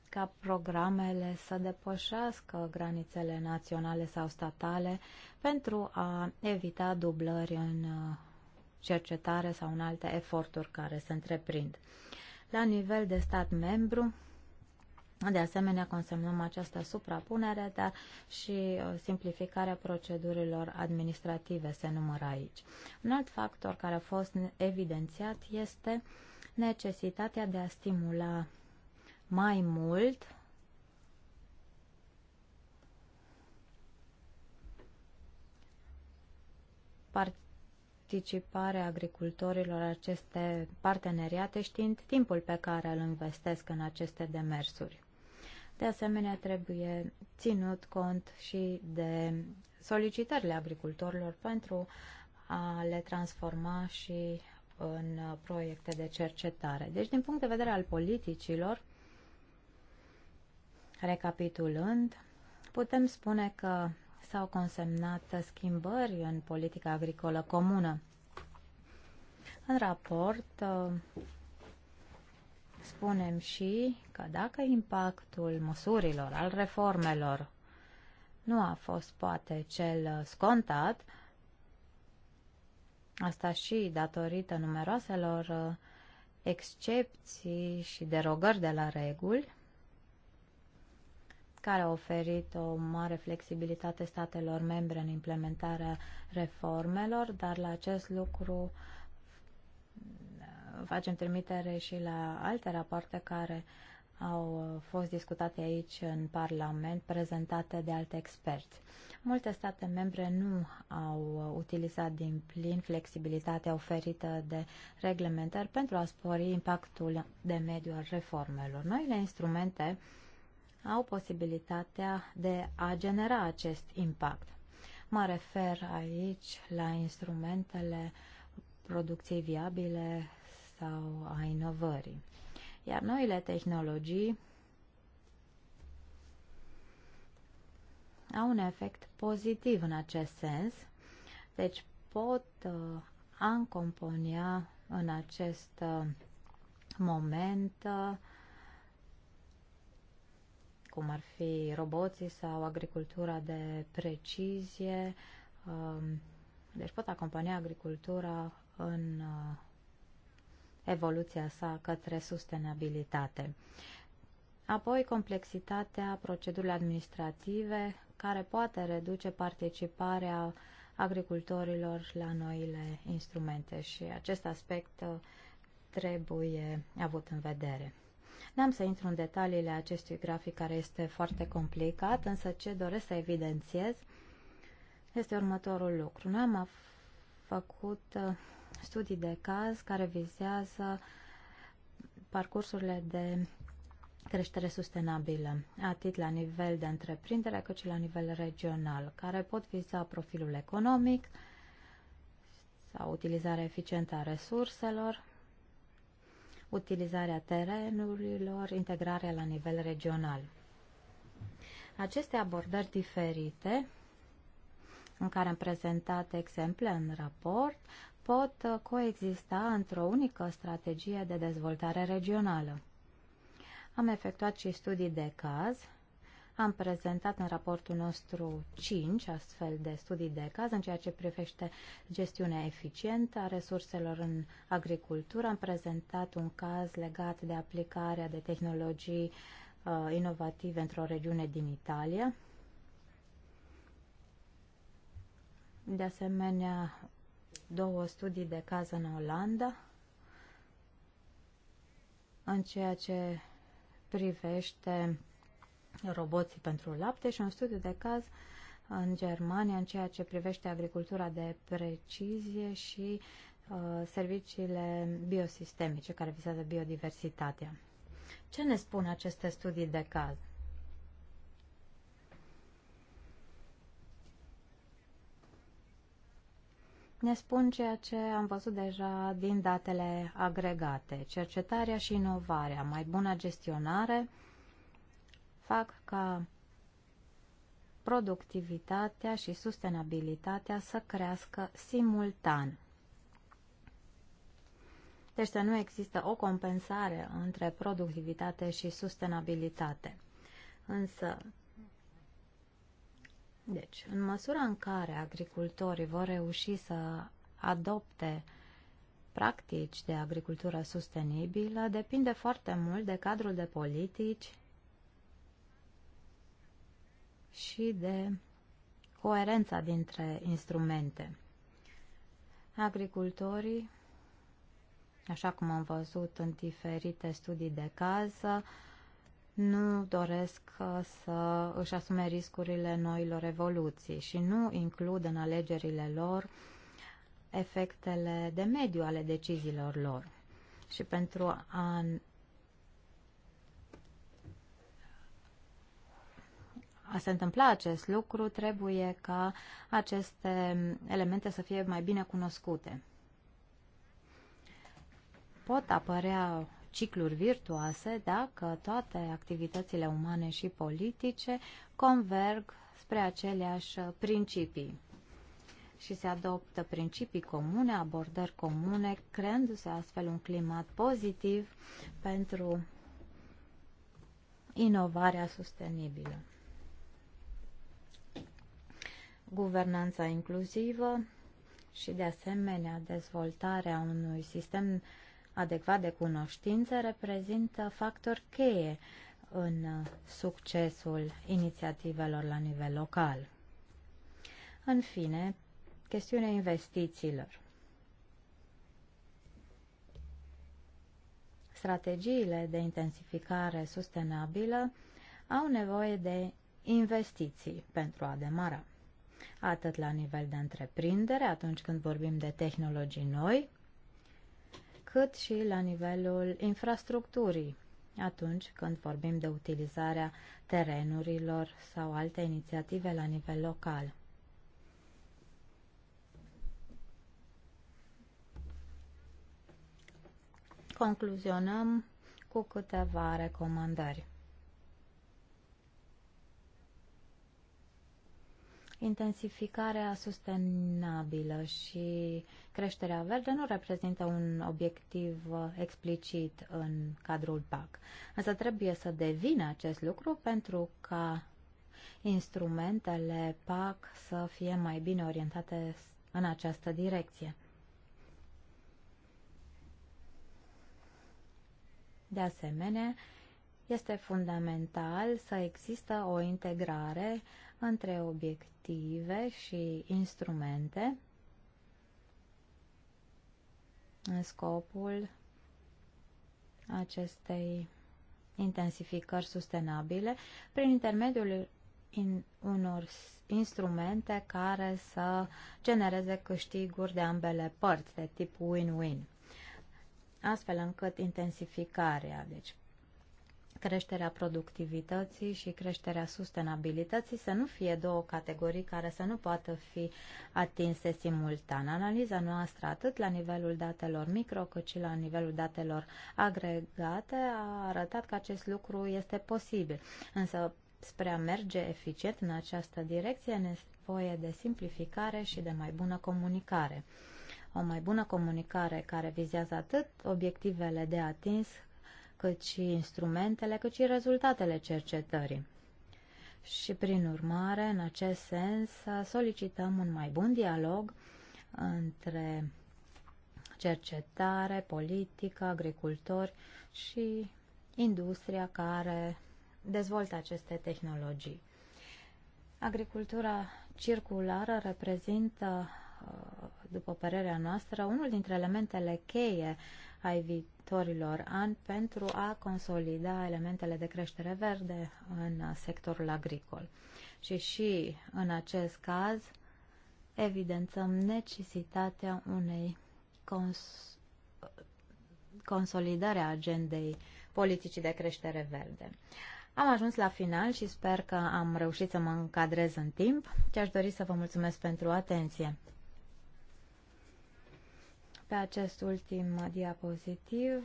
ca programele să depășească granițele naționale sau statale pentru a evita dublări în uh, cercetare sau în alte eforturi care se întreprind. La nivel de stat membru, de asemenea, consemnăm această suprapunere, dar și uh, simplificarea procedurilor administrative se numără aici. Un alt factor care a fost evidențiat este necesitatea de a stimula mai mult participarea agricultorilor aceste parteneriate știind timpul pe care îl investesc în aceste demersuri. De asemenea, trebuie ținut cont și de solicitările agricultorilor pentru a le transforma și în proiecte de cercetare. Deci, din punct de vedere al politicilor, recapitulând, putem spune că s-au consemnat schimbări în politica agricolă comună. În raport spunem și că dacă impactul măsurilor, al reformelor, nu a fost poate cel scontat, asta și datorită numeroaselor uh, excepții și derogări de la reguli, care a oferit o mare flexibilitate statelor membre în implementarea reformelor, dar la acest lucru uh, facem trimitere și la alte rapoarte care au fost discutate aici în Parlament, prezentate de alte experți. Multe state membre nu au utilizat din plin flexibilitatea oferită de reglementări pentru a spori impactul de mediu al reformelor. Noile instrumente au posibilitatea de a genera acest impact. Mă refer aici la instrumentele producției viabile, sau a inovării. Iar noile tehnologii au un efect pozitiv în acest sens, deci pot uh, încomponia în acest uh, moment uh, cum ar fi roboții sau agricultura de precizie. Um, deci pot acompania agricultura în uh, evoluția sa către sustenabilitate. Apoi, complexitatea procedurilor administrative, care poate reduce participarea agricultorilor la noile instrumente și acest aspect uh, trebuie avut în vedere. N-am să intru în detaliile acestui grafic care este foarte complicat, însă ce doresc să evidențiez este următorul lucru. Noi am făcut uh, studii de caz care vizează parcursurile de creștere sustenabilă, atât la nivel de întreprindere cât și la nivel regional, care pot viza profilul economic sau utilizarea eficientă a resurselor, utilizarea terenurilor, integrarea la nivel regional. Aceste abordări diferite, în care am prezentat exemple în raport, pot coexista într-o unică strategie de dezvoltare regională. Am efectuat și studii de caz, am prezentat în raportul nostru 5 astfel de studii de caz în ceea ce privește gestiunea eficientă a resurselor în agricultură. Am prezentat un caz legat de aplicarea de tehnologii uh, inovative într-o regiune din Italia. De asemenea, două studii de caz în Olanda în ceea ce privește roboții pentru lapte și un studiu de caz în Germania în ceea ce privește agricultura de precizie și uh, serviciile biosistemice care vizează biodiversitatea. Ce ne spun aceste studii de caz? ne spun ceea ce am văzut deja din datele agregate. Cercetarea și inovarea, mai bună gestionare, fac ca productivitatea și sustenabilitatea să crească simultan. Deci să nu există o compensare între productivitate și sustenabilitate. Însă deci, în măsura în care agricultorii vor reuși să adopte practici de agricultură sustenibilă, depinde foarte mult de cadrul de politici și de coerența dintre instrumente. Agricultorii, așa cum am văzut în diferite studii de caz, nu doresc uh, să își asume riscurile noilor evoluții și nu includ în alegerile lor efectele de mediu ale deciziilor lor. Și pentru a a se întâmpla acest lucru, trebuie ca aceste elemente să fie mai bine cunoscute. Pot apărea cicluri virtuoase dacă toate activitățile umane și politice converg spre aceleași principii și se adoptă principii comune, abordări comune, creându-se astfel un climat pozitiv pentru inovarea sustenibilă. Guvernanța inclusivă și, de asemenea, dezvoltarea unui sistem adecvat de cunoștință reprezintă factor cheie în succesul inițiativelor la nivel local. În fine, chestiunea investițiilor. Strategiile de intensificare sustenabilă au nevoie de investiții pentru a demara atât la nivel de întreprindere, atunci când vorbim de tehnologii noi, cât și la nivelul infrastructurii atunci când vorbim de utilizarea terenurilor sau alte inițiative la nivel local. Concluzionăm cu câteva recomandări. Intensificarea sustenabilă și creșterea verde nu reprezintă un obiectiv uh, explicit în cadrul PAC. Însă trebuie să devină acest lucru pentru ca instrumentele PAC să fie mai bine orientate în această direcție. De asemenea, este fundamental să există o integrare între obiective și instrumente în scopul acestei intensificări sustenabile prin intermediul in unor instrumente care să genereze câștiguri de ambele părți, de tip win-win, astfel încât intensificarea, deci creșterea productivității și creșterea sustenabilității să nu fie două categorii care să nu poată fi atinse simultan. Analiza noastră atât la nivelul datelor micro cât și la nivelul datelor agregate a arătat că acest lucru este posibil. Însă spre a merge eficient în această direcție ne nevoie de simplificare și de mai bună comunicare. O mai bună comunicare care vizează atât obiectivele de atins cât și instrumentele, cât și rezultatele cercetării. Și, prin urmare, în acest sens, solicităm un mai bun dialog între cercetare, politică, agricultori și industria care dezvoltă aceste tehnologii. Agricultura circulară reprezintă Uh, după părerea noastră, unul dintre elementele cheie ai viitorilor ani pentru a consolida elementele de creștere verde în sectorul agricol. Și și în acest caz evidențăm necesitatea unei cons- consolidare a agendei politicii de creștere verde. Am ajuns la final și sper că am reușit să mă încadrez în timp și aș dori să vă mulțumesc pentru atenție. Pe acest ultim diapozitiv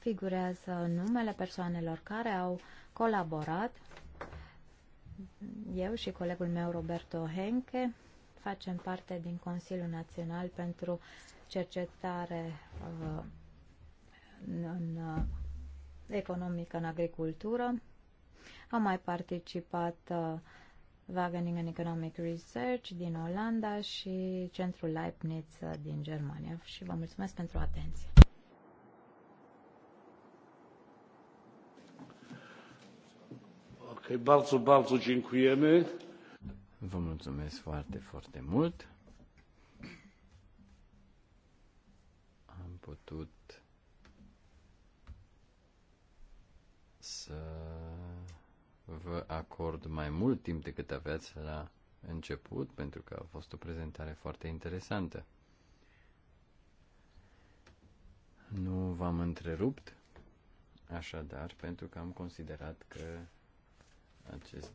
figurează numele persoanelor care au colaborat. Eu și colegul meu, Roberto Henke, facem parte din Consiliul Național pentru Cercetare uh, în, uh, economică în agricultură. Am mai participat uh, Wageningen Economic Research din Olanda și Centrul Leibniz din Germania. Și vă mulțumesc pentru atenție. Ok, bardzo, bardzo dziękujemy. Vă mulțumesc foarte, foarte mult. Am putut să vă acord mai mult timp decât aveați la început, pentru că a fost o prezentare foarte interesantă. Nu v-am întrerupt, așadar, pentru că am considerat că aceste,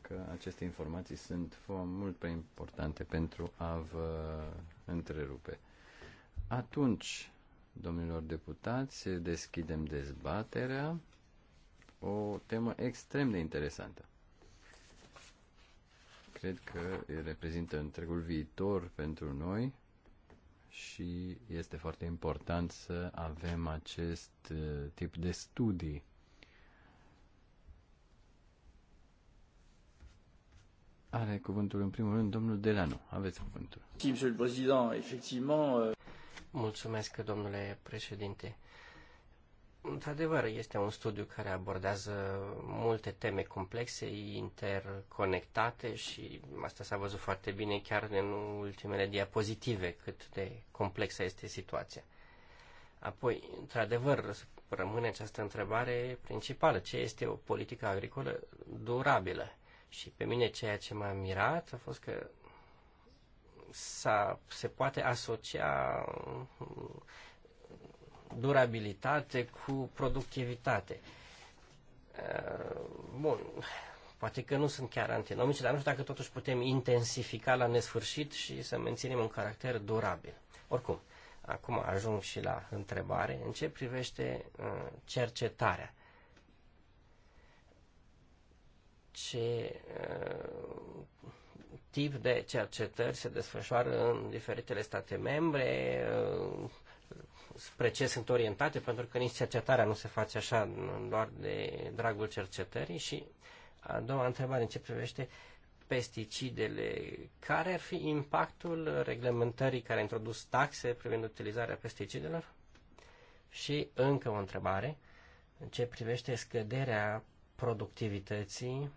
că aceste informații sunt mult prea importante pentru a vă întrerupe. Atunci, domnilor deputați, deschidem dezbaterea o temă extrem de interesantă. Cred că reprezintă întregul viitor pentru noi și este foarte important să avem acest tip de studii. Are cuvântul în primul rând domnul Delano. Aveți cuvântul. Euh, Mulțumesc, domnule președinte. Într-adevăr, este un studiu care abordează multe teme complexe, interconectate și asta s-a văzut foarte bine chiar în ultimele diapozitive cât de complexă este situația. Apoi, într-adevăr, rămâne această întrebare principală. Ce este o politică agricolă durabilă? Și pe mine ceea ce m-a mirat a fost că s-a, se poate asocia durabilitate cu productivitate. Uh, bun, poate că nu sunt chiar antinomice, dar nu știu dacă totuși putem intensifica la nesfârșit și să menținem un caracter durabil. Oricum, acum ajung și la întrebare în ce privește uh, cercetarea. Ce uh, tip de cercetări se desfășoară în diferitele state membre, spre ce sunt orientate, pentru că nici cercetarea nu se face așa doar de dragul cercetării și a doua întrebare în ce privește pesticidele. Care ar fi impactul reglementării care a introdus taxe privind utilizarea pesticidelor? Și încă o întrebare în ce privește scăderea productivității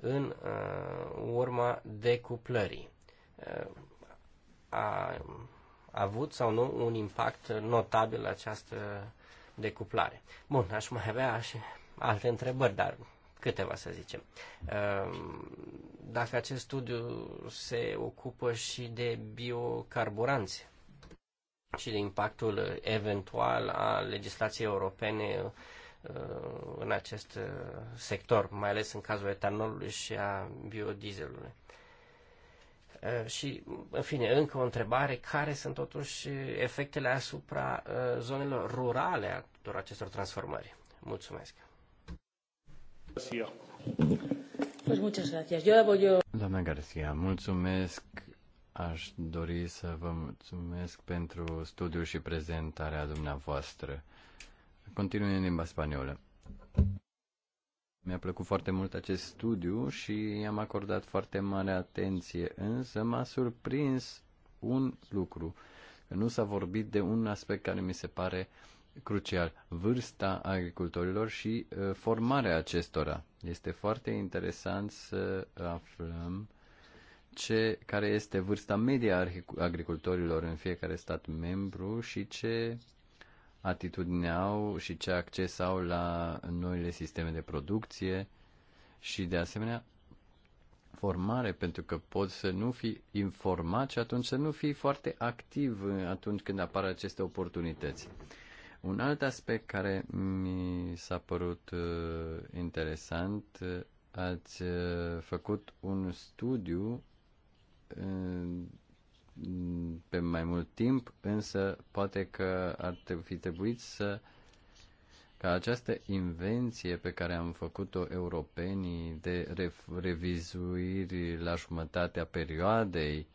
în uh, urma decuplării. Uh, a avut sau nu un impact notabil această decuplare. Bun, aș mai avea și alte întrebări, dar câteva să zicem. Ehm, dacă acest studiu se ocupă și de biocarburanți și de impactul eventual a legislației europene ehm, în acest ehm, sector, mai ales în cazul etanolului și a biodieselului. Uh, și, în fine, încă o întrebare, care sunt totuși efectele asupra uh, zonelor rurale a tuturor acestor transformări? Mulțumesc! Doamna Garcia, mulțumesc. Aș dori să vă mulțumesc pentru studiul și prezentarea dumneavoastră. Continuăm în limba spaniolă. Mi-a plăcut foarte mult acest studiu și i-am acordat foarte mare atenție, însă m-a surprins un lucru. Nu s-a vorbit de un aspect care mi se pare crucial, vârsta agricultorilor și uh, formarea acestora. Este foarte interesant să aflăm ce, care este vârsta media agricultorilor în fiecare stat membru și ce atitudine au și ce acces au la noile sisteme de producție și, de asemenea, formare, pentru că poți să nu fii informat și atunci să nu fii foarte activ uh, atunci când apar aceste oportunități. Un alt aspect care mi s-a părut uh, interesant, uh, ați uh, făcut un studiu uh, pe mai mult timp, însă poate că ar fi trebuit să ca această invenție pe care am făcut-o europenii de revizuiri la jumătatea perioadei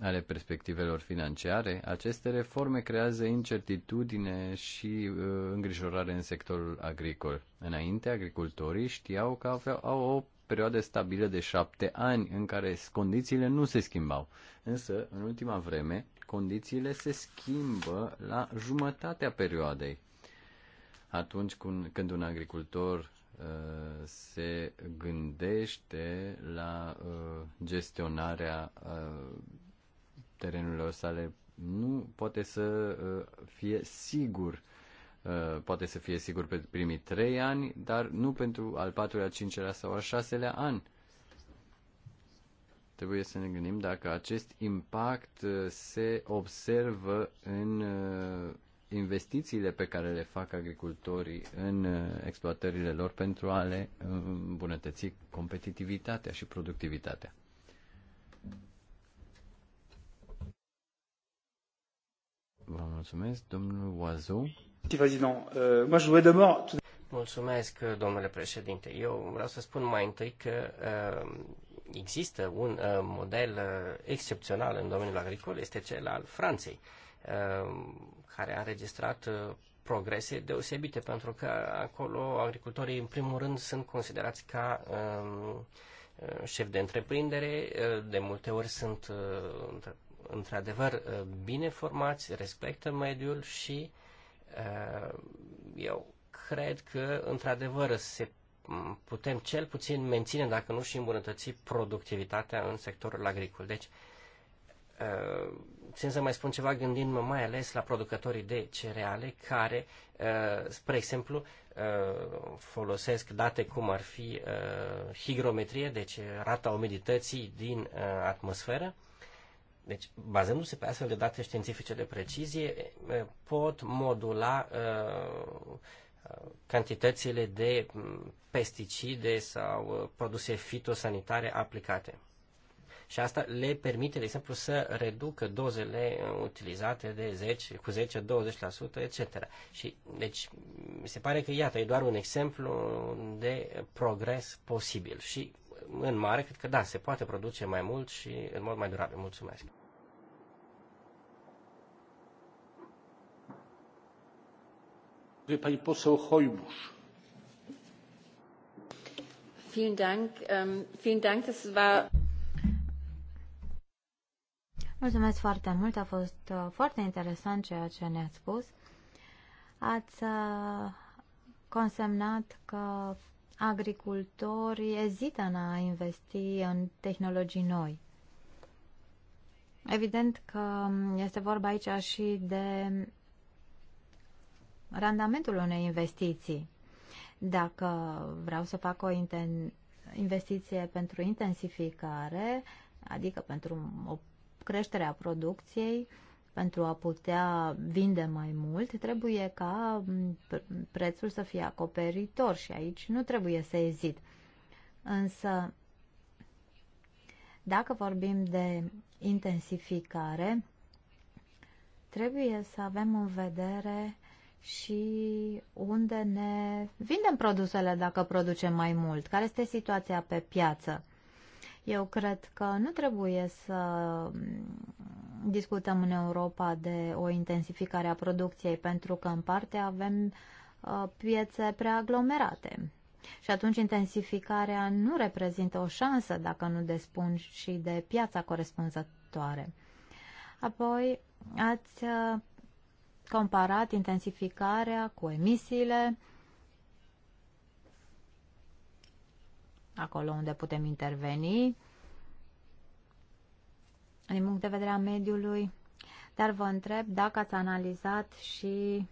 ale perspectivelor financiare, aceste reforme creează incertitudine și uh, îngrijorare în sectorul agricol. Înainte, agricultorii știau că aveau, au o perioade stabile de șapte ani în care condițiile nu se schimbau. Însă, în ultima vreme, condițiile se schimbă la jumătatea perioadei. Atunci când un agricultor uh, se gândește la uh, gestionarea uh, terenurilor sale, nu poate să fie sigur Uh, poate să fie sigur pe primii trei ani, dar nu pentru al patrulea, cincelea sau al șaselea an. Trebuie să ne gândim dacă acest impact uh, se observă în uh, investițiile pe care le fac agricultorii în exploatările lor pentru a le îmbunătăți competitivitatea și productivitatea. Vă mulțumesc, domnul Oazou. Euh, Mulțumesc, domnule președinte. Eu vreau să spun mai întâi că uh, există un uh, model uh, excepțional în domeniul agricol, este cel al Franței, care a înregistrat progrese deosebite, pentru că acolo agricultorii, în primul rând, sunt considerați ca um, șef de întreprindere, de multe ori sunt într-adevăr bine formați, respectă mediul și uh, Eh, eu cred că, într-adevăr, se putem cel puțin menține, dacă nu și îmbunătăți, productivitatea în sectorul agricol. Deci, eh, țin să mai spun ceva gândindu-mă mai ales la producătorii de cereale care, eh, spre exemplu, folosesc date cum ar fi higrometrie, deci rata umidității din atmosferă, deci, bazându-se pe astfel de date științifice de precizie, pot modula uh, cantitățile de pesticide sau produse fitosanitare aplicate. Și asta le permite, de exemplu, să reducă dozele utilizate de 10, cu 10-20%, etc. Și, deci, mi se pare că, iată, e doar un exemplu de progres posibil. Și, în mare, cred că, da, se poate produce mai mult și în mod mai durabil. Mulțumesc! pani ähm, Mulțumesc foarte mult, a fost uh, foarte interesant ceea ce ne-ați spus. Ați uh, consemnat că agricultorii ezită în a investi în tehnologii noi. Evident că este vorba aici și de randamentul unei investiții. Dacă vreau să fac o investiție pentru intensificare, adică pentru o creștere a producției, pentru a putea vinde mai mult, trebuie ca prețul să fie acoperitor și aici nu trebuie să ezit. Însă, dacă vorbim de intensificare, trebuie să avem în vedere și unde ne vindem produsele dacă producem mai mult, care este situația pe piață. Eu cred că nu trebuie să discutăm în Europa de o intensificare a producției, pentru că în parte avem ă, piețe preaglomerate Și atunci intensificarea nu reprezintă o șansă dacă nu despun și de piața corespunzătoare. Apoi ați ă, comparat intensificarea cu emisiile, acolo unde putem interveni, din punct de vedere a mediului, dar vă întreb dacă ați analizat și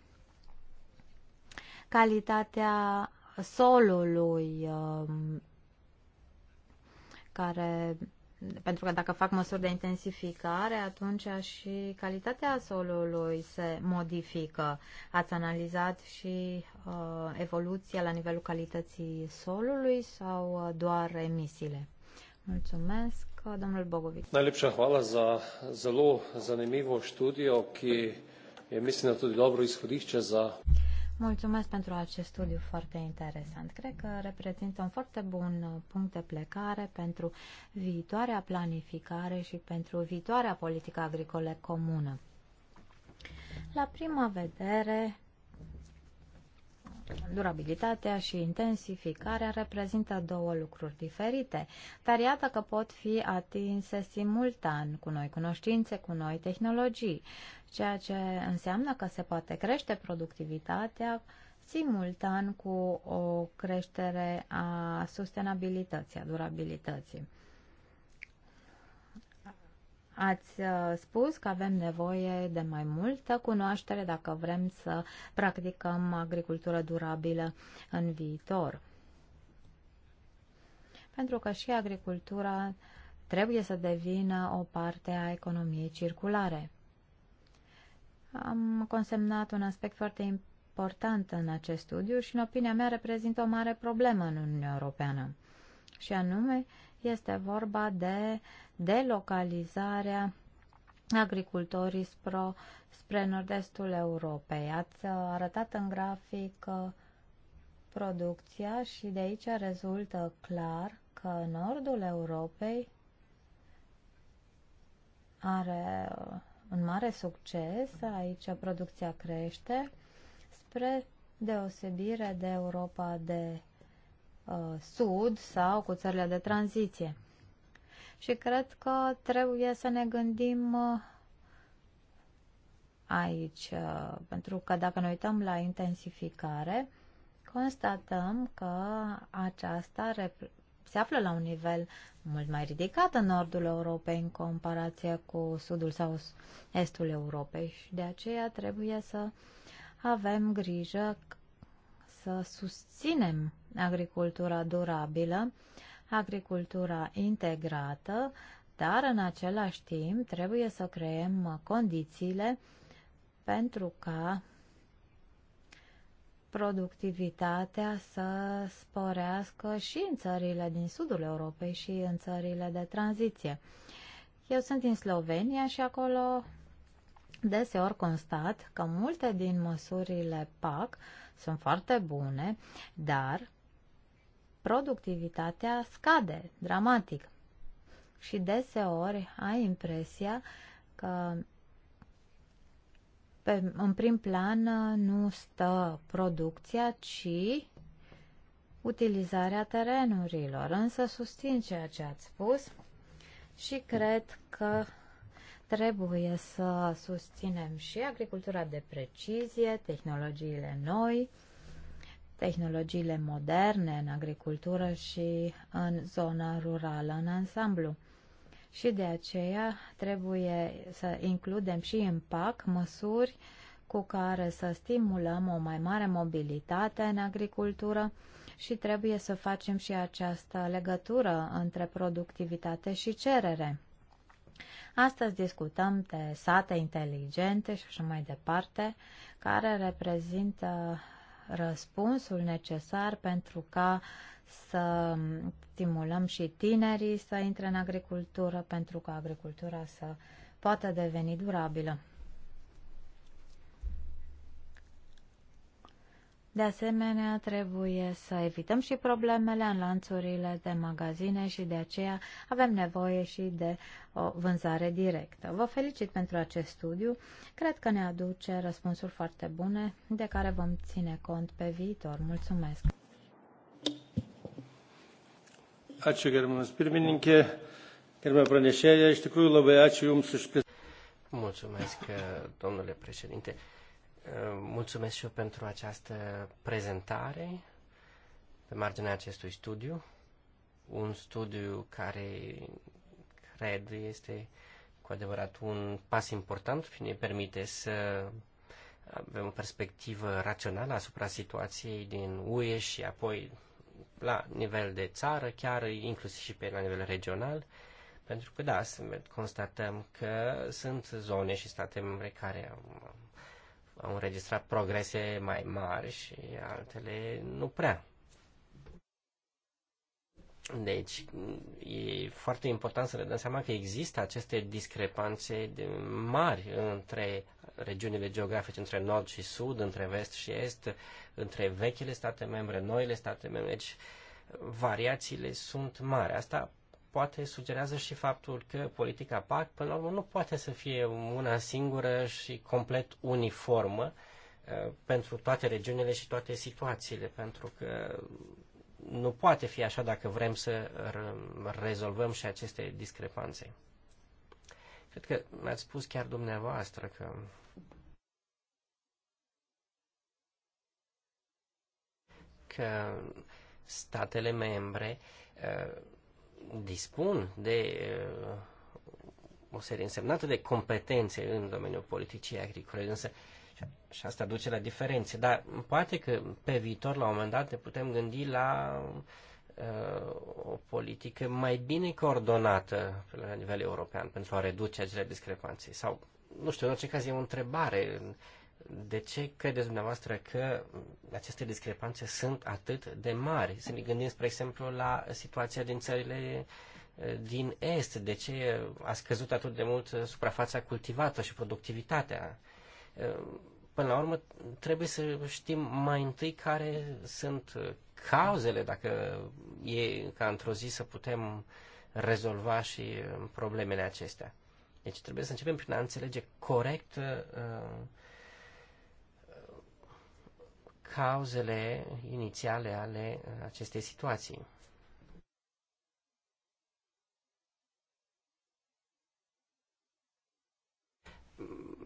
calitatea solului um, care pentru că dacă fac măsuri de intensificare, atunci și calitatea solului se modifică. Ați analizat și uh, evoluția la nivelul calității solului sau uh, doar emisiile? Mulțumesc, uh, domnul Bogovic. Najlepša hvala za zelo zanimivo studio, ki je mislim da tudi dobro izhodišče za Mulțumesc pentru acest studiu foarte interesant. Cred că reprezintă un foarte bun uh, punct de plecare pentru viitoarea planificare și pentru viitoarea politică agricolă comună. La prima vedere, Durabilitatea și intensificarea reprezintă două lucruri diferite, dar iată că pot fi atinse simultan cu noi cunoștințe, cu noi tehnologii, ceea ce înseamnă că se poate crește productivitatea simultan cu o creștere a sustenabilității, a durabilității. Ați uh, spus că avem nevoie de mai multă cunoaștere dacă vrem să practicăm agricultură durabilă în viitor. Pentru că și agricultura trebuie să devină o parte a economiei circulare. Am consemnat un aspect foarte important în acest studiu și, în opinia mea, reprezintă o mare problemă în Uniunea Europeană. Și anume, este vorba de uh, de localizarea agricultorii spre, spre nord-estul Europei. Ați uh, arătat în grafic uh, producția și de aici rezultă clar că nordul Europei are uh, un mare succes, aici producția crește, spre deosebire de Europa de uh, Sud sau cu țările de tranziție și cred că trebuie să ne gândim uh, aici, uh, pentru că dacă ne uităm la intensificare, constatăm că aceasta se află la un nivel mult mai ridicat în nordul Europei în comparație cu sudul sau estul Europei și de aceea trebuie să avem grijă să susținem agricultura durabilă agricultura integrată, dar în același timp trebuie să creăm condițiile pentru ca productivitatea să sporească și în țările din sudul Europei și în țările de tranziție. Eu sunt din Slovenia și acolo deseori constat că multe din măsurile PAC sunt foarte bune, dar productivitatea scade dramatic. Și deseori ai impresia că pe, în prim plan uh, nu stă producția, ci utilizarea terenurilor. Însă susțin ceea ce ați spus și cred că trebuie să susținem și agricultura de precizie, tehnologiile noi, tehnologiile moderne în agricultură și în zona rurală în ansamblu. Și de aceea trebuie să includem și în PAC măsuri cu care să stimulăm o mai mare mobilitate în agricultură și trebuie să facem și această legătură între productivitate și cerere. Astăzi discutăm de sate inteligente și așa mai departe, care reprezintă răspunsul necesar pentru ca să stimulăm și tinerii să intre în agricultură, pentru ca agricultura să poată deveni durabilă. De asemenea, trebuie să evităm și problemele în lanțurile de magazine și de aceea avem nevoie și de o vânzare directă. Vă felicit pentru acest studiu. Cred că ne aduce răspunsuri foarte bune de care vom ține cont pe viitor. Mulțumesc! Ačiū gerbiamas pirmininkė, gerbiamas pranešėja, iš tikrųjų labai ačiū Jums už. Mulțumesc, domnule președinte. Mulțumesc și eu pentru această prezentare pe marginea acestui studiu. Un studiu care cred este cu adevărat un pas important și ne permite să avem o perspectivă rațională asupra situației din UE și apoi la nivel de țară, chiar inclusiv și pe la nivel regional, pentru că da, constatăm că sunt zone și state membre care au au înregistrat progrese mai mari și altele nu prea. Deci, e foarte important să ne dăm seama că există aceste discrepanțe mari între regiunile geografice, între nord și sud, între vest și est, între vechile state membre, noile state membre. Deci, variațiile sunt mari. Asta poate sugerează și faptul că politica PAC, până la urmă, nu poate să fie una singură și complet uniformă uh, pentru toate regiunile și toate situațiile, pentru că nu poate fi așa dacă vrem să rezolvăm și aceste discrepanțe. Cred că mi-ați spus chiar dumneavoastră că că statele membre uh, dispun de uh, o serie însemnată de competențe în domeniul politicii agricole, însă și asta duce la diferențe, dar poate că pe viitor, la un moment dat, ne putem gândi la uh, o politică mai bine coordonată la nivel european pentru a reduce acele discrepanțe. Sau, nu știu, în orice caz e o întrebare de ce credeți dumneavoastră că aceste discrepanțe sunt atât de mari? Să ne gândim, spre exemplu, la situația din țările eh, din Est. De ce a scăzut atât de mult eh, suprafața cultivată și productivitatea? Eh, până la urmă, trebuie să știm mai întâi care sunt cauzele, dacă e ca într-o zi să putem rezolva și problemele acestea. Deci trebuie să începem prin a înțelege corect uh, cauzele inițiale ale uh, acestei situații.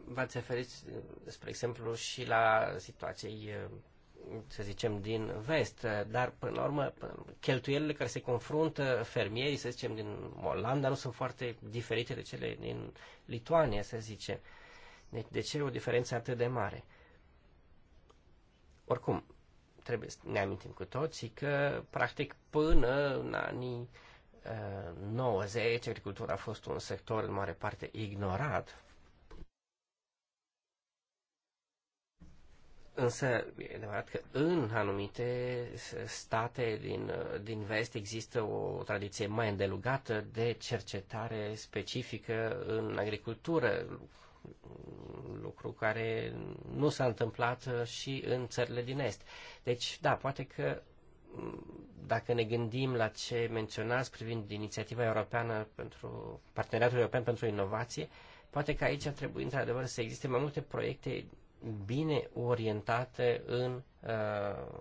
V-ați referit, uh, spre exemplu, și la situației, uh, să zicem, din vest, dar, până la urmă, cheltuielile care se confruntă fermierii, să zicem, din Olanda, nu sunt foarte diferite de cele din Lituania, să zicem. Deci, de ce o diferență atât de mare? Oricum, trebuie să ne amintim cu toții că, practic, până în anii 90, uh, agricultura a fost un sector în mare parte ignorat. Însă, e adevărat că în anumite state din, din vest există o tradiție mai îndelugată de cercetare specifică în agricultură, lucru care nu s-a întâmplat uh, și în țările din Est. Deci, da, poate că mm, dacă ne gândim la ce menționați privind inițiativa europeană pentru parteneriatul european pentru inovație, poate că aici ar trebui într-adevăr să existe mai multe proiecte bine orientate în uh,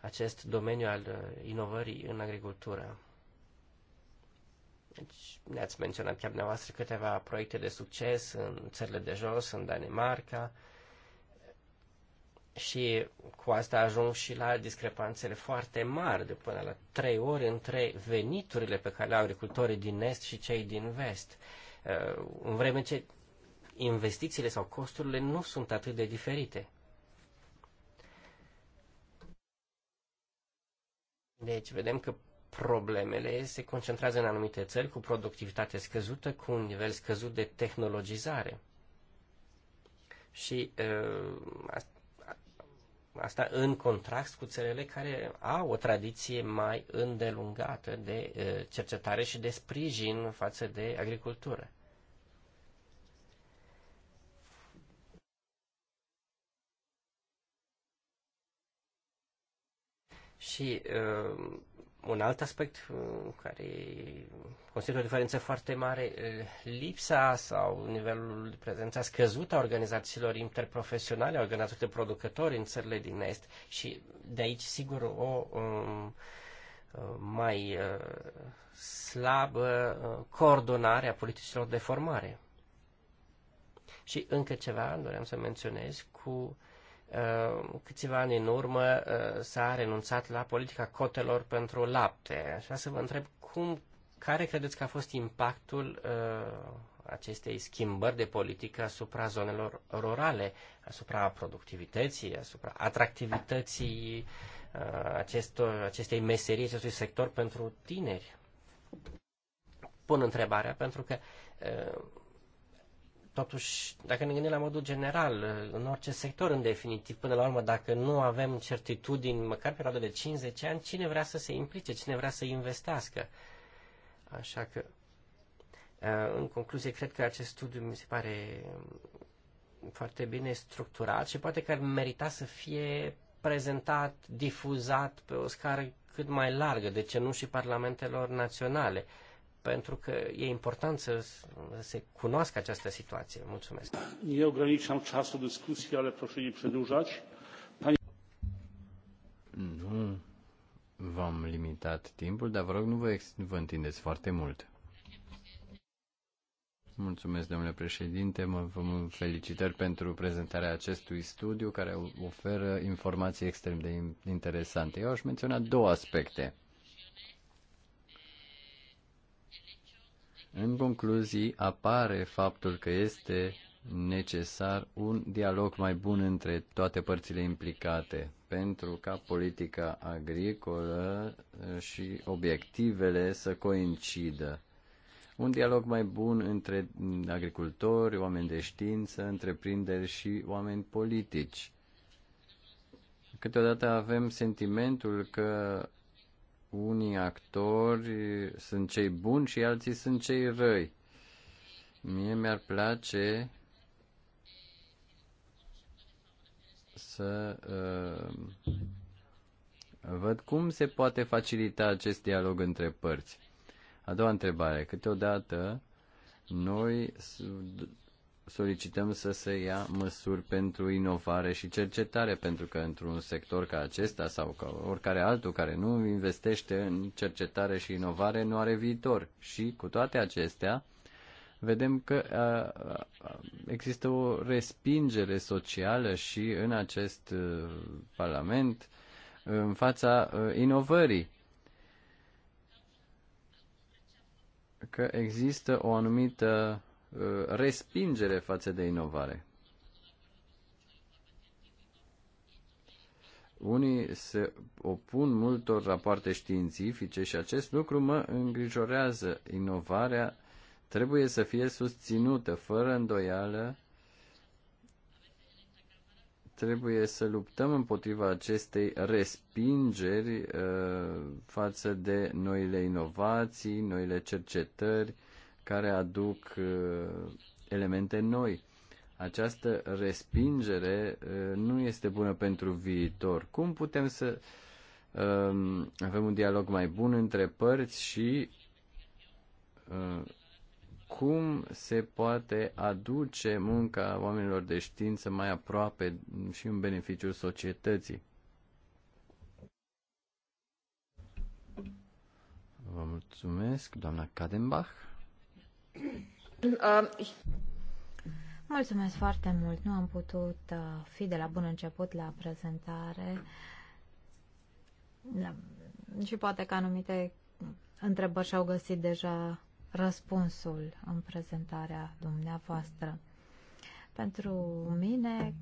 acest domeniu al uh, inovării în agricultură. Deci ne-ați menționat chiar dumneavoastră câteva proiecte de succes în țările de jos, în Danemarca și cu asta ajung și la discrepanțele foarte mari de până la trei ori între veniturile pe care le au agricultorii din est și cei din vest. Uh, în vreme ce investițiile sau costurile nu sunt atât de diferite. Deci vedem că problemele se concentrează în anumite țări cu productivitate scăzută, cu un nivel scăzut de tehnologizare. Și uh, asta în contrast cu țările care au o tradiție mai îndelungată de uh, cercetare și de sprijin față de agricultură. Și uh, un alt aspect uh, care constituie o diferență foarte mare, uh, lipsa sau nivelul de prezență scăzut a organizațiilor interprofesionale, a organizațiilor de producători în țările din Est și de aici, sigur, o um, uh, mai uh, slabă coordonare a politicilor de formare. Și încă ceva doream să menționez cu Uh, câțiva ani în urmă uh, s-a renunțat la politica cotelor pentru lapte. Așa să vă întreb cum, care credeți că a fost impactul uh, acestei schimbări de politică asupra zonelor rurale, asupra productivității, asupra atractivității acestor, acestei meserii, acestui sector pentru tineri? Pun întrebarea pentru că Totuși, dacă ne gândim la modul general, în orice sector, în definitiv, până la urmă, dacă nu avem certitudini, măcar perioada de 50 ani, cine vrea să se implice, cine vrea să investească? Așa că, în concluzie, cred că acest studiu mi se pare mm, foarte bine structurat și poate că ar merita să fie prezentat, difuzat pe o scară cât mai largă, de ce nu și parlamentelor naționale pentru că e important să se cunoască această situație. Mulțumesc. Nie ograniczam czasu discuției, ale proszę nie Pani... Nu v-am limitat timpul, dar vă rog, nu vă, ex- vă întindeți foarte mult. Mulțumesc, domnule președinte, mă vă felicitări pentru prezentarea acestui studiu care oferă informații extrem de interesante. Eu aș menționa două aspecte. În concluzii apare faptul că este necesar un dialog mai bun între toate părțile implicate pentru ca politica agricolă uh, și obiectivele să coincidă. Un dialog mai bun între mm, agricultori, oameni de știință, întreprinderi și oameni politici. Câteodată avem sentimentul că unii actori sunt cei buni și alții sunt cei răi. Mie mi-ar place să uh, văd cum se poate facilita acest dialog între părți. A doua întrebare. Câteodată noi solicităm să se ia măsuri pentru inovare și cercetare, pentru că într-un sector ca acesta sau ca oricare altul care nu investește în cercetare și inovare nu are viitor. Și cu toate acestea, vedem că a, a, există o respingere socială și în acest a, Parlament în fața a, inovării. Că există o anumită Uh, respingere față de inovare. Unii se opun multor rapoarte științifice și acest lucru mă îngrijorează. Inovarea trebuie să fie susținută, fără îndoială. Trebuie să luptăm împotriva acestei respingeri uh, față de noile inovații, noile cercetări, care aduc uh, elemente noi. Această respingere uh, nu este bună pentru viitor. Cum putem să um, avem un dialog mai bun între părți și uh, cum se poate aduce munca oamenilor de știință mai aproape și în beneficiul societății. Vă mulțumesc, doamna Kadenbach. Uh, Mulțumesc foarte mult. Nu am putut uh, fi de la bun început la prezentare da. și poate că anumite întrebări și-au găsit deja răspunsul în prezentarea dumneavoastră. Pentru mine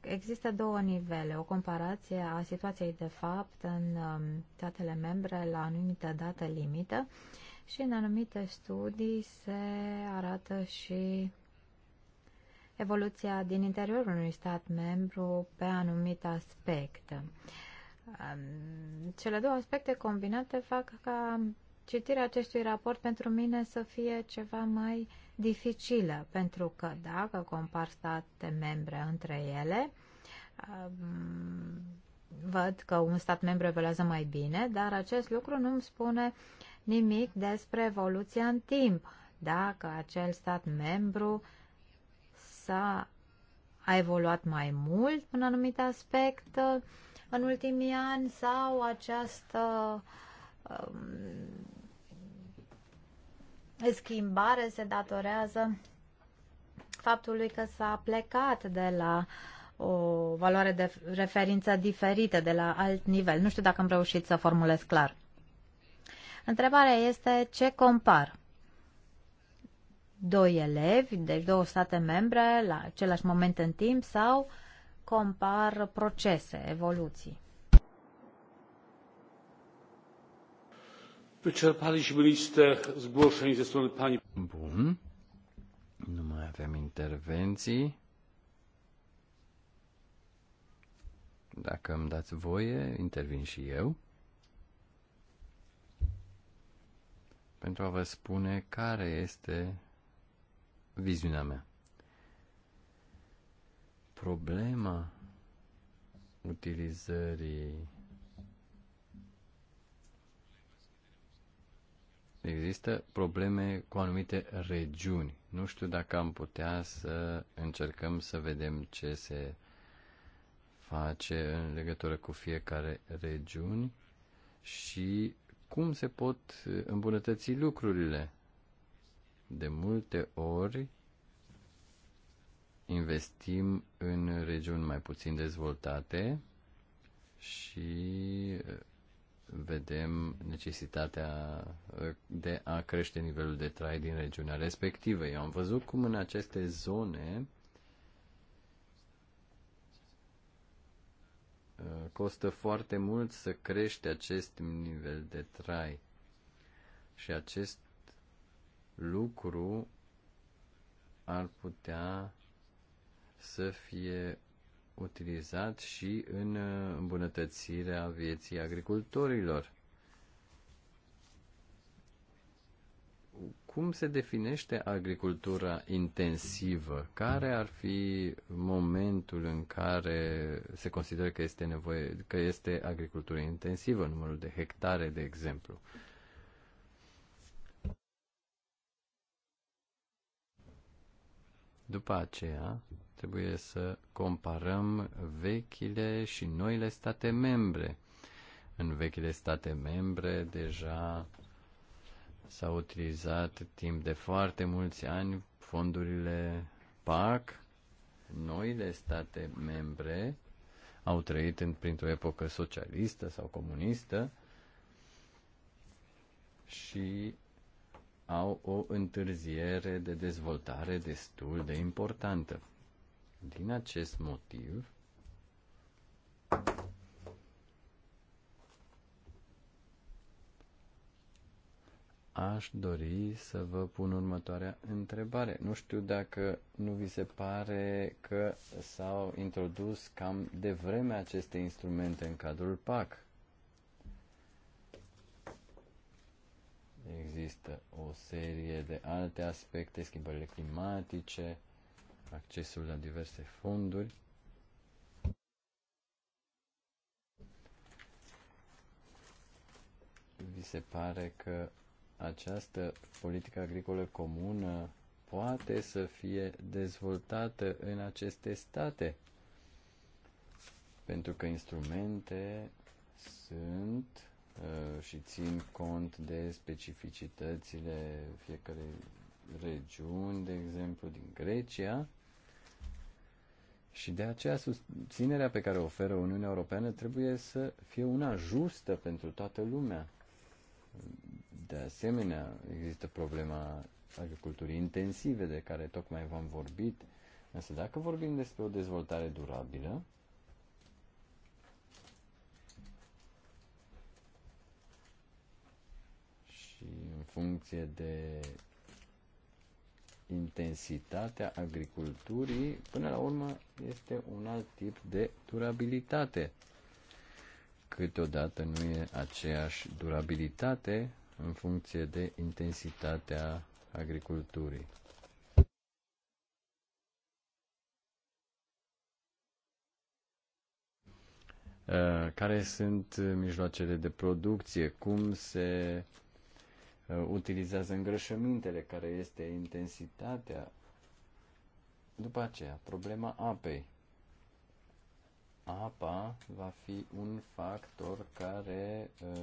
există două nivele. O comparație a situației de fapt în um, statele membre la anumită dată limită și în anumite studii se arată și evoluția din interiorul unui stat membru pe anumit aspect. Cele două aspecte combinate fac ca citirea acestui raport pentru mine să fie ceva mai dificilă, pentru că dacă compar state membre între ele, văd că un stat membru evoluează mai bine, dar acest lucru nu îmi spune uh, nimic despre evoluția în timp. Dacă acel stat membru s-a a evoluat mai mult în anumit aspect uh, în ultimii ani sau această um, schimbare se datorează faptului că s-a plecat de la o valoare de referință diferită, de la alt nivel. Nu știu dacă am reușit să formulez clar. Întrebarea este ce compar? Doi elevi, deci două state membre, la același moment în timp sau compar procese, evoluții? pani. Bun. Nu mai avem intervenții. Dacă îmi dați voie, intervin și eu. pentru a vă spune care este viziunea mea. Problema utilizării Există probleme cu anumite regiuni. Nu știu dacă am putea să încercăm să vedem ce se face în legătură cu fiecare regiuni și cum se pot îmbunătăți lucrurile. De multe ori investim în regiuni mai puțin dezvoltate și uh, vedem necesitatea uh, de a crește nivelul de trai din regiunea respectivă. Eu am văzut cum în aceste zone Uh, costă foarte mult să crește acest nivel de trai. Și acest lucru ar putea să fie utilizat și în uh, îmbunătățirea vieții agricultorilor. cum se definește agricultura intensivă? Care ar fi momentul în care se consideră că este nevoie, că este agricultura intensivă, numărul de hectare, de exemplu? După aceea, trebuie să comparăm vechile și noile state membre. În vechile state membre deja s au utilizat timp de foarte mulți ani fondurile PAC, noile state membre au trăit în, printr-o epocă socialistă sau comunistă și au o întârziere de dezvoltare destul de importantă. Din acest motiv, aș dori să vă pun următoarea întrebare. Nu știu dacă nu vi se pare că s-au introdus cam de vreme aceste instrumente în cadrul PAC. Există o serie de alte aspecte, schimbările climatice, accesul la diverse fonduri. Vi se pare că această politică agricolă comună poate să fie dezvoltată în aceste state. Pentru că instrumente sunt uh, și țin cont de specificitățile fiecarei regiuni, de exemplu, din Grecia. Și de aceea susținerea pe care o oferă Uniunea Europeană trebuie să fie una justă pentru toată lumea. De asemenea, există problema agriculturii intensive de care tocmai v-am vorbit, însă dacă vorbim despre o dezvoltare durabilă, în funcție de intensitatea agriculturii, până la urmă este un alt tip de durabilitate. Câteodată nu e aceeași durabilitate în funcție de intensitatea agriculturii. Uh, care sunt mijloacele de producție? Cum se uh, utilizează îngrășămintele? Care este intensitatea? După aceea, problema apei apa va fi un factor care ă,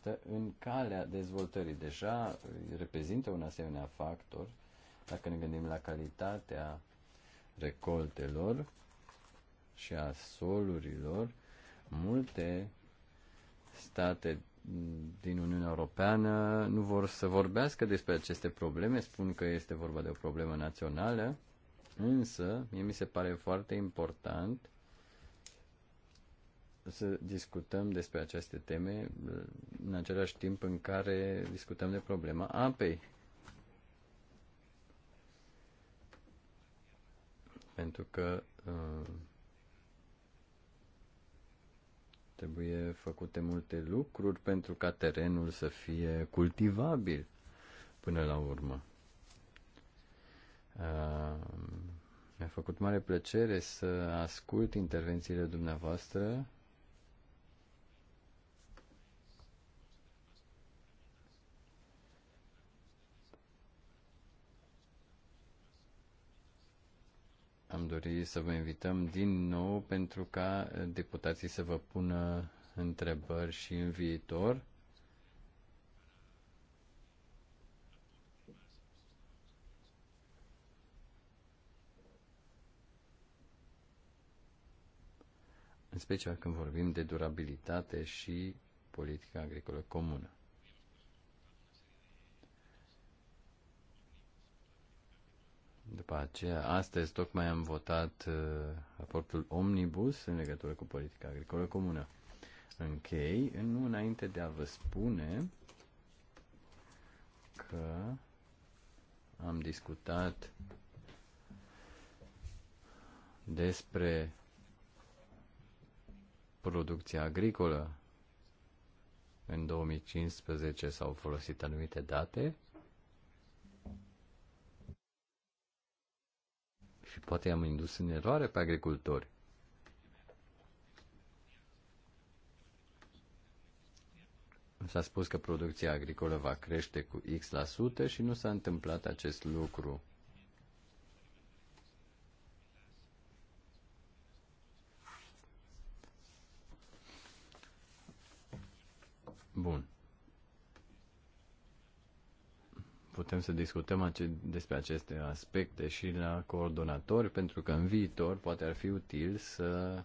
stă în calea dezvoltării. Deja reprezintă un asemenea factor dacă ne gândim la calitatea recoltelor și a solurilor, multe state din Uniunea Europeană nu vor să vorbească despre aceste probleme, spun că este vorba de o problemă națională, însă mie mi se pare foarte important să discutăm despre aceste teme în același timp în care discutăm de problema apei. Pentru că uh, trebuie făcute multe lucruri pentru ca terenul să fie cultivabil până la urmă. Uh, mi-a făcut mare plăcere să ascult intervențiile dumneavoastră am dori să vă invităm din nou pentru ca deputații să vă pună întrebări și în viitor. în special când vorbim de durabilitate și politica agricolă comună. După aceea, astăzi tocmai am votat uh, raportul Omnibus în legătură cu politica agricolă comună. Închei, nu înainte de a vă spune că am discutat despre producția agricolă. În 2015 s-au folosit anumite date și poate am indus în eroare pe agricultori. S-a spus că producția agricolă va crește cu X% și nu s-a întâmplat acest lucru. Bun. putem să discutăm ace- despre aceste aspecte și la coordonatori, pentru că în viitor poate ar fi util să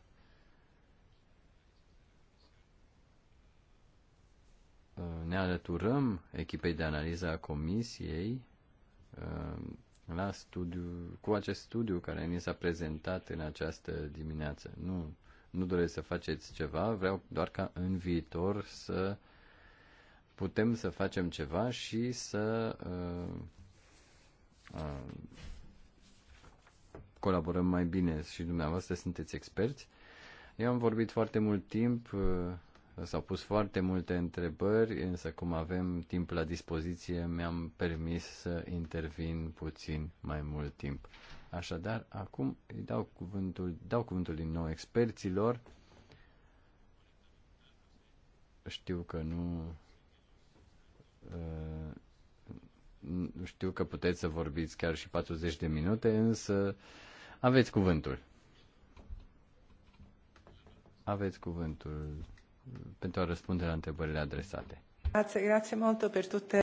ne alăturăm echipei de analiză a comisiei uh, la studiu, cu acest studiu care ni s-a prezentat în această dimineață. Nu, nu doresc să faceți ceva, vreau doar ca în viitor să uh, putem să facem ceva și să uh, uh, colaborăm mai bine și dumneavoastră sunteți experți. Eu am vorbit foarte mult timp, uh, s-au pus foarte multe întrebări, însă cum avem timp la dispoziție, mi-am permis să intervin puțin mai mult timp. Așadar, acum îi dau cuvântul, dau cuvântul din nou experților. Știu că nu Uh, știu că puteți să vorbiți chiar și 40 de minute, însă aveți cuvântul. Aveți cuvântul pentru a răspunde la întrebările adresate. Grazie, grazie molto per tutte.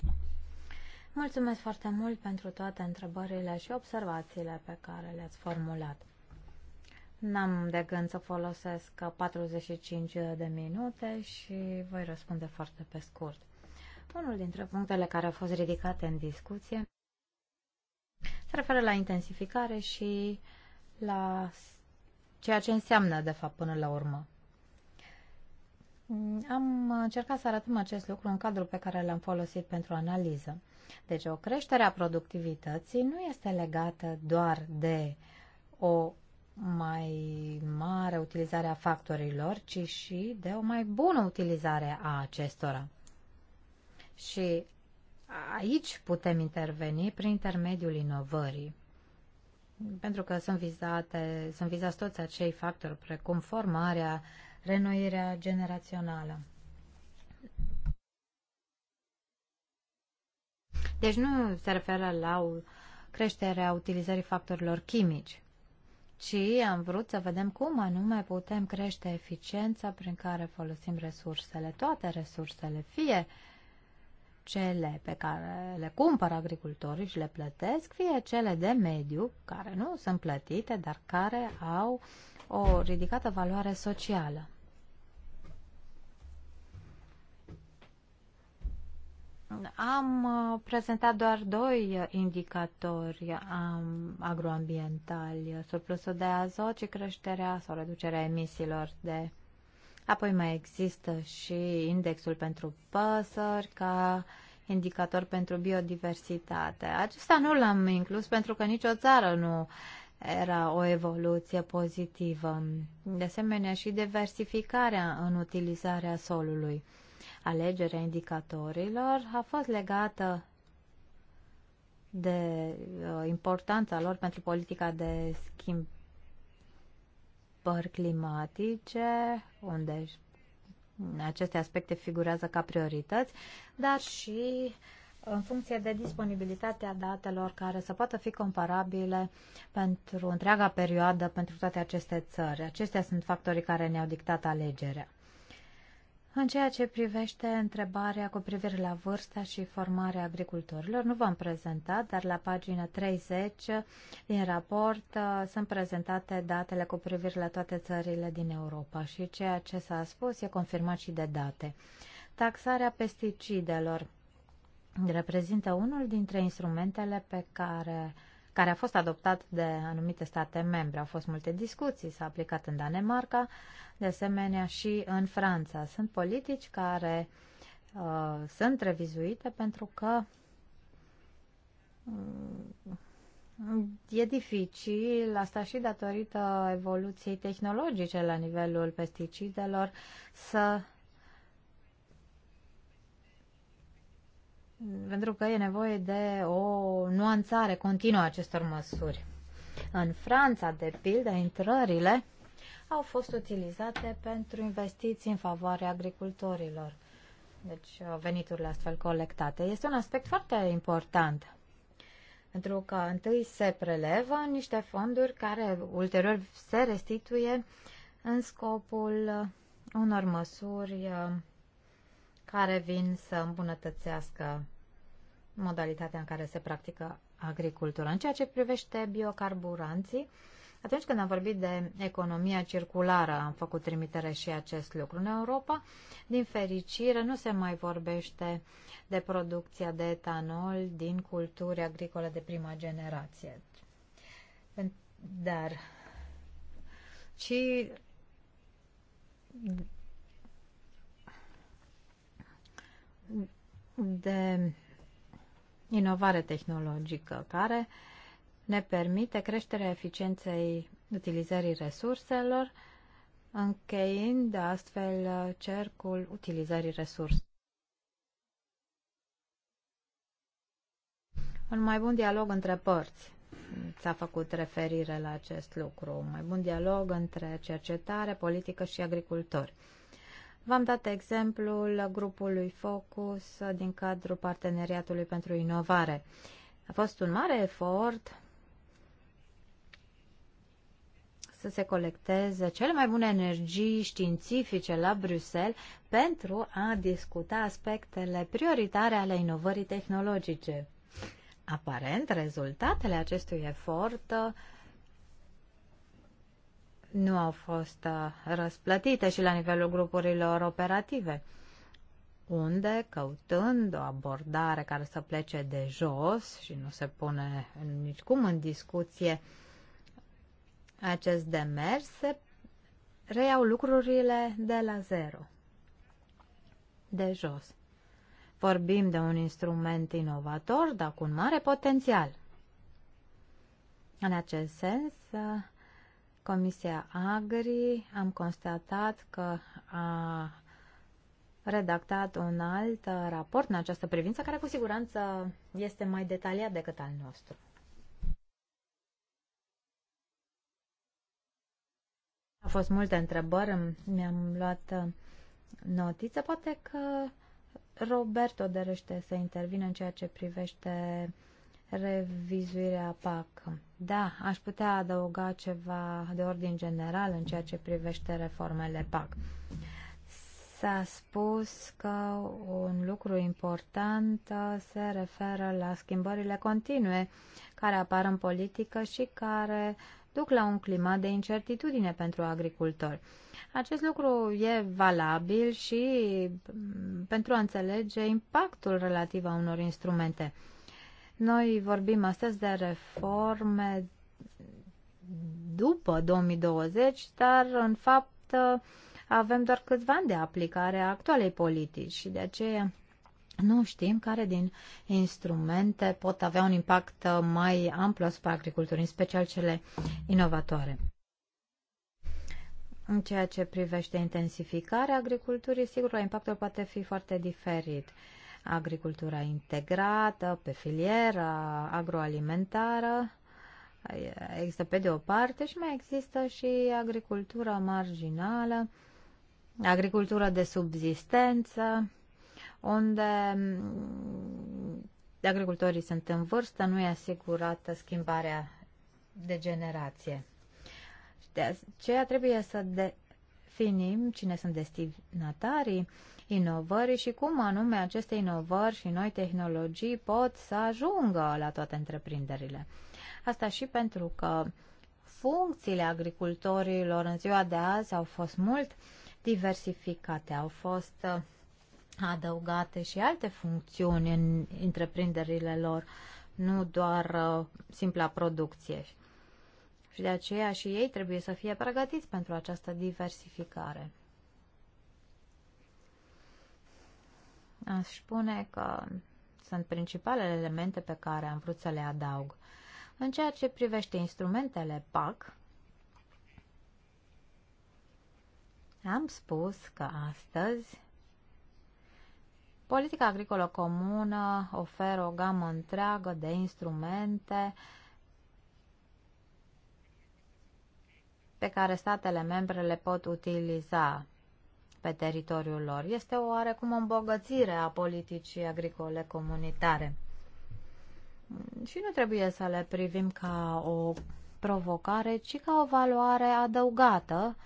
Mulțumesc foarte mult pentru toate întrebările și observațiile pe care le-ați formulat. N-am de gând să folosesc 45 de minute și voi răspunde foarte pe scurt. Unul dintre punctele care au fost ridicate în discuție se referă la intensificare și la ceea ce înseamnă, de fapt, până la urmă. Am încercat să arătăm acest lucru în cadrul pe care l-am folosit pentru analiză. Deci o creștere a productivității nu este legată doar de o mai mare utilizare a factorilor, ci și de o mai bună utilizare a acestora. Și aici putem interveni prin intermediul inovării. Pentru că sunt vizate, sunt vizați toți acei factori, precum formarea, renoirea generațională. Deci nu se referă la creșterea utilizării factorilor chimici, ci am vrut să vedem cum anume putem crește eficiența prin care folosim resursele, toate resursele, fie uh, cele pe care le cumpără agricultorii și le plătesc, fie cele de mediu, care nu sunt plătite, dar care au o ridicată valoare socială. Am uh, prezentat doar doi indicatori um, agroambientali, surplusul de azot și creșterea sau reducerea emisiilor de Apoi mai există și indexul pentru păsări ca indicator pentru biodiversitate. Acesta nu l-am inclus pentru că nicio țară nu era o evoluție pozitivă. De asemenea și diversificarea în utilizarea solului. Alegerea indicatorilor a fost legată de uh, importanța lor pentru politica de schimb schimbări climatice, unde aceste aspecte figurează ca priorități, dar și în funcție de disponibilitatea datelor care să poată fi comparabile pentru întreaga perioadă pentru toate aceste țări. Acestea sunt factorii care ne-au dictat alegerea. În ceea ce privește întrebarea cu privire la vârsta și formarea agricultorilor, nu v-am prezentat, dar la pagina 30 din raport uh, sunt prezentate datele cu privire la toate țările din Europa și ceea ce s-a spus e confirmat și de date. Taxarea pesticidelor reprezintă unul dintre instrumentele pe care uh, care a fost adoptat de anumite state membre. Au fost multe discuții, s-a aplicat în Danemarca, de asemenea și în Franța. Sunt politici care uh, sunt revizuite pentru că mm, E dificil, asta și datorită evoluției tehnologice la nivelul pesticidelor, să pentru că e nevoie de o nuanțare continuă a acestor măsuri. În Franța, de pildă, intrările au fost utilizate pentru investiții în favoarea agricultorilor, deci uh, veniturile astfel colectate. Este un aspect foarte important, pentru că întâi se prelevă niște fonduri care ulterior se restituie în scopul uh, unor măsuri uh, care vin să îmbunătățească modalitatea în care se practică agricultura. În ceea ce privește biocarburanții, atunci când am vorbit de economia circulară, am făcut trimitere și acest lucru. În Europa, din fericire, nu se mai vorbește de producția de etanol din culturi agricole de prima generație. Dar și de inovare tehnologică care ne permite creșterea eficienței utilizării resurselor, încheind astfel cercul utilizării resurselor. Un mai bun dialog între părți. S-a făcut referire la acest lucru. Un mai bun dialog între cercetare, politică și agricultori. V-am dat exemplul grupului Focus din cadrul Parteneriatului pentru Inovare. A fost un mare efort să se colecteze cele mai bune energii științifice la Bruxelles pentru a discuta aspectele prioritare ale inovării tehnologice. Aparent, rezultatele acestui efort uh, nu au fost uh, răsplătite și la nivelul grupurilor operative, unde, căutând o abordare care să plece de jos și nu se pune nicicum în discuție acest demers, se reiau lucrurile de la zero, de jos. Vorbim de un instrument inovator, dar cu un mare potențial. În acest sens, uh, Comisia Agri am constatat că a redactat un alt raport în această privință, care cu siguranță este mai detaliat decât al nostru. Au fost multe întrebări, mi-am luat uh, notiță. Poate că Roberto dorește să intervină în ceea ce privește revizuirea PAC. Da, aș putea adăuga ceva de ordin general în ceea ce privește reformele PAC. S-a spus că un lucru important uh, se referă la schimbările continue care apar în politică și care duc la un climat de incertitudine pentru agricultori. Acest lucru e valabil și mm, pentru a înțelege impactul relativ a unor instrumente. Noi vorbim astăzi de reforme după 2020, dar în fapt avem doar câțiva ani de aplicare a actualei politici și de aceea nu știm care din instrumente pot avea un impact mai amplu asupra agriculturii, în special cele inovatoare. În ceea ce privește intensificarea agriculturii, sigur, impactul poate fi foarte diferit agricultura integrată, pe filiera agroalimentară. Există pe de o parte și mai există și agricultura marginală, agricultura de subzistență, unde mm, agricultorii sunt în vârstă, nu e asigurată schimbarea de generație. De aceea trebuie să de definim cine sunt destinatarii inovării și cum anume aceste inovări și noi tehnologii pot să ajungă la toate întreprinderile. Asta și pentru că funcțiile agricultorilor în ziua de azi au fost mult diversificate, au fost uh, adăugate și alte funcțiuni în întreprinderile lor, nu doar uh, simpla producție și de aceea și ei trebuie să fie pregătiți pentru această diversificare. Aș spune că sunt principalele elemente pe care am vrut să le adaug. În ceea ce privește instrumentele PAC, am spus că astăzi politica agricolă comună oferă o gamă întreagă de instrumente uh, pe care statele membre le pot utiliza pe teritoriul lor. Este o oarecum o îmbogățire a politicii agricole comunitare. Și nu trebuie să le privim ca o provocare, ci ca o valoare adăugată,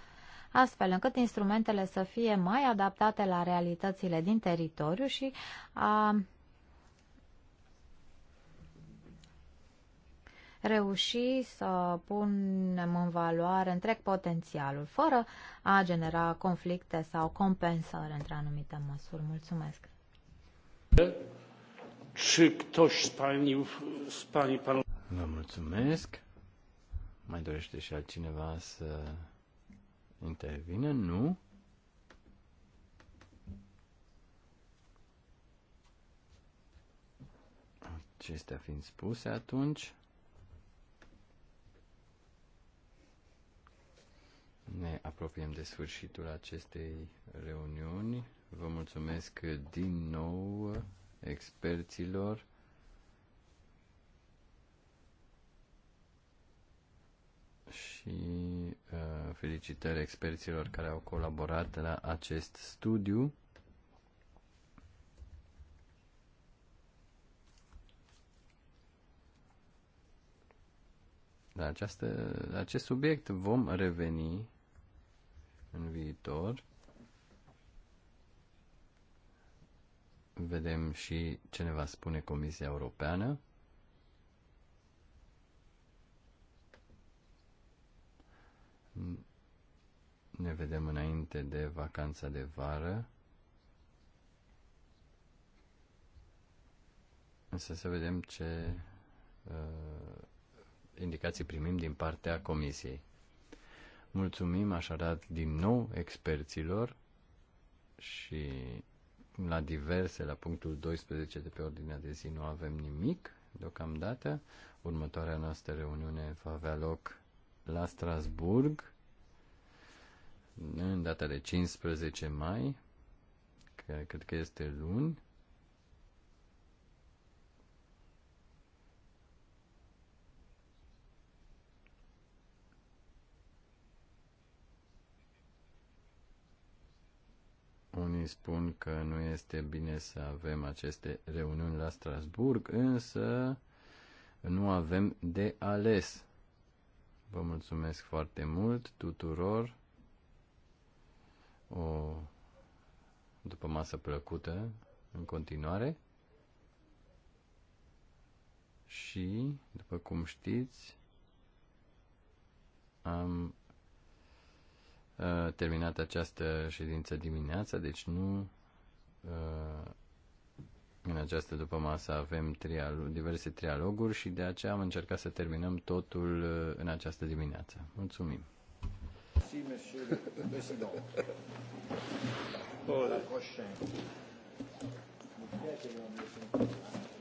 astfel încât instrumentele să fie mai adaptate la realitățile din teritoriu și a reuși să punem în valoare întreg potențialul, fără a genera conflicte sau compensări între anumite măsuri. Mulțumesc! Vă mulțumesc. Mai dorește și altcineva să intervină? Nu? Acestea fiind spuse atunci, Ne apropiem de sfârșitul acestei reuniuni. Vă mulțumesc din nou experților. și uh, felicitări experților care au colaborat la acest studiu. La, această, la acest subiect vom reveni în viitor. Vedem și ce ne va spune Comisia Europeană. Ne vedem înainte de vacanța de vară. Însă să vedem ce uh, indicații primim din partea Comisiei. Mulțumim așadar din nou experților și la diverse, la punctul 12 de pe ordinea de zi nu avem nimic deocamdată. Următoarea noastră reuniune va avea loc la Strasburg în data de 15 mai, cred că este luni, Unii spun că nu este bine să avem aceste reuniuni la Strasburg, însă nu avem de ales. Vă mulțumesc foarte mult tuturor. O după masă plăcută în continuare. Și, după cum știți, am terminat această ședință dimineața, deci nu în această după masă avem trial, diverse trialoguri și de aceea am încercat să terminăm totul în această dimineață. Mulțumim! Mulțumim,